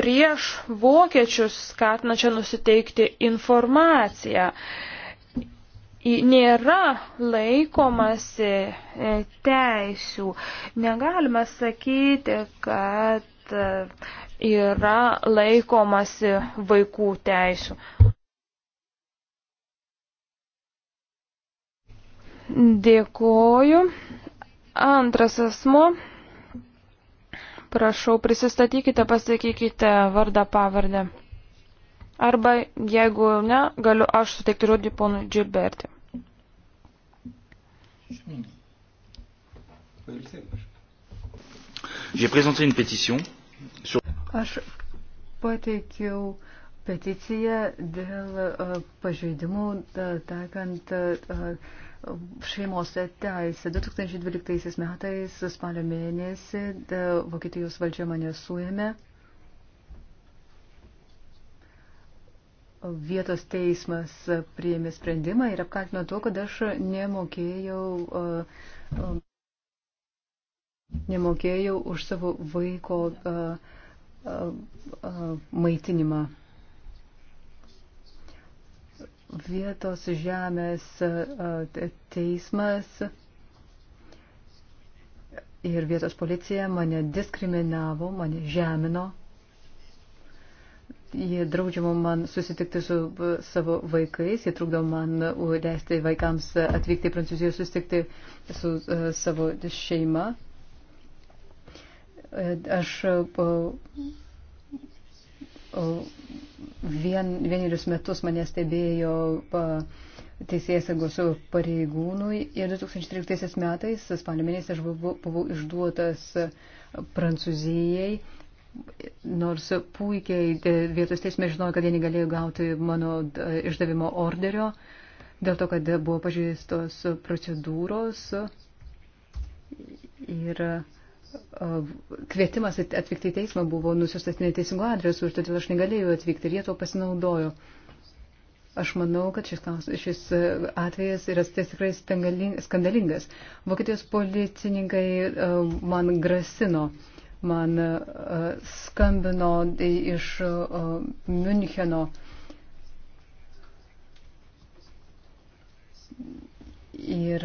prieš vokiečius skatinačią nusiteikti informaciją. Nėra laikomasi e, teisių. Negalima sakyti, kad e, yra laikomasi vaikų teisių. Dėkoju. Antras asmo. Prašau, prisistatykite, pasakykite vardą, pavardę. Arba, jeigu ne, galiu aš suteikti žodį ponui Džilberti. J'ai présenté une pétition sur... Aš pateikiau peticiją dėl uh, pažeidimų, e, taikant uh, šeimos teisė. 2012 metais spalio mėnesį Vokietijos valdžia mane suėmė. Vietos teismas priėmė sprendimą ir apkaltino to, kad aš nemokėjau, nemokėjau už savo vaiko maitinimą vietos žemės teismas ir vietos policija mane diskriminavo, mane žemino. Jie draudžiama man susitikti su savo vaikais, jie trukdo man leisti vaikams atvykti į Prancūziją susitikti su uh, savo šeima. E, aš uh, vien, vienerius metus mane stebėjo teisėjas agos pareigūnui ir 2013 metais, spalio mėnesį, aš buvau, buvau išduotas Prancūzijai, nors puikiai e, vietos teisme žinojo, kad jie negalėjo gauti mano e, išdavimo orderio, dėl to, kad buvo pažįstos procedūros. Ir uh, kvietimas atvykti į teismą buvo nusiustas neteisingo adresu ir todėl aš negalėjau atvykti ir jie to pasinaudojo. Aš manau, kad šis, šis e, atvejas yra tikrai skandalingas. Vokietijos policininkai e, man grasino, man e, skambino iš Müncheno. Ir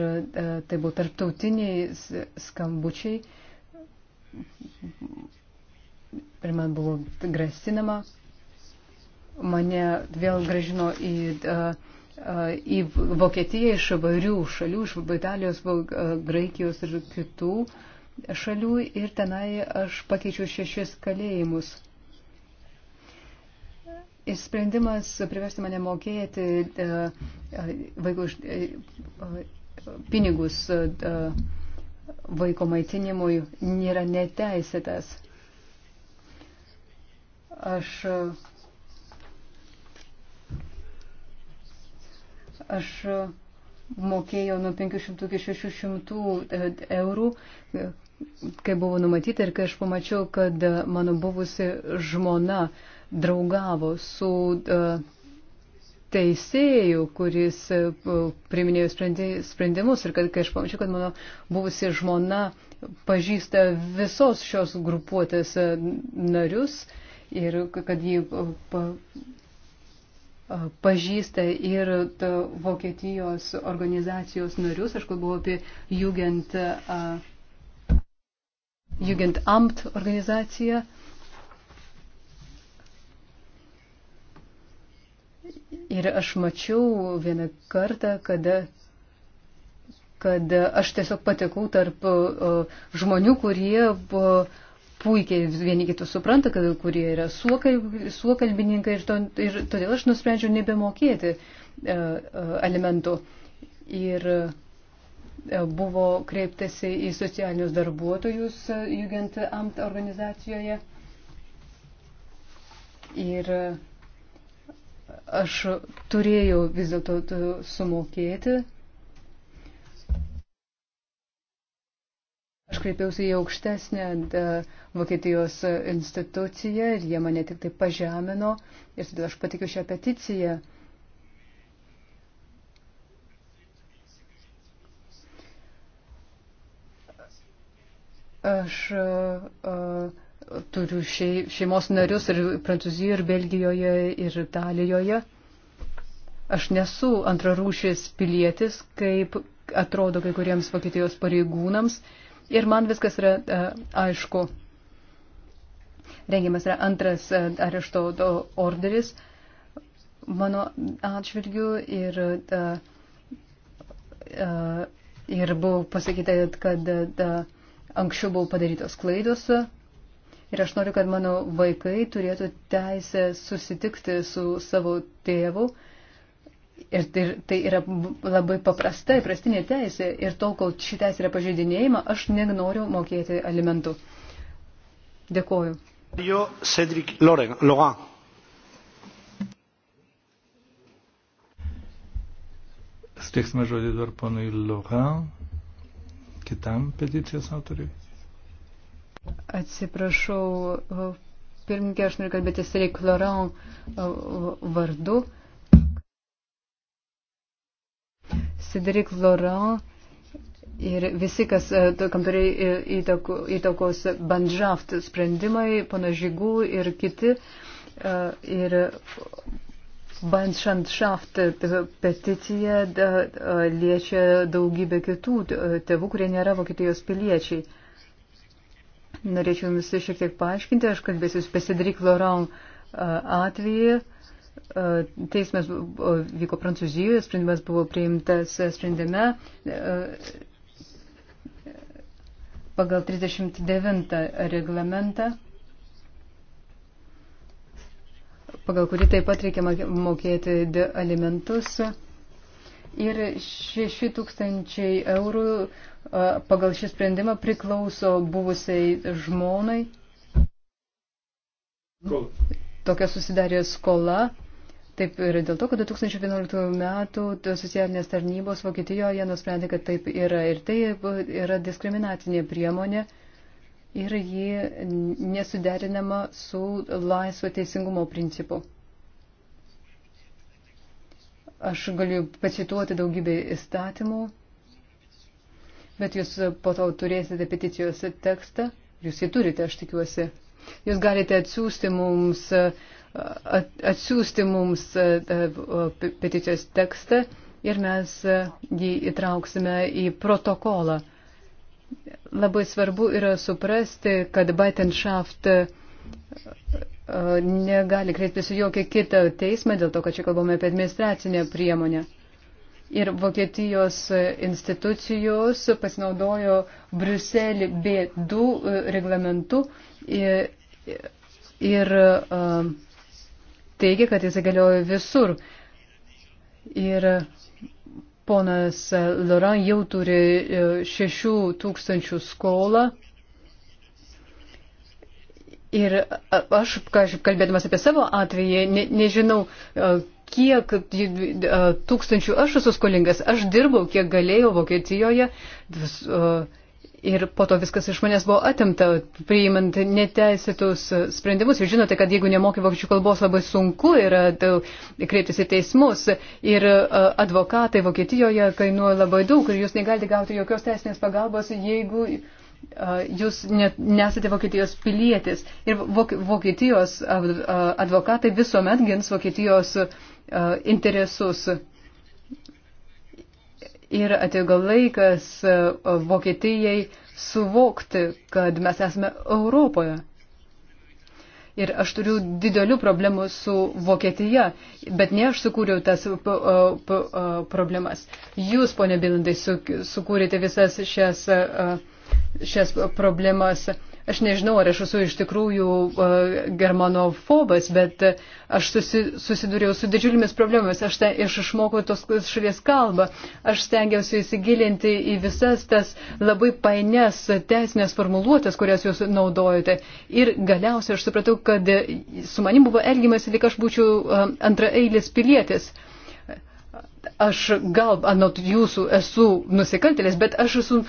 tai buvo tarptautiniai skambučiai ir man buvo grasinama, mane vėl gražino į, į Vokietiją iš įvairių šalių, iš Italijos, Graikijos ir kitų šalių ir tenai aš pakeičiau šešis kalėjimus. Ir sprendimas priversti mane mokėti vaikų pinigus. Uh, vaiko maitinimui nėra neteisėtas. Aš, aš mokėjau nuo 500 iki 600 e, eurų, kai buvo numatyta ir kai aš pamačiau, kad mano buvusi žmona draugavo su uh, teisėjų, kuris e, priminėjo sprendimus ir kad, kai aš pamačiau, kad mano buvusi žmona pažįsta visos šios grupuotės e, narius ir kad jį e, pažįsta ir Vokietijos organizacijos narius, aš kalbu apie Jugend, Jugend Amt organizaciją. Ir aš mačiau vieną kartą, kada kad aš tiesiog patekau tarp žmonių, kurie puikiai vieni kitus supranta, kad, kurie yra suokalbininkai ir, to, ir todėl aš nusprendžiau nebemokėti e, e, alimentų. Ir e, buvo kreiptasi į socialinius darbuotojus Jugend Amt organizacijoje. Ir uh, Aš turėjau vis dėlto sumokėti. Aš kreipiausi į aukštesnę Vokietijos instituciją ir jie mane tik tai pažemino ir todėl aš patikiu šią peticiją. Aš uh, Turiu šeimos narius ir Prancūzijoje, ir Belgijoje, ir Italijoje. Aš nesu antrarūšės pilietis, kaip atrodo kai kuriems Vokietijos pareigūnams. Ir man viskas yra a, e, aišku. Rengiamas yra antras e, arešto orderis mano atžvilgiu ir, a, e, a, ir buvo pasakyta, kad a, anksčiau buvo padarytos klaidos Ir aš noriu, kad mano vaikai turėtų teisę susitikti su savo tėvu. Ir tai, tai yra labai paprasta, prastinė teisė. Ir tol, kol ši teisė yra pažeidinėjama, aš nenoriu mokėti alimentų. Dėkoju. Jo Cedric Loren, Laurent. Steiksime žodį dar ponui Laurent, kitam peticijos autoriui. Atsiprašau, pirmininkė, aš noriu kalbėti Serik Laurent e, vardu. Siderik Laurent ir visi, kas, e, kam turi įtakos bandžaft sprendimai, pana Žygų ir kiti, e, ir bandšantschaft peticija liečia daugybę kitų tėvų, kurie nėra Vokietijos piliečiai. Norėčiau Jums tai šiek tiek paaiškinti, aš kalbėsiu Pesidrik Laurent atveju. Teismas vyko Prancūzijoje, sprendimas buvo priimtas sprendime pagal 39 reglamentą, pagal kurį taip pat reikia mokėti alimentus. Ir 6 tūkstančiai eurų pagal šį sprendimą priklauso buvusiai žmonai. Tokia susidarė skola. Taip ir dėl to, kad 2011 metų socialinės tarnybos Vokietijoje nusprendė, kad taip yra. Ir tai yra diskriminacinė priemonė ir ji nesuderinama su laisvo teisingumo principu. Aš galiu pacituoti daugybę įstatymų bet jūs e, po to turėsite peticijos tekstą, jūs jį turite, aš tikiuosi. Jūs galite atsiųsti mums, e, atsiųsti mums e, peticijos tekstą ir mes jį įtrauksime į protokolą. Labai svarbu yra suprasti, kad Baitenshaft negali kreiptis į jokią kitą teismą dėl to, kad čia kalbame apie administracinę priemonę ir Vokietijos institucijos pasinaudojo Bruselį B2 e, reglamentu e, ir, ir e, teigia, kad jis galioja visur. Ir ponas Laurent jau turi 6 tūkstančių skolą. Ir aš, kažkaip kalbėdamas apie savo atvejį, ne, nežinau, kiek tūkstančių aš esu skolingas. Aš dirbau, kiek galėjau Vokietijoje ir po to viskas iš manęs buvo atimta, priimant neteisėtus sprendimus. Jūs žinote, kad jeigu nemoki vokiečių kalbos, labai sunku yra kreiptis į teismus ir advokatai Vokietijoje kainuoja labai daug ir jūs negalite gauti jokios teisinės pagalbos, jeigu jūs net, nesate Vokietijos pilietis. Ir Vokietijos advokatai visuomet gins Vokietijos E, interesus. Ir atėjo gal laikas e, Vokietijai suvokti, kad mes esame Europoje. Ir aš turiu didelių problemų su Vokietija, bet ne aš sukūriau tas e, problemas. Jūs, ponė Bilindai, sukūrėte visas šias, šias problemas. Aš nežinau, ar aš esu iš tikrųjų e, germanofobas, bet e, aš susi, susidūrėjau su didžiulėmis problemomis. Aš, te, aš išmokau tos šalies kalbą. Aš stengiausi įsigilinti į visas tas labai painias teisinės formuluotės, kurias jūs naudojate. Ir galiausiai aš supratau, kad su manim buvo elgiamasi, lyg aš būčiau e, antraeilis pilietis. Uh, aš gal, anot jūsų, esu nusikaltėlis, bet aš, esu,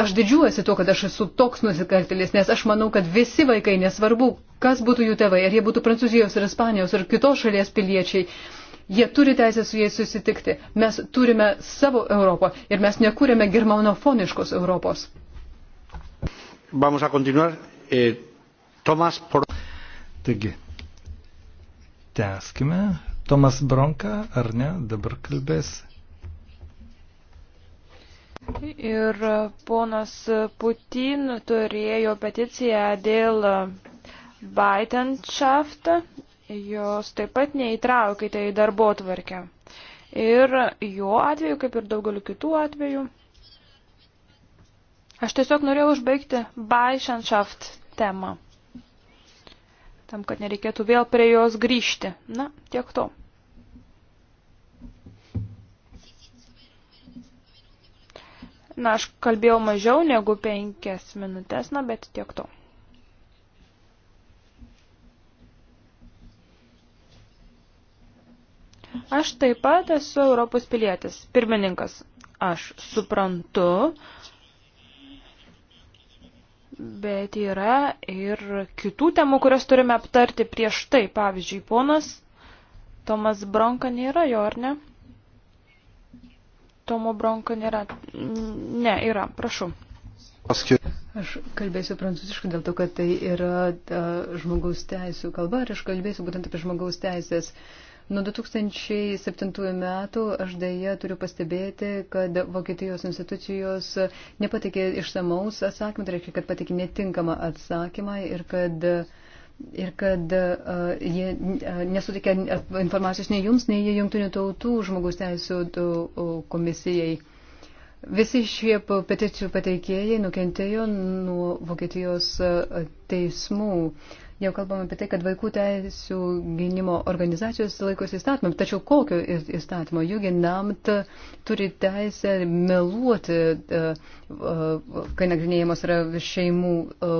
aš didžiuojasi to, kad aš esu toks nusikaltėlis, nes aš manau, kad visi vaikai, nesvarbu, kas būtų jų tėvai, ar jie būtų Prancūzijos ir Ispanijos ir kitos šalies piliečiai, jie turi teisę su jais susitikti. Mes turime savo Europą ir mes nekūrėme germanofoniškos Europos. Vamos a continuar. Eh, Tomas por... Taigi, tęskime Tomas Bronka, ar ne, dabar kalbės. Ir ponas Putin turėjo peticiją dėl Baitenschaft, jos taip pat neįtraukite į darbo tvarkę. Ir jo atveju, kaip ir daugeliu kitų atvejų, aš tiesiog norėjau užbaigti Baitenschaft temą tam, kad nereikėtų vėl prie jos grįžti. Na, tiek to. Na, aš kalbėjau mažiau negu penkias minutės, na, bet tiek to. Aš taip pat esu Europos pilietis, pirmininkas. Aš suprantu, bet yra ir kitų temų, kurias turime aptarti prieš tai. Pavyzdžiui, ponas Tomas Bronka nėra jo, ar ne? Tomo Bronka nėra. Ne, yra, prašau. Aš kalbėsiu prancūziškai dėl to, kad tai yra ta žmogaus teisų kalba ir aš kalbėsiu būtent apie žmogaus teisės. Uh, Nuo 2007 metų aš dėja turiu pastebėti, kad Vokietijos institucijos nepatikė išsamaus atsakymą, tai reiškia, kad patikė netinkamą atsakymą ir kad, ir kad uh, jie uh, nesutikė informacijos nei jums, nei jungtinių tautų žmogus teisų komisijai. Visi šie peticijų pateikėjai nukentėjo nuo Vokietijos teismų. Jau kalbame apie tai, kad vaikų teisų gynimo organizacijos laikosi įstatymą, tačiau kokio įstatymo? Jų ginamt turi teisę meluoti, e, e, kai nagrinėjimas yra šeimų e,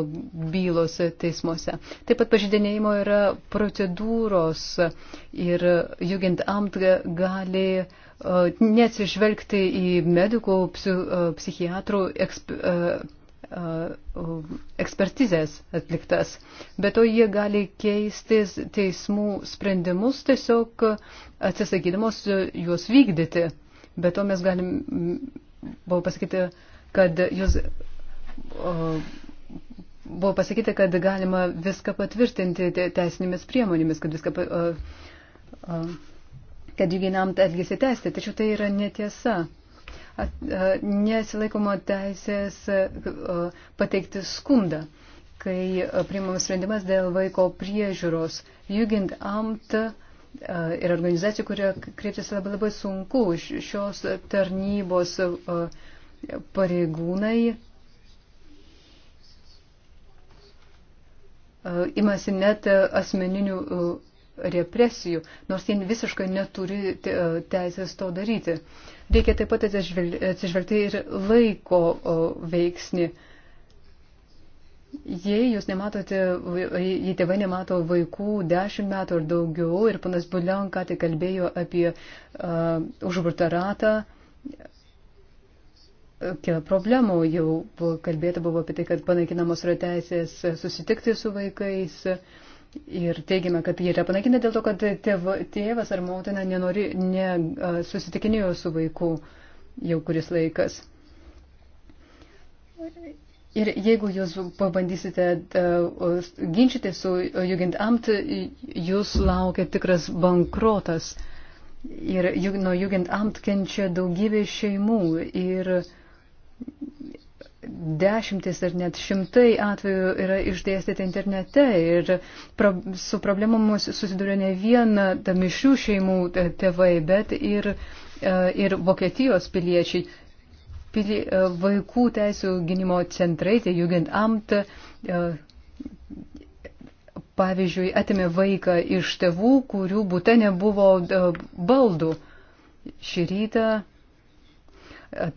bylos teismuose. Taip pat pažydinėjimo yra procedūros ir jugend amt gali neatsižvelgti į medikų, psichiatrų, ekspertų ekspertizės atliktas. Be to, jie gali keisti teismų sprendimus tiesiog atsisakydamos juos vykdyti. Be to, mes galim, buvo pasakyti, kad jūs buvo pasakyti, kad galima viską patvirtinti teisinėmis priemonėmis, kad viską, kad jų vienam elgesi tęsti, tačiau tai yra netiesa. E, nesilaikoma teisės e, e, pateikti skundą, kai priimamas sprendimas dėl vaiko priežiūros. Jugendamt ir organizacija, kuria kreiptis labai labai sunku, šios tarnybos pareigūnai imasi net asmeninių represijų, nors jie visiškai neturi teisės to daryti. Reikia taip pat atsižvelgti ir laiko veiksnį. Jei jūs nematote, jei tėvai nemato vaikų dešimt metų ar daugiau ir panas Bulian ką tik kalbėjo apie uh, užburtą ratą, kila problemų, jau kalbėta buvo apie tai, kad panaikinamos yra teisės susitikti su vaikais. Uh, Ir teigiame, kad jie yra panaikinta dėl to, kad tėvas ar motina nenori, nesusitikinėjo su vaiku jau kuris laikas. Ir jeigu jūs pabandysite uh, ginčyti su Jugendamt, jūs laukia tikras bankrotas. Ir nuo Jugendamt kenčia daugybė šeimų. Ir dešimtis ar net šimtai atvejų yra išdėstyti internete ir pro, su problemomis susiduria ne viena mišrių šeimų tėvai, bet ir, e, ir Vokietijos piliečiai. Pili, e, vaikų teisų gynimo centrai, tai Jugendamt, e, pavyzdžiui, atimė vaiką iš tėvų, kurių būte nebuvo baldų. Šį rytą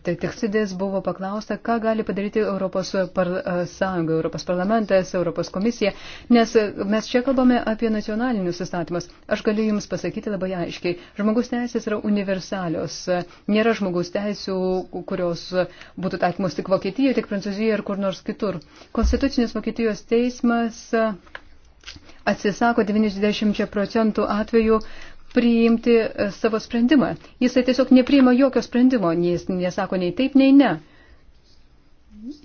Teksidės buvo paklausta, ką gali padaryti Europos par, sąjunga, Europos parlamentas, Europos komisija, nes mes čia kalbame apie nacionalinius įstatymus. Aš galiu Jums pasakyti labai aiškiai, žmogus teisės yra universalios. Nėra žmogus teisų, kurios būtų taikymus tik Vokietijoje, tik Prancūzijoje ir kur nors kitur. Konstitucinis Vokietijos teismas atsisako 90 procentų atveju priimti e, savo sprendimą. Jisai tiesiog nepriima jokio sprendimo, jis nesako nei taip, nei ne.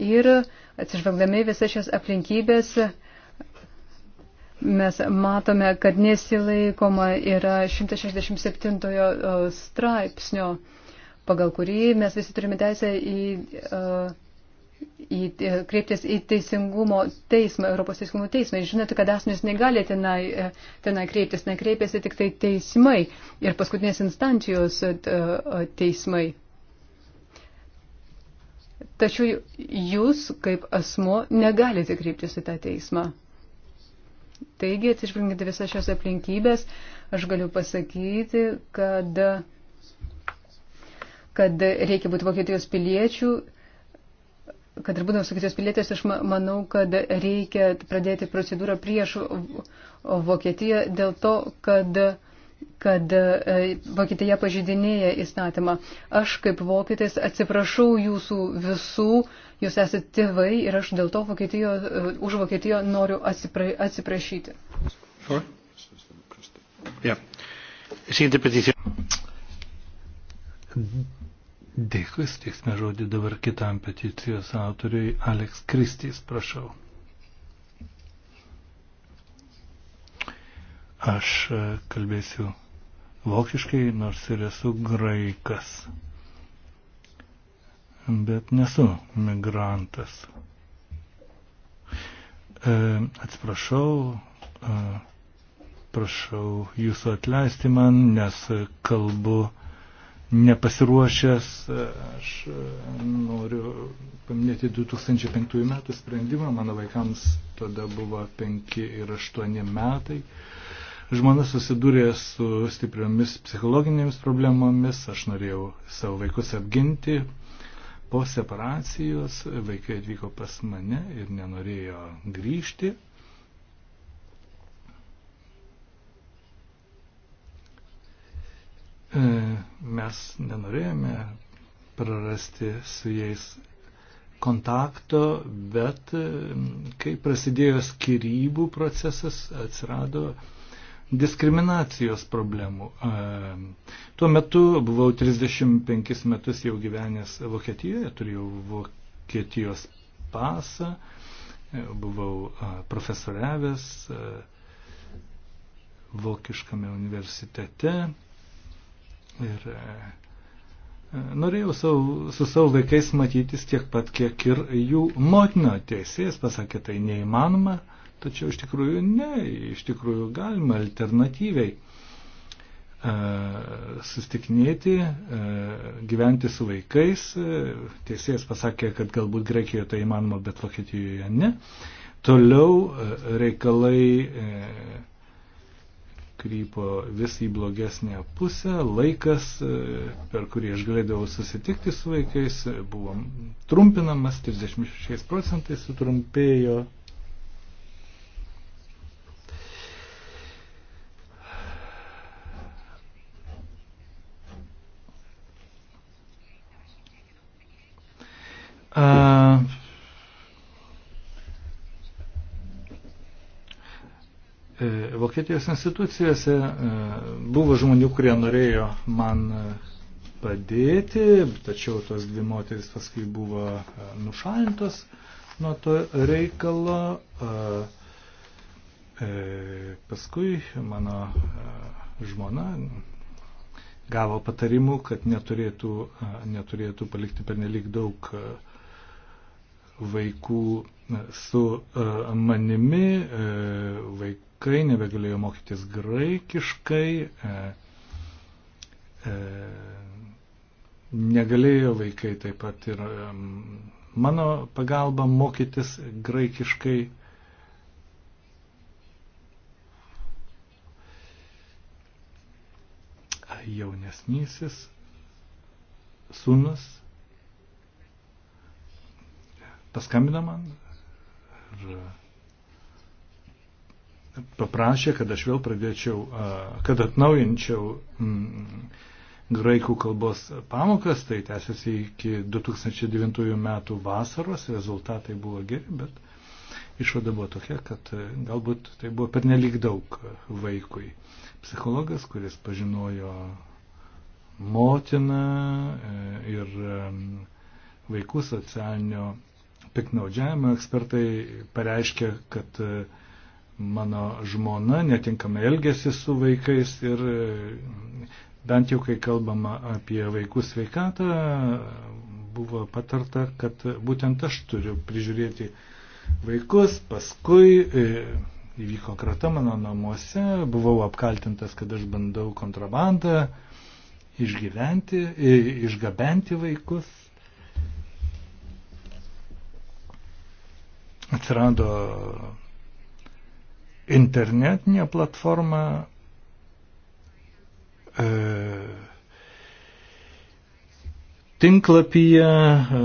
Ir atsižvelgdami visas šias aplinkybės, mes matome, kad nesilaikoma yra 167 e, straipsnio, pagal kurį mes visi turime teisę į. Uh, į, e, kreiptis į teisingumo teismą, Europos teisingumo teismą. Žinote, kad asmenys negali tenai, e, tenai kreiptis, nekreipiasi tik tai teismai ir paskutinės instancijos e, teismai. Tačiau jūs kaip asmo negalite kreiptis į tą teismą. Taigi, atsižvelgiant visas šios aplinkybės, aš galiu pasakyti, kad, kad reikia būti Vokietijos piliečių kad ir būdamas Vokietijos pilietis, aš manau, kad reikia pradėti procedūrą prieš Vokietiją dėl to, kad, kad e, Vokietija pažydinėja įstatymą. Aš kaip vokietis atsiprašau jūsų visų, jūs esate tėvai ir aš dėl to Vokietijo, e, už Vokietiją noriu atsipra, atsiprašyti. Ja. Siguiente petición. Dėkui, steiksime žodį dabar kitam peticijos autoriui, Aleks Kristys, prašau. Aš e, kalbėsiu vokiškai, nors ir esu graikas, bet nesu migrantas. E, atsiprašau, e, prašau jūsų atleisti man, nes kalbu e, nepasiruošęs. Aš e, noriu paminėti 2005 metų sprendimą, mano vaikams tada buvo 5 ir 8 metai. Žmona susidūrė su stipriomis psichologinėmis problemomis, aš norėjau savo vaikus apginti. Po separacijos vaikai atvyko pas mane ir nenorėjo grįžti E, mes nenorėjome prarasti su jais kontakto, bet e, kai prasidėjo skirybų procesas, atsirado diskriminacijos problemų. E, tuo metu buvau 35 metus jau gyvenęs Vokietijoje, turėjau Vokietijos pasą, buvau profesoriavęs vokiškame universitete Ir e, e, norėjau savo, su savo vaikais matytis tiek pat, kiek ir jų motina teisėjas pasakė, tai neįmanoma, tačiau iš tikrųjų ne, iš tikrųjų galima alternatyviai e, sustiknėti, gyventi su vaikais. Teisėjas pasakė, kad galbūt Graikijoje tai įmanoma, bet Vokietijoje ne. Toliau reikalai krypo vis į blogesnę pusę. Laikas, e, per kurį aš galėdavau susitikti su vaikais, e, buvo trumpinamas, 36 procentais sutrumpėjo. Uh, E, Vokietijos institucijose e, buvo žmonių, kurie norėjo man e, padėti, tačiau tos dvi moteris paskui buvo nušalintos nuo to reikalo. Paskui mano žmona gavo patarimų, kad neturėtų, neturėtų palikti pernelik daug vaikų su manimi, vaikų vaikai nebegalėjo mokytis graikiškai, e, e, negalėjo vaikai taip pat ir e, mano pagalba mokytis graikiškai. Jaunesnysis sūnus paskambino man ir paprašė, kad aš vėl pradėčiau, kad atnaujinčiau mm, graikų kalbos pamokas, tai tęsiasi iki 2009 metų vasaros, rezultatai buvo geri, bet išvada buvo tokia, kad e, galbūt tai buvo pernelyg daug vaikui. Psichologas, kuris pažinojo motiną e, ir vaikų socialinio piknaudžiavimo ekspertai pareiškia, kad e, mano žmona netinkamai elgesi su vaikais ir e, bent jau kai kalbama apie vaikų sveikatą, buvo patarta, kad būtent aš turiu prižiūrėti vaikus, paskui e, įvyko krata mano namuose, buvau apkaltintas, kad aš bandau kontrabandą išgyventi, e, išgabenti vaikus. Atsirado internetinė platforma e, tinklapyje e,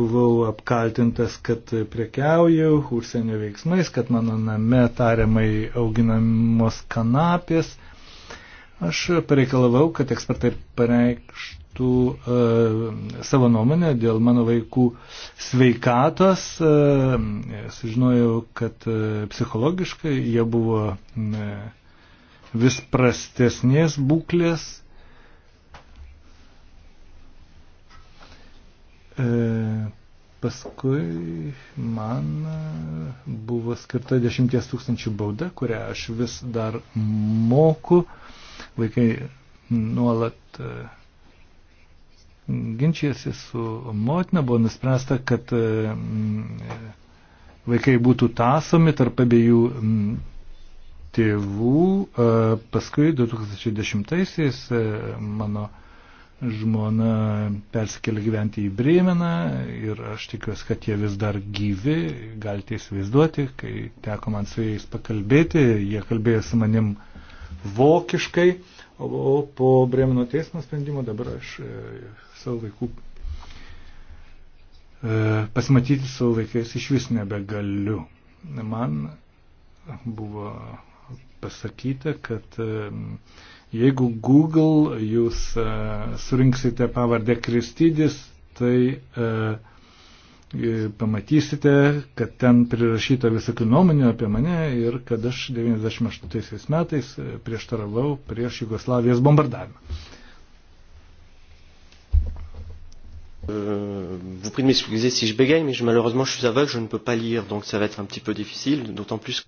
buvau apkaltintas, kad prekiauju užsienio veiksmais, kad mano name tariamai auginamos kanapės. Aš pareikalavau, kad ekspertai pareikš, pareikštų e, savo nuomonę dėl mano vaikų sveikatos. E, sužinojau, kad e, psichologiškai jie buvo e, vis prastesnės būklės. E, Paskui man e, buvo skirta 10 tūkstančių bauda, kurią aš vis dar moku. Vaikai nuolat e, ginčijasi su motina, buvo nuspręsta, kad e, vaikai būtų tasomi tarp abiejų tėvų. E, paskui 2010-aisiais e, mano žmona persikėlė gyventi į Bremeną ir aš tikiuosi, kad jie vis dar gyvi. Galite įsivaizduoti, kai teko man su jais pakalbėti, jie kalbėjo su manim vokiškai, o po Bremeno teismo sprendimo dabar aš savo vaikų, e, pasimatyti savo vaikais iš vis nebegaliu. Man buvo pasakyta, kad e, jeigu Google jūs e, surinksite pavardę Kristydis, tai pamatysite, kad ten prirašyta visokių nuomonių apie mane ir kad aš 98 metais prieštaravau prieš Jugoslavijos bombardavimą. Euh, vous prie de m'excuser si je bégaye, mais je, malheureusement je suis aveugle, je ne peux pas lire, donc ça va être un petit peu difficile, d'autant plus.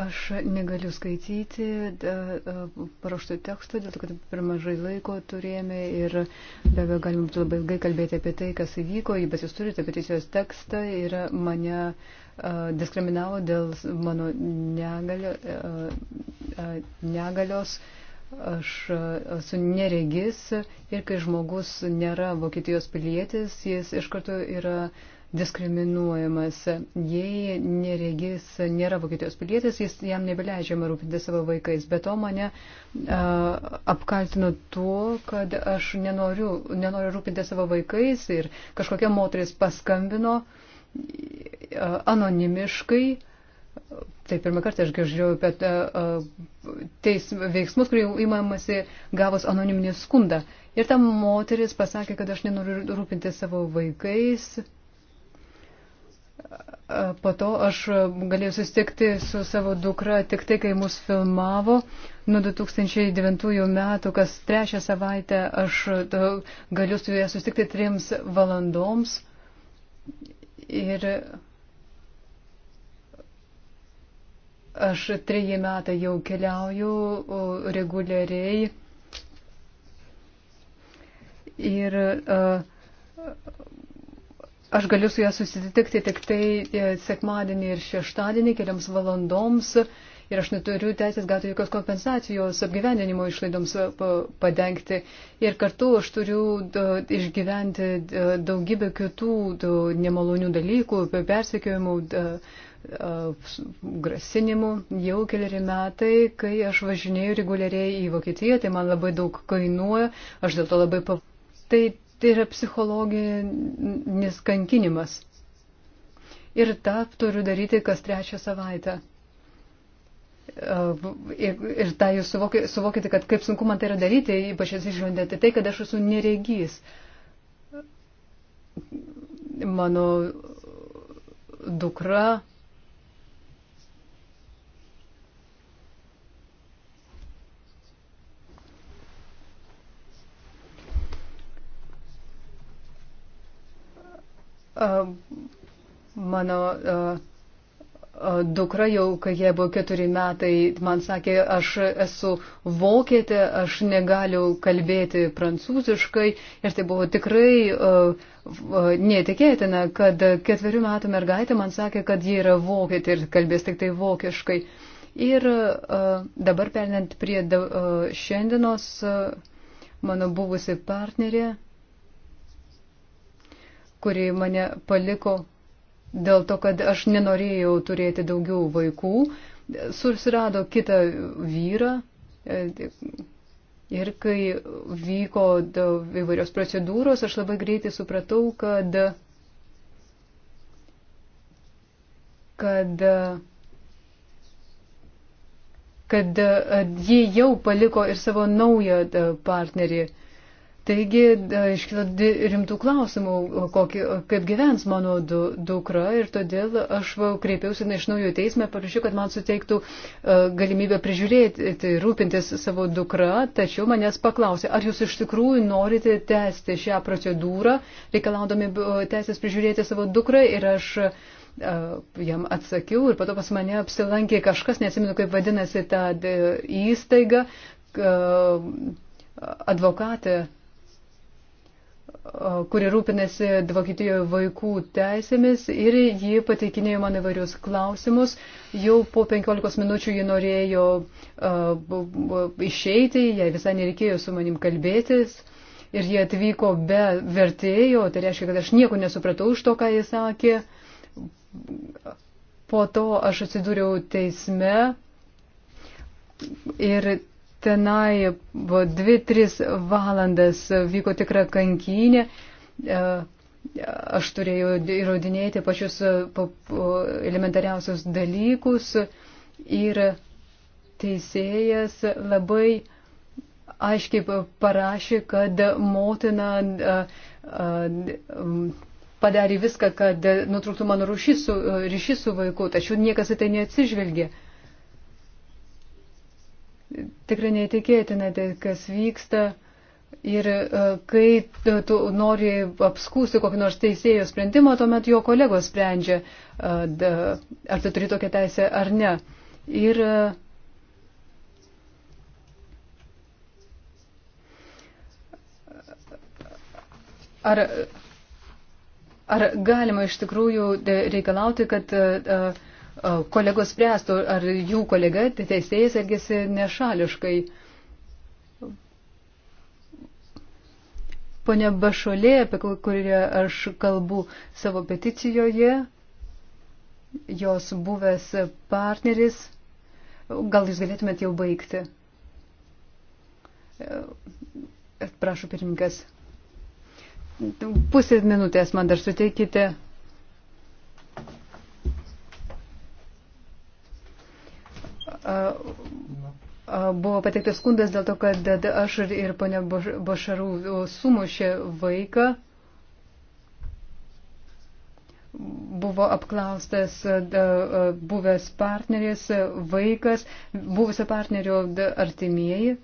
Aš negaliu skaityti paruoštų tekstų, dėl to, kad per mažai laiko turėjome ir be abejo galima būtų labai ilgai kalbėti apie tai, kas įvyko, bet jūs turite tai peticijos tekstą ir mane uh, diskriminavo dėl mano negalio, uh, uh, negalios. Uh, Aš esu neregis ir kai žmogus nėra Vokietijos pilietis, jis iš karto yra diskriminuojamas. Jei neregis nėra Vokietijos pilietis, jis jam nebeleidžiama rūpinti savo vaikais. Be to mane a, apkaltino tuo, kad aš nenoriu, nenoriu rūpinti savo vaikais ir kažkokia moteris paskambino a, anonimiškai Tai pirmą kartą aš girdžiu apie e, e, teism, veiksmus, kurie įmamasi gavus anoniminį skundą. Ir ta moteris pasakė, kad aš nenoriu rūpinti savo vaikais. E, po to aš galėjau susitikti su savo dukra tik tai, kai mus filmavo. Nuo 2009 metų, kas trečią savaitę, aš galiu su ja susitikti trims valandoms. Ir Aš treji metai jau keliauju reguliariai ir aš galiu su ją susitikti tik tai e, sekmadienį ir šeštadienį keliams valandoms ir aš neturiu teisės gauti jokios kompensacijos apgyvendinimo išlaidoms e, padengti. Ir kartu aš turiu e, išgyventi daugybę kitų nemalonių dalykų, persekiojimų. Da, grasinimų. Jau keliari metai, kai aš važinėjau reguliariai į Vokietiją, tai man labai daug kainuoja, aš dėl to labai pav... Tai, tai yra psichologinis kankinimas. Ir tą turiu daryti kas trečią savaitę. Ir, ir tą jūs suvokite, kad kaip sunku man tai yra daryti, ypač atsižvelgiant į tai, kad aš esu neregys. Mano dukra mano dukra jau, kai jie buvo keturi metai, man sakė, aš esu vokietė, aš negaliu kalbėti prancūziškai. Ir tai buvo tikrai uh, uh, netikėtina, kad ketverių metų mergaitė man sakė, kad ji yra vokietė ir kalbės tik tai vokiškai. Ir uh, dabar perinant prie da, uh, šiandienos, uh, mano buvusi partnerė kuri mane paliko dėl to, kad aš nenorėjau turėti daugiau vaikų, susirado kitą vyrą. E, ir kai vyko įvairios procedūros, aš labai greitai supratau, kad, kad, kad jie jau paliko ir savo naują partnerį. Taigi iškilo rimtų klausimų, kokį, kaip gyvens mano du, dukra ir todėl aš kreipiausi iš naujo į teismą ir parašiau, kad man suteiktų e, galimybę prižiūrėti, tai rūpintis savo dukra, tačiau manęs paklausė, ar jūs iš tikrųjų norite tęsti šią procedūrą, reikalaudami e, teisės prižiūrėti savo dukrą ir aš e, jam atsakiau ir pato pas mane apsilankė kažkas, nesimenu, kaip vadinasi ta įstaiga, advokatė kuri rūpinasi Vokietijoje vaikų teisėmis ir ji pateikinėjo man įvairius klausimus. Jau po 15 minučių ji norėjo uh, išeiti, jai visai nereikėjo su manim kalbėtis. Ir jie atvyko be vertėjo, tai reiškia, kad aš nieko nesupratau iš to, ką jis sakė. Po to aš atsidūriau teisme ir tenai dvi, tris valandas vyko tikra kankynė. E, aš turėjau įrodinėti pačius e, elementariausius dalykus ir teisėjas labai aiškiai parašė, kad motina e, padarė viską, kad nutrūktų mano ryšys su, ryšys su vaiku, tačiau niekas į tai neatsižvelgė tikrai neįtikėtina, tai kas vyksta. Ir e, kai e, tu nori apskūsti kokį nors teisėjo sprendimą, tuomet jo kolegos sprendžia, e, ar tu turi tokią teisę ar ne. Ir ar, ar galima iš tikrųjų reikalauti, kad uh, kolegos spręstų, ar jų kolega teisėjas elgėsi nešališkai. Pone Bašolė, apie kurią aš kalbu savo peticijoje, jos buvęs partneris, gal jūs galėtumėt jau baigti. Prašau, pirmininkas. Pusės minutės man dar suteikite. buvo pateiktas skundas dėl to, kad aš ir ponia Bošarų sumušė vaiką. Buvo apklaustas buvęs partneris, vaikas, buvusio partnerio artimieji.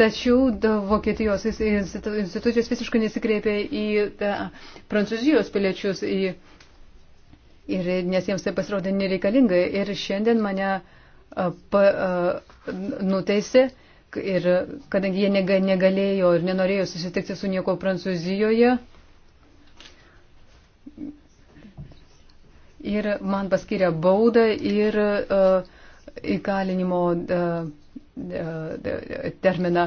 Tačiau da, Vokietijos institucijos visiškai nesikreipė į da, prancūzijos piliečius, į ir nes jiems tai pasirodė nereikalinga. Ir šiandien mane pa, nuteisė, ir kadangi jie negalėjo ir nenorėjo susitikti su nieko Prancūzijoje. Ir man paskiria baudą ir uh, įkalinimo uh, terminą.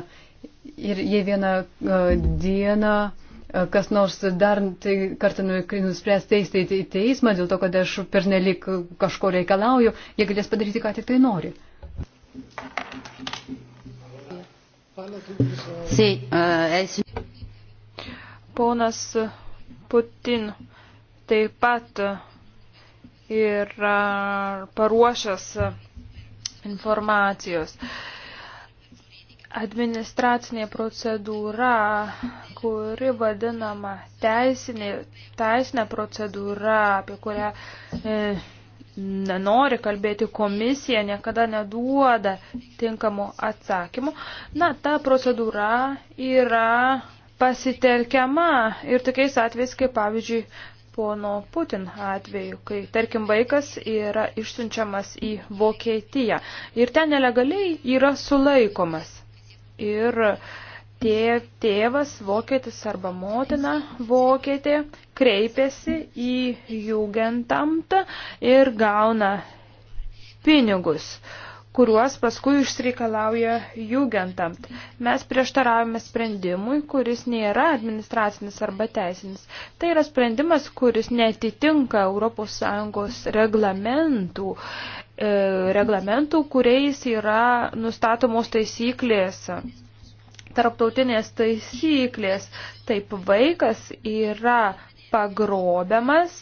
Ir jie vieną uh, dieną uh, kas nors dar tai kartą nuspręs teisti į teismą dėl to, kad aš pernelik kažko reikalauju, jie galės padaryti, ką tik tai nori. Eh, Ponas Putin taip pat yra paruošęs informacijos. Uh, administracinė procedūra, kuri vadinama teisinė, teisinė procedūra, apie kurią e, nenori kalbėti komisija, niekada neduoda tinkamų atsakymų. Na, ta procedūra yra pasitelkiama ir tokiais atvejais, kaip pavyzdžiui, pono Putin atveju, kai, tarkim, vaikas yra išsiunčiamas į Vokietiją ir ten nelegaliai yra sulaikomas ir tė, tėvas vokietis arba motina vokietė kreipiasi į jugentamtą ir gauna pinigus kuriuos paskui išsireikalauja jugendamt. Mes prieštaravome sprendimui, kuris nėra administracinis arba teisinis. Tai yra sprendimas, kuris netitinka ES reglamentų E, reglamentų, kuriais yra nustatomos taisyklės, tarptautinės taisyklės. Taip vaikas yra pagrobiamas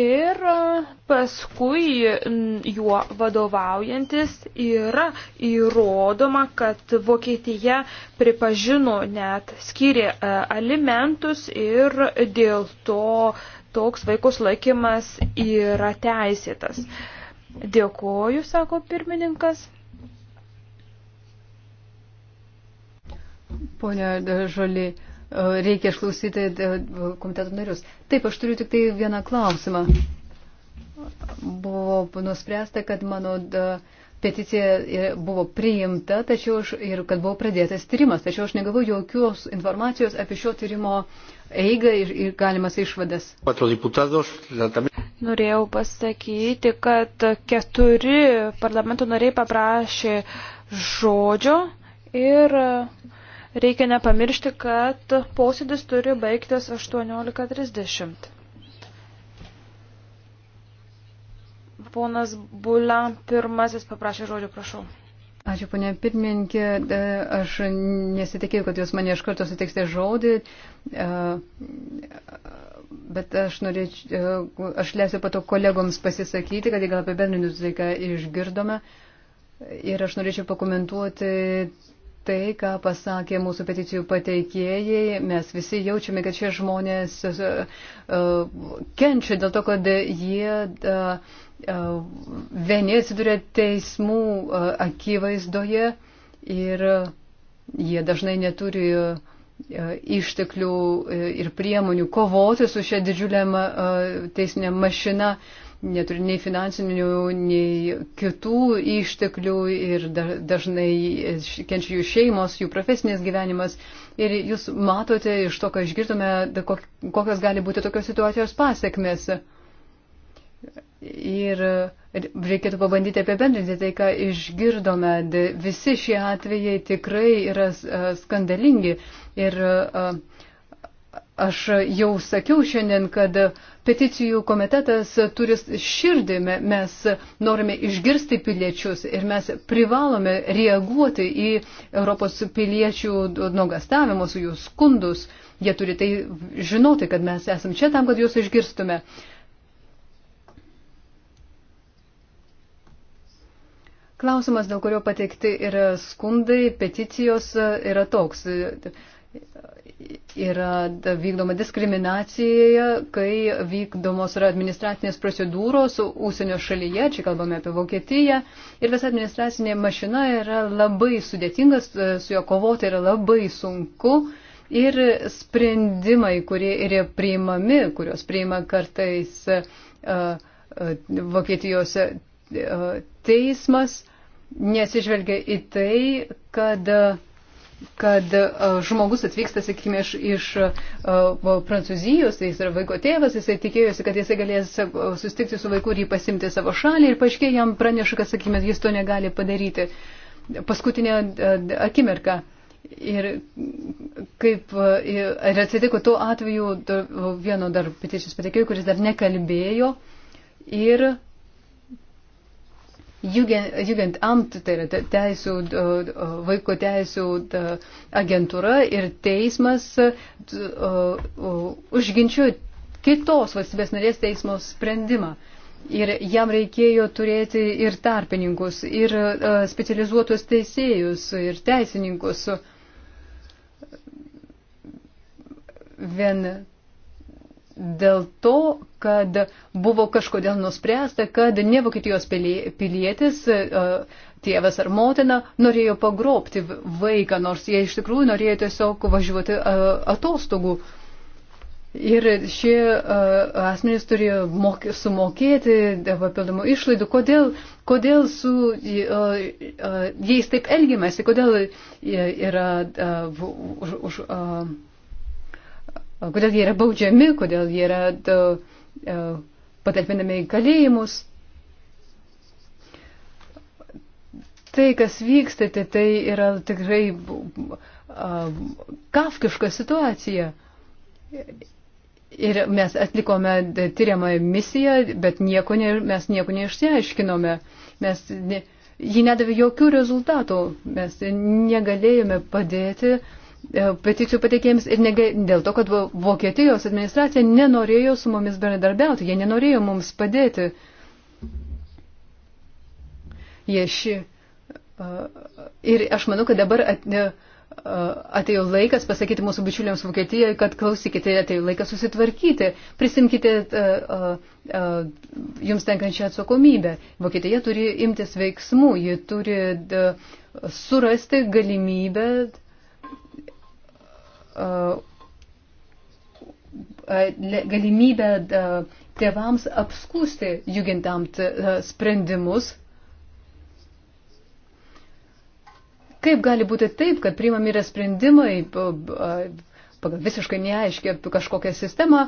ir paskui juo vadovaujantis yra įrodoma, kad Vokietija pripažino net skiria e, alimentus ir dėl to toks vaikus laikimas yra teisėtas. Mm. Dėkoju, sako pirmininkas. Pone Žali, reikia išklausyti e, komiteto narius. Taip, aš turiu tik tai vieną klausimą. Buvo nuspręsta, kad mano da, e, uh, peticija e, buvo priimta tačiau aš, ir kad buvo pradėtas tyrimas, tačiau aš negavau jokios informacijos apie šio tyrimo eigą ir, ir galimas išvadas. Norėjau pasakyti, kad keturi parlamento nariai paprašė žodžio ir reikia nepamiršti, kad posėdis turi baigtis 18.30. Ponas Bulan pirmasis paprašė žodžio, prašau. Ačiū, ponė pirmininkė. Aš nesitikėjau, kad jūs mane iš karto sutiksite žodį, bet aš, norėčiau, aš leisiu pato kolegoms pasisakyti, kad jie gal apibendrinus tai, ką išgirdome. Ir aš norėčiau pakomentuoti tai, ką pasakė mūsų peticijų pateikėjai. Mes visi jaučiame, kad šie žmonės kenčia dėl to, kad jie. Uh, E, vieni atsiduria teismų e, akivaizdoje ir e, jie dažnai neturi išteklių ir priemonių kovoti su šia didžiulė teisinė mašina, neturi nei finansinių, nei kitų išteklių ir dažnai kenčia jų šeimos, jų profesinės gyvenimas. Ir jūs matote iš to, ką išgirdome, kokios gali būti tokios situacijos pasiekmes. Ir reikėtų pabandyti apibendrinti tai, ką išgirdome. Visi šie atvejai tikrai yra skandalingi. Ir aš jau sakiau šiandien, kad peticijų komitetas turi širdį, mes norime išgirsti piliečius ir mes privalome reaguoti į Europos piliečių nuogastavimus, jų skundus. Jie turi tai žinoti, kad mes esam čia tam, kad juos išgirstume. Uh, Klausimas, dėl kurio pateikti yra skundai, peticijos, e, yra toks. Yra vykdoma diskriminacija, kai vykdomos yra administracinės procedūros ūsienio šalyje, čia kalbame apie Vokietiją, ir visa administracinė mašina yra labai sudėtingas, e, su jo kovoti yra labai sunku. Ir sprendimai, kurie yra priimami, kurios priima kartais uh, uh, Vokietijos uh, teismas nesižvelgia į tai, kad, kad e, žmogus atvyksta, sakykime, iš, iš e, e, Prancūzijos, tai jis yra vaiko tėvas, jisai tikėjosi, kad jisai galės sustikti su vaiku ir jį pasimti savo šalį ir paaiškiai jam praneša, kad, sakykime, jis to negali padaryti. Paskutinė akimirka. Ir kaip ir atsitiko tuo atveju vieno dar pietiečius patekėjų, kuris dar nekalbėjo ir Jugend Amt, tai yra teisų, vaiko teisų agentūra ir teismas užginčiu kitos valstybės narės teismo sprendimą. Ir jam reikėjo turėti ir tarpininkus, ir e, specializuotus teisėjus, ir teisininkus. Vien dėl to, kad buvo kažkodėl nuspręsta, kad ne Vokietijos pilietis, e, tėvas ar motina norėjo pagrobti vaiką, nors jie iš tikrųjų norėjo tiesiog važiuoti e, atostogų. Ir šie e, asmenys turėjo mokė, sumokėti papildomų išlaidų. Kodėl, kodėl su jais taip elgiamasi, kodėl yra už. už, už kodėl jie yra baudžiami, kodėl jie yra e, patalpinami į kalėjimus. Tai, kas vyksta, tai, tai yra tikrai kafkiška situacija. Ir mes atlikome tyriamą misiją, bet nieko ne, mes nieko neišsiaiškinome. Mes ne, ji nedavė jokių rezultatų. Mes negalėjome padėti uh, E, peticijų pateikėjams ir nega, dėl to, kad Vokietijos administracija nenorėjo su mumis bendradarbiauti, jie nenorėjo mums padėti. Jie ši. E, ir aš manau, kad dabar at, e, atėjo laikas pasakyti mūsų bičiuliams Vokietijoje, kad klausykite, atėjo laikas susitvarkyti, prisimkite uh, uh, jums tenkančią atsakomybę. Vokietija turi imtis veiksmų, ji turi uh, surasti galimybę galimybę tėvams apskūsti jugintamt sprendimus. Kaip gali būti taip, kad priimami yra sprendimai pagal visiškai neaiškia kažkokią sistemą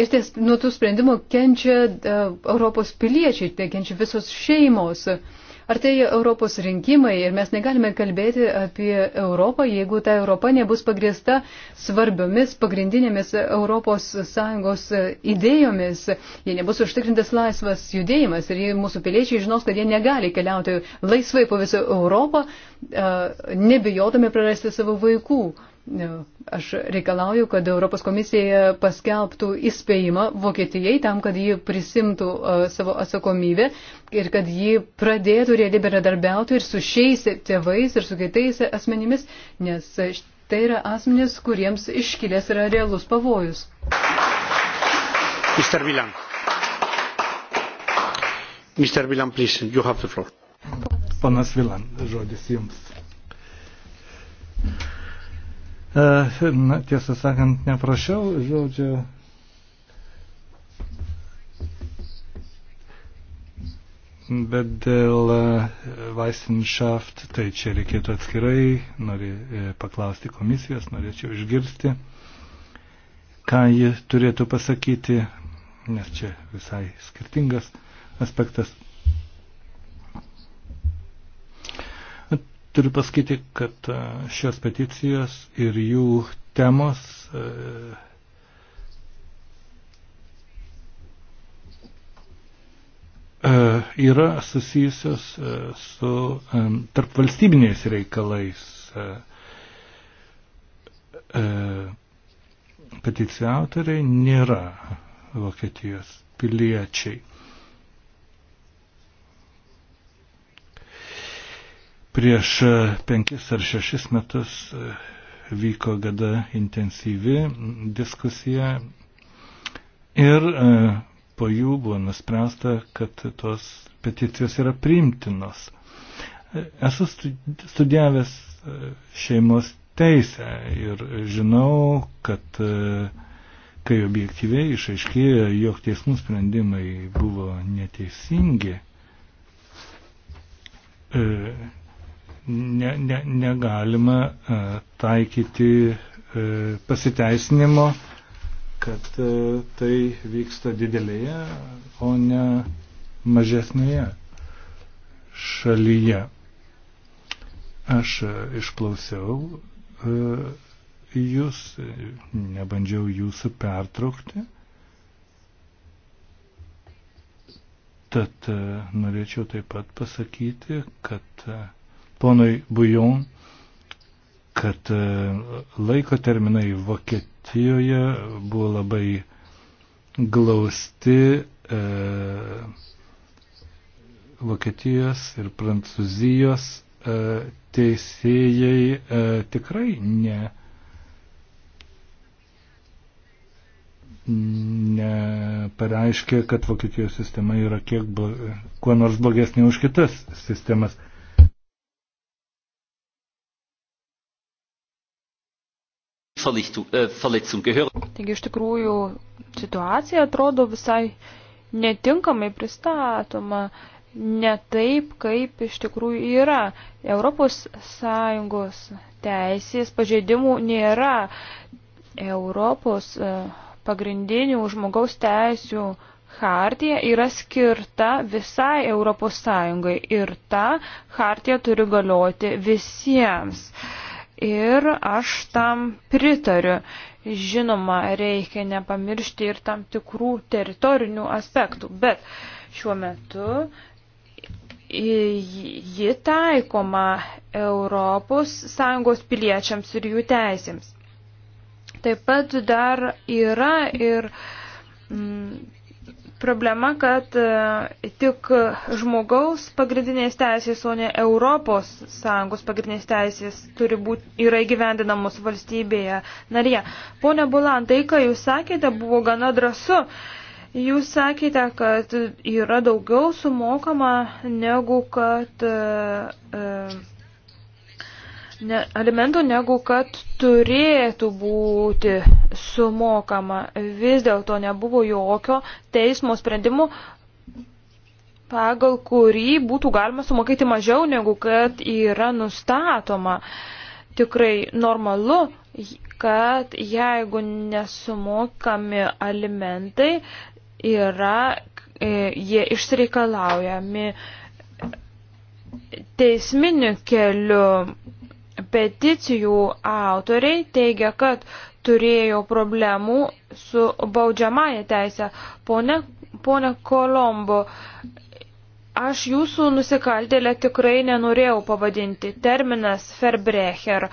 ir ties, nuo tų sprendimų kenčia Europos piliečiai, tai kenčia visos šeimos. Uh, Ar tai Europos rinkimai ir mes negalime kalbėti apie Europą, jeigu ta Europa nebus pagrįsta svarbiomis pagrindinėmis ES idėjomis, jei nebus užtikrintas laisvas judėjimas ir mūsų piliečiai žinos, kad jie negali keliauti laisvai po visą Europą, nebijodami prarasti savo vaikų. Aš reikalauju, kad Europos komisija paskelbtų įspėjimą Vokietijai tam, kad ji prisimtų e, savo atsakomybę ir kad ji pradėtų realiai bendradarbiauti ir su šiais tėvais ir su kitais asmenimis, nes tai yra asmenys, kuriems iškilės yra realus pavojus. Mr. Vilan. Mr. Vilan, please, you have the floor. Panas Vilan, žodis jums. E, na, tiesą sakant, neprašiau žodžio. Bet dėl e, Weissenschaft, tai čia reikėtų atskirai norė, e, paklausti komisijos, norėčiau išgirsti, ką ji turėtų pasakyti, nes čia visai skirtingas aspektas. Turiu pasakyti, kad e, šios peticijos ir jų temos e, e, yra susijusios su tarpvalstybiniais reikalais. Peticijų autoriai nėra Vokietijos piliečiai. Prieš e, penkis ar šešis metus e, vyko gada intensyvi diskusija ir e, po jų buvo nuspręsta, kad tos peticijos yra priimtinos. Esu studijavęs šeimos teisę ir žinau, kad kai objektyviai išaiškėjo, jog teismų sprendimai buvo neteisingi, ne, ne, negalima e, taikyti e, pasiteisinimo, kad e, tai vyksta didelėje, o ne mažesnėje šalyje. Aš išklausiau jūs, nebandžiau jūsų pertraukti. Tad norėčiau taip pat pasakyti, kad ponui Bujon, kad e, laiko terminai Vokietijoje buvo labai glausti. E, Vokietijos ir Prancūzijos e, teisėjai e, tikrai ne, ne pareiškė, kad Vokietijos sistema yra kiek blo, kuo nors blogesnė už kitas sistemas. Menschenrechtsverletzung äh, gehören. Taigi iš tikrųjų situacija atrodo visai netinkamai pristatoma, ne taip, kaip iš tikrųjų yra. Europos Sąjungos teisės pažeidimų nėra. Europos e, pagrindinių žmogaus teisių Hartija yra skirta visai Europos Sąjungai ir ta Hartija turi galioti visiems. Uh, ir aš tam pritariu. Žinoma, reikia nepamiršti ir tam tikrų teritorinių aspektų, bet šiuo metu ji taikoma ES piliečiams ir jų teisėms. Taip pat dar yra ir mm, problema, kad e, tik žmogaus pagrindinės teisės, o ne Europos Sąjungos pagrindinės teisės turi būti, yra įgyvendinamos valstybėje narėje. Pone Bulan, tai, ką jūs sakėte, buvo gana drasu. Jūs sakėte, kad yra daugiau sumokama negu kad. Uh, e, uh, e, ne, alimentų, negu kad turėtų būti sumokama. Vis dėlto nebuvo jokio teismo sprendimų, pagal kurį būtų galima sumokėti mažiau, negu kad yra nustatoma. Tikrai normalu, kad jeigu nesumokami alimentai, yra, e, jie išsireikalaujami teisminiu keliu peticijų autoriai teigia, kad turėjo problemų su baudžiamąją teisę. Pone, pone Kolombo, aš jūsų nusikaltėlę tikrai nenorėjau pavadinti. Terminas Ferbrecher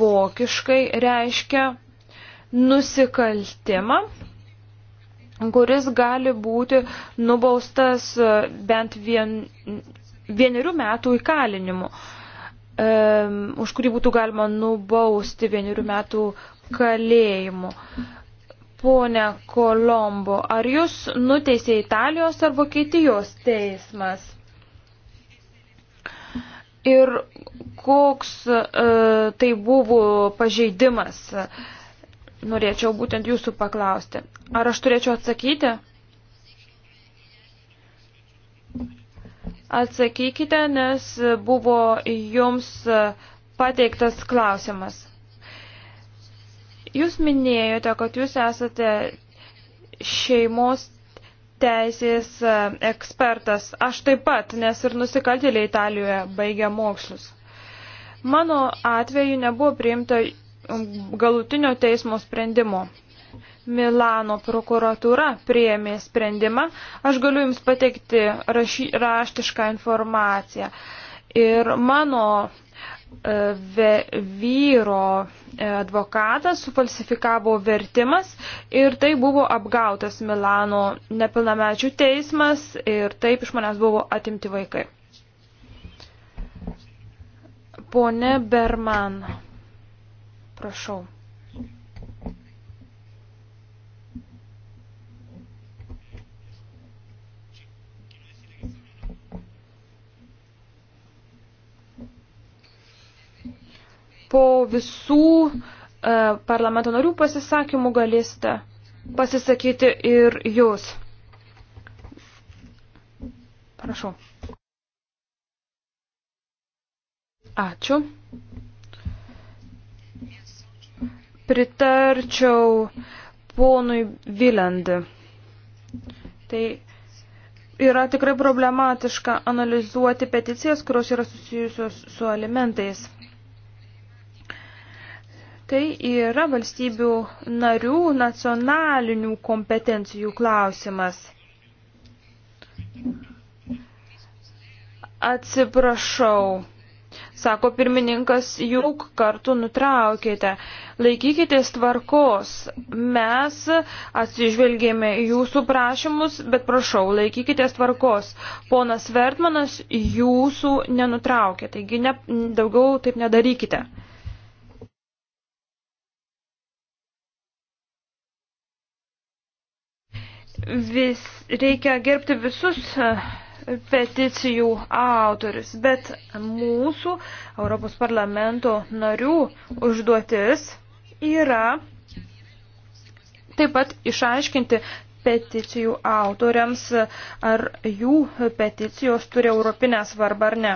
vokiškai reiškia nusikaltimą, kuris gali būti nubaustas bent vien, vienerių metų įkalinimu. Uh, um, už kurį būtų galima nubausti vienerių metų kalėjimu. Pone Kolombo, ar jūs nuteisė Italijos ar Vokietijos teismas? Ir koks uh, tai buvo pažeidimas? Norėčiau būtent jūsų paklausti. Ar aš turėčiau atsakyti? Atsakykite, nes buvo jums pateiktas klausimas. Jūs minėjote, kad jūs esate šeimos teisės ekspertas. Aš taip pat, nes ir nusikaltėliai Italijoje baigė mokslus. Mano atveju nebuvo priimta galutinio teismo sprendimo. Milano prokuratūra prieėmė sprendimą. Aš galiu Jums pateikti raši, raštišką informaciją. Ir mano e, ve, vyro e, advokatas sufalsifikavo vertimas ir tai buvo apgautas Milano nepilnamečių teismas ir taip iš manęs buvo atimti vaikai. Pone Berman, prašau. po visų e, parlamento narių pasisakymų galėsite pasisakyti ir jūs. Prašau. Ačiū. Pritarčiau ponui Viland. Tai yra tikrai problematiška analizuoti peticijas, kurios yra susijusios su alimentais tai yra valstybių narių nacionalinių kompetencijų klausimas. Atsiprašau, sako pirmininkas, juk kartu nutraukite. Laikykitės tvarkos. Mes atsižvelgėme jūsų prašymus, bet prašau, laikykitės tvarkos. Ponas Vertmanas, jūsų nenutraukė, taigi ne, daugiau taip nedarykite. vis, reikia gerbti visus e, peticijų autorius, bet mūsų Europos parlamento narių užduotis yra taip pat išaiškinti peticijų autoriams, ar jų peticijos turi europinę svarbą ar ne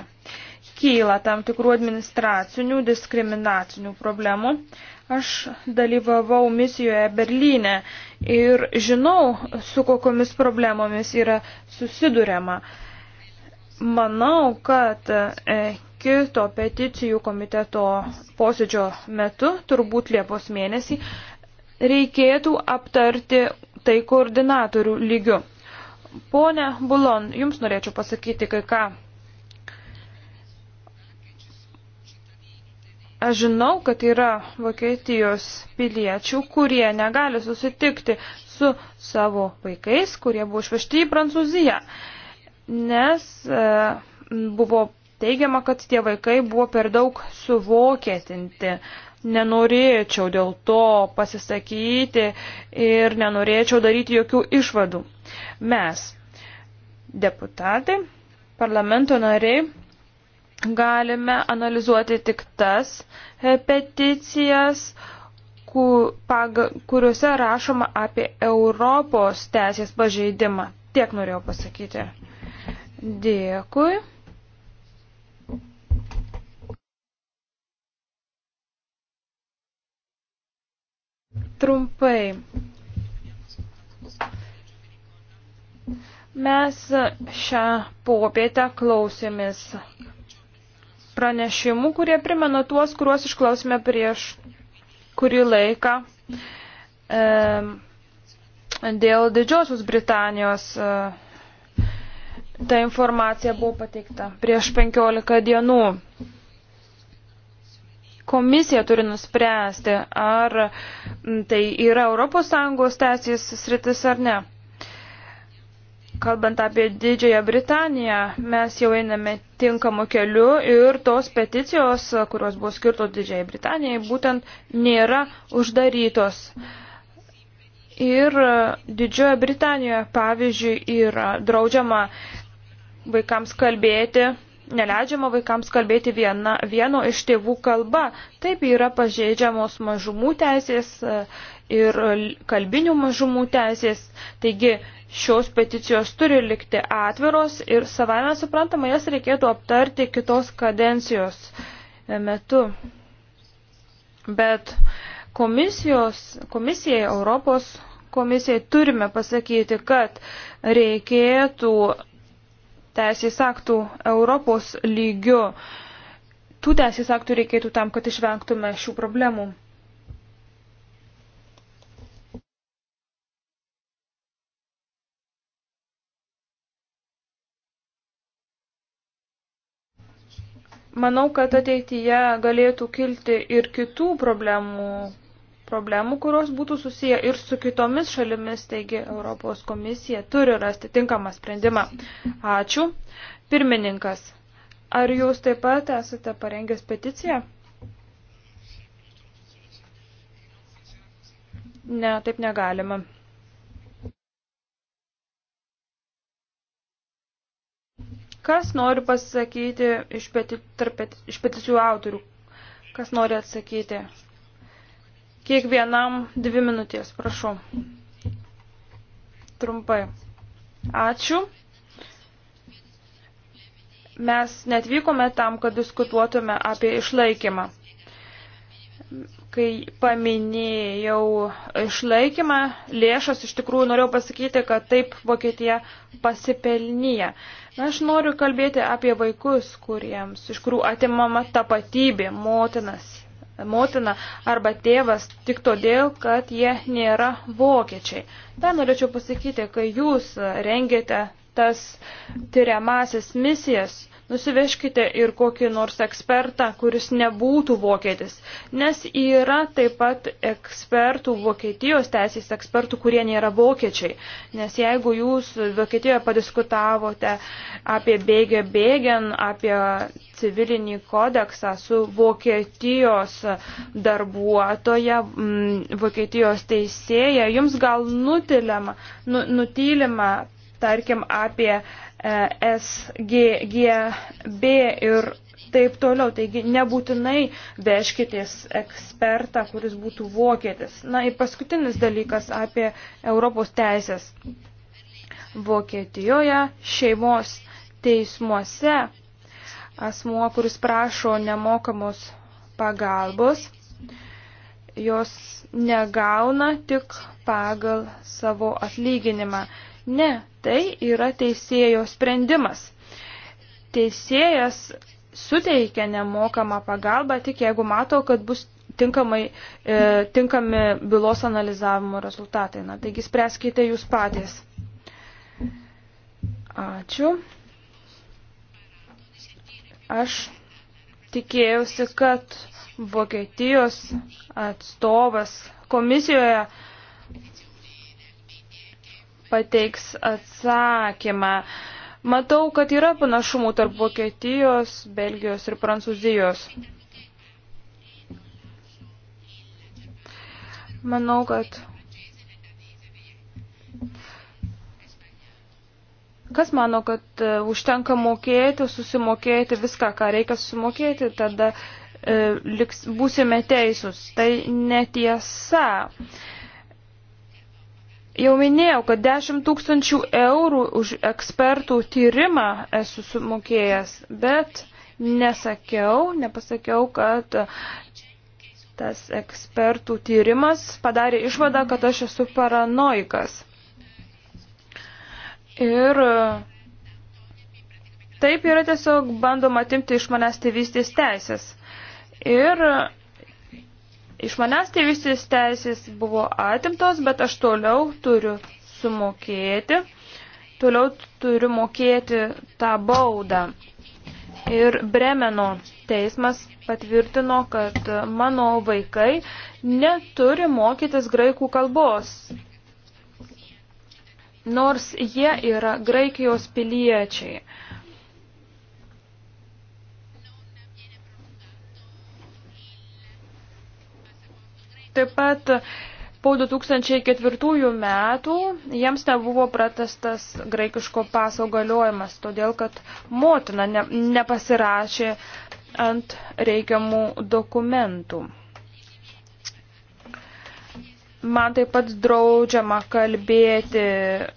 kyla tam tikrų administracinių, diskriminacinių problemų. Aš dalyvavau misijoje Berlyne ir žinau, su kokomis problemomis yra susidurima. Manau, kad e, kito peticijų komiteto posėdžio metu, turbūt Liepos mėnesį, reikėtų aptarti tai koordinatorių lygiu. Pone Bulon, jums norėčiau pasakyti kai ką. Aš žinau, kad yra Vokietijos piliečių, kurie negali susitikti su savo vaikais, kurie buvo išvežti į Prancūziją, nes e, buvo teigiama, kad tie vaikai buvo per daug suvokėtinti. Nenorėčiau dėl to pasisakyti ir nenorėčiau daryti jokių išvadų. Mes, deputatai, parlamento nariai, galime analizuoti tik tas e, peticijas, kuriuose rašoma apie Europos teisės pažeidimą. Tiek norėjau pasakyti. Dėkui. Trumpai. Mes šią popietę klausėmės pranešimų, kurie primena tuos, kuriuos išklausime prieš kurį laiką e, dėl Didžiosios Britanijos. E, ta informacija buvo pateikta prieš 15 dienų. Komisija turi nuspręsti, ar tai yra ES teisės sritis ar ne. Kalbant apie Didžiąją Britaniją, mes jau einame tinkamu keliu ir tos peticijos, kurios buvo skirtos Didžiąją Britanijai, būtent nėra uždarytos. Ir Didžiojo Britanijoje, pavyzdžiui, yra draudžiama vaikams kalbėti, neleidžiama vaikams kalbėti viena, vieno iš tėvų kalba. Taip yra pažeidžiamos mažumų teisės ir kalbinių mažumų teisės. Taigi šios peticijos turi likti atviros ir savame suprantama, jas reikėtų aptarti kitos kadencijos e, metu. Bet komisijos, komisijai Europos komisijai turime pasakyti, kad reikėtų teisės aktų Europos lygių. Tų teisės aktų reikėtų tam, kad išvengtume šių problemų. Manau, kad ateityje galėtų kilti ir kitų problemų, problemų, kurios būtų susiję ir su kitomis šalimis, taigi Europos komisija turi rasti tinkamą sprendimą. Ačiū. Pirmininkas, ar jūs taip pat esate parengęs peticiją? Ne, taip negalima. Kas nori pasakyti iš, peti, tarp, iš peticijų autorių? Kas nori atsakyti? Kiekvienam dvi minutės, prašau. Trumpai. Ačiū. Mes netvykome tam, kad diskutuotume apie išlaikymą kai paminėjau išlaikymą lėšas, iš tikrųjų norėjau pasakyti, kad taip Vokietija pasipelnyja. Na, aš noriu kalbėti apie vaikus, kuriems, iš kurių atimama tapatybė, motinas, motina arba tėvas, tik todėl, kad jie nėra vokiečiai. Dar norėčiau pasakyti, kai jūs rengėte tas tyriamasis misijas, Nusiveškite ir kokį nors ekspertą, kuris nebūtų vokietis, nes yra taip pat ekspertų, Vokietijos teisės ekspertų, kurie nėra vokiečiai. Nes jeigu jūs Vokietijoje padiskutavote apie bėgę bėgen, apie civilinį kodeksą su Vokietijos darbuotoja, mm, Vokietijos teisėja, jums gal nutilima, nu, nutilima tarkim, apie e, SGGB ir taip toliau. Taigi nebūtinai veškitės ekspertą, kuris būtų vokietis. Na ir paskutinis dalykas apie Europos teisės. Vokietijoje šeimos teismuose asmuo, kuris prašo nemokamos pagalbos, jos negauna tik pagal savo atlyginimą. Ne, Tai yra teisėjo sprendimas. Teisėjas suteikia nemokamą pagalbą tik jeigu mato, kad bus tinkamai, e, tinkami bylos analizavimo rezultatai. Na, taigi spręskite jūs patys. Ačiū. Aš tikėjausi, kad Vokietijos atstovas komisijoje pateiks atsakymą. Matau, kad yra panašumų tarp Vokietijos, Belgijos ir Prancūzijos. Manau, kad. Kas mano, kad e, užtenka mokėti, susimokėti viską, ką reikia susimokėti, tada e, liks, būsime teisūs. Tai netiesa. E, Jau minėjau, kad 10 tūkstančių eurų už ekspertų tyrimą esu sumokėjęs, bet nesakiau, nepasakiau, kad tas ekspertų tyrimas padarė išvadą, kad aš esu paranoikas. Ir taip yra tiesiog bandoma atimti iš manęs tėvystės teisės. Ir Iš manęs tėvystės tai teisės buvo atimtos, bet aš toliau turiu sumokėti, toliau turiu mokėti tą baudą. Ir Bremeno teismas patvirtino, kad mano vaikai neturi mokytis graikų kalbos, nors jie yra Graikijos piliečiai. Taip pat po 2004 metų jiems nebuvo pratestas graikiško paso galiojimas, todėl kad motina ne, nepasirašė ant reikiamų dokumentų. Man taip pat draudžiama kalbėti e,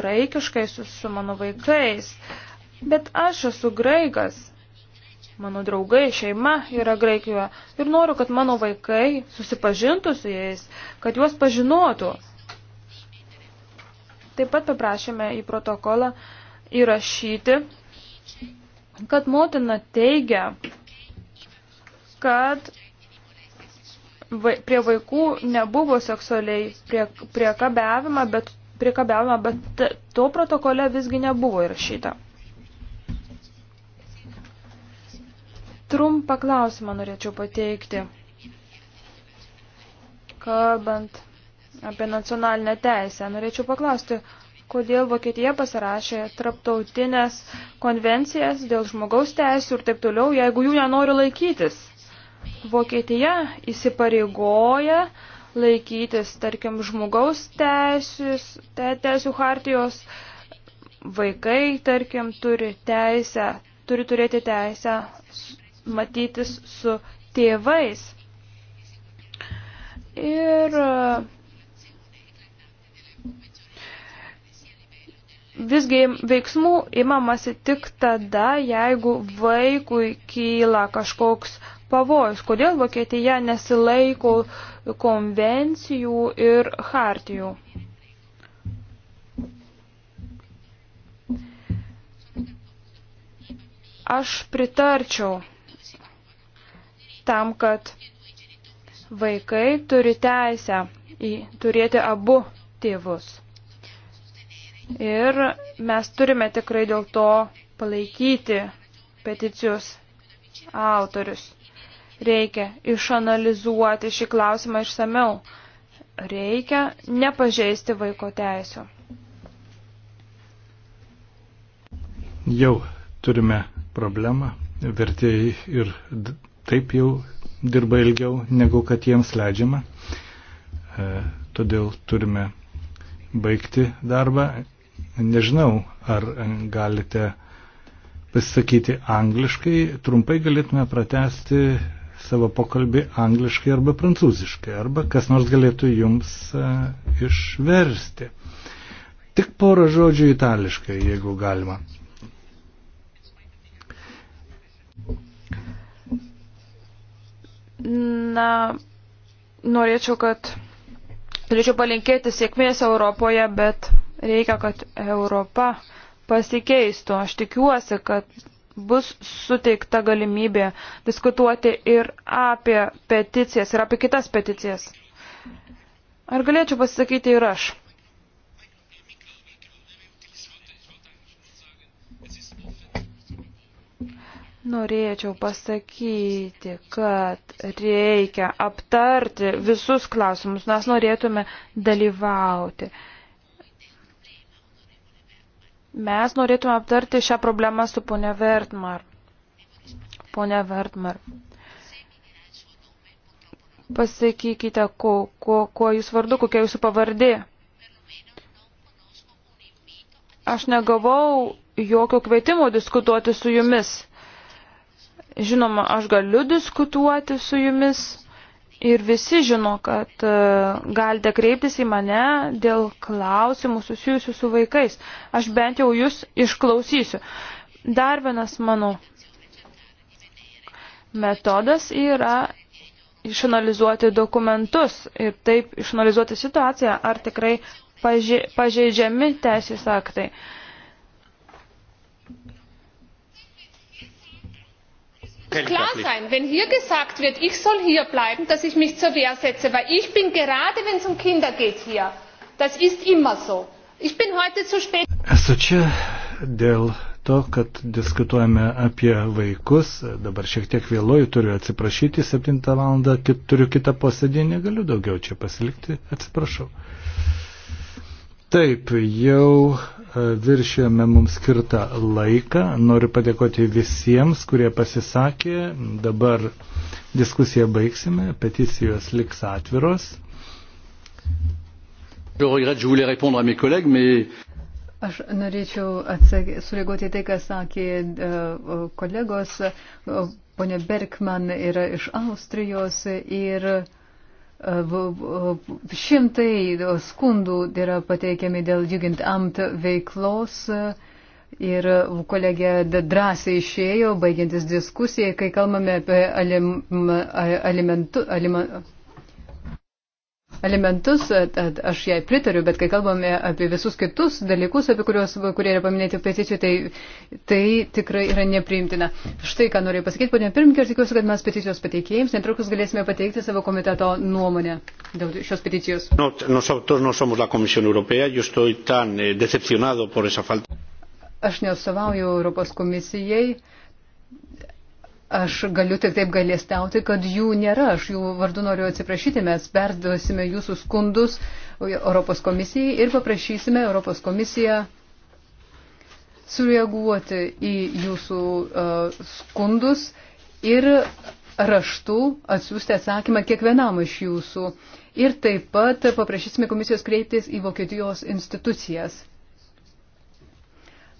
graikiškai su, su mano vaikais, bet aš esu graikas mano draugai, šeima yra Graikijoje ir noriu, kad mano vaikai susipažintų su jais, kad juos pažinotų. Taip pat paprašėme į protokolą įrašyti, kad motina teigia, kad vai, prie vaikų nebuvo seksualiai prie, priekabiavimą, bet, priekabiavimą, bet to protokole visgi nebuvo įrašyta. Trumpą klausimą norėčiau pateikti, kalbant apie nacionalinę teisę. Norėčiau paklausti, kodėl Vokietija pasirašė traptautinės konvencijas dėl žmogaus teisų ir taip toliau, jeigu jų nenori laikytis. Vokietija įsipareigoja laikytis, tarkim, žmogaus teisės, te, teisų hartijos, vaikai, tarkim, turi teisę, turi turėti teisę matytis su tėvais. Ir e, visgi veiksmų imamasi tik tada, jeigu vaikui kyla kažkoks pavojus. Kodėl Vokietija nesilaiko konvencijų ir hartijų? Aš pritarčiau tam, kad vaikai turi teisę į, turėti abu tėvus. Ir mes turime tikrai dėl to palaikyti peticijos autorius. Reikia išanalizuoti šį klausimą išsameu. Reikia nepažeisti vaiko teisų. Jau turime problemą. Vertėjai ir taip jau dirba ilgiau, negu kad jiems leidžiama. E, todėl turime baigti darbą. Nežinau, ar galite pasisakyti angliškai. Trumpai galėtume pratesti savo pokalbį angliškai arba prancūziškai, arba kas nors galėtų jums e, išversti. Tik porą žodžių itališkai, jeigu galima. Na, norėčiau, kad turėčiau palinkėti sėkmės Europoje, bet reikia, kad Europa pasikeistų. Aš tikiuosi, kad bus suteikta galimybė diskutuoti ir apie peticijas, ir apie kitas peticijas. Ar galėčiau pasisakyti ir aš? Norėčiau pasakyti, kad reikia aptarti visus klausimus, mes norėtume dalyvauti. Mes norėtume aptarti šią problemą su ponia Vertmar. Ponia Vertmar, pasakykite, kuo, kuo, kuo jūs vardu, kokia jūsų pavardė. Aš negavau jokio kvietimo diskutuoti su jumis. Žinoma, aš galiu diskutuoti su jumis ir visi žino, kad e, galite kreiptis į mane dėl klausimų susijusių su vaikais. Aš bent jau jūs išklausysiu. Dar vienas mano metodas yra išanalizuoti dokumentus ir taip išanalizuoti situaciją, ar tikrai pažeidžiami teisės aktai. Uh, klar sein wenn hier gesagt wird ich soll hier bleiben dass ich mich zur wehr setze denn ich bin gerade wenn es um kinder geht hier. das ist immer so. ich bin heute zu spät. esu čia dėl to kad diskutuojame apie vaikus dabar šiek tiek vėluoju turiu atsiprašyti septintą valandą kit, turiu kitą posėdį negaliu daugiau čia pasilikti atsiprašau. Taip, jau viršėjome mums skirtą laiką. Noriu padėkoti visiems, kurie pasisakė. Dabar diskusiją baigsime, peticijos liks atviros. Aš norėčiau sureaguoti tai, ką sakė e, kolegos. Pone Berkman yra iš Austrijos ir. Šimtai skundų yra pateikiami dėl Jugendamt veiklos ir kolegė drąsiai išėjo, baigiantis diskusijai, kai kalbame apie alimentu, alimentu, elementus, aš jai pritariu, bet kai kalbame apie visus kitus dalykus, apie kuriuos, kurie yra paminėti peticijų, tai, tai tikrai yra nepriimtina. Štai ką noriu pasakyti, ponė pirmininkė, aš tikiuosi, kad mes peticijos pateikėjams netrukus galėsime pateikti savo komiteto nuomonę dėl šios peticijos. No, nosotros no somos la Comisión Europea, yo estoy tan eh, decepcionado por esa falta. Aš neatstovauju Europos komisijai Aš galiu tik taip galėstauti, kad jų nėra. Aš jų vardu noriu atsiprašyti. Mes perduosime jūsų skundus Europos komisijai ir paprašysime Europos komisiją sureaguoti į jūsų uh, skundus ir raštu atsiųsti atsakymą kiekvienam iš jūsų. Ir taip pat paprašysime komisijos kreiptis į Vokietijos institucijas.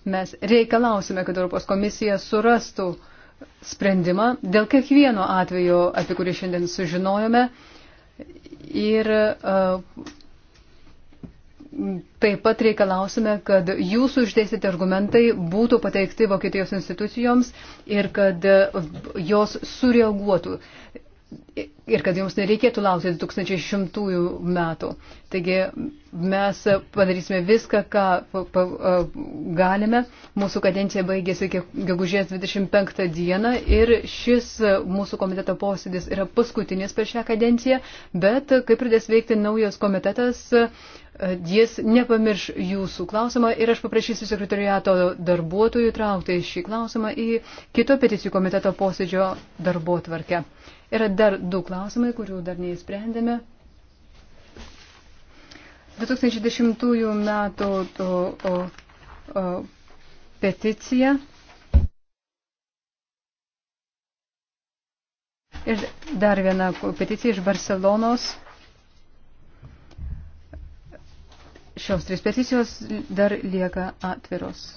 Mes reikalausime, kad Europos komisija surastų uh, sprendimą dėl kiekvieno atveju, apie kurį šiandien sužinojome. Ir e, taip pat reikalausime, kad jūsų išdėstyti argumentai būtų pateikti Vokietijos institucijoms ir kad jos sureaguotų ir kad jums nereikėtų laukti 2100 metų. Taigi mes padarysime viską, ką galime. Mūsų kadencija baigėsi gegužės 25 dieną ir šis mūsų komiteto posėdis yra paskutinis per šią kadenciją, bet kai pradės veikti naujas komitetas, jis nepamirš jūsų klausimą ir aš paprašysiu sekretariato darbuotojų traukti šį klausimą į kito peticijų komiteto posėdžio darbo tvarkę. Yra dar du klausimai, kurių dar neįsprendėme. 2010 metų to, o, o, peticija. Ir dar viena peticija iš Barcelonos. Šios trys peticijos dar lieka atviros.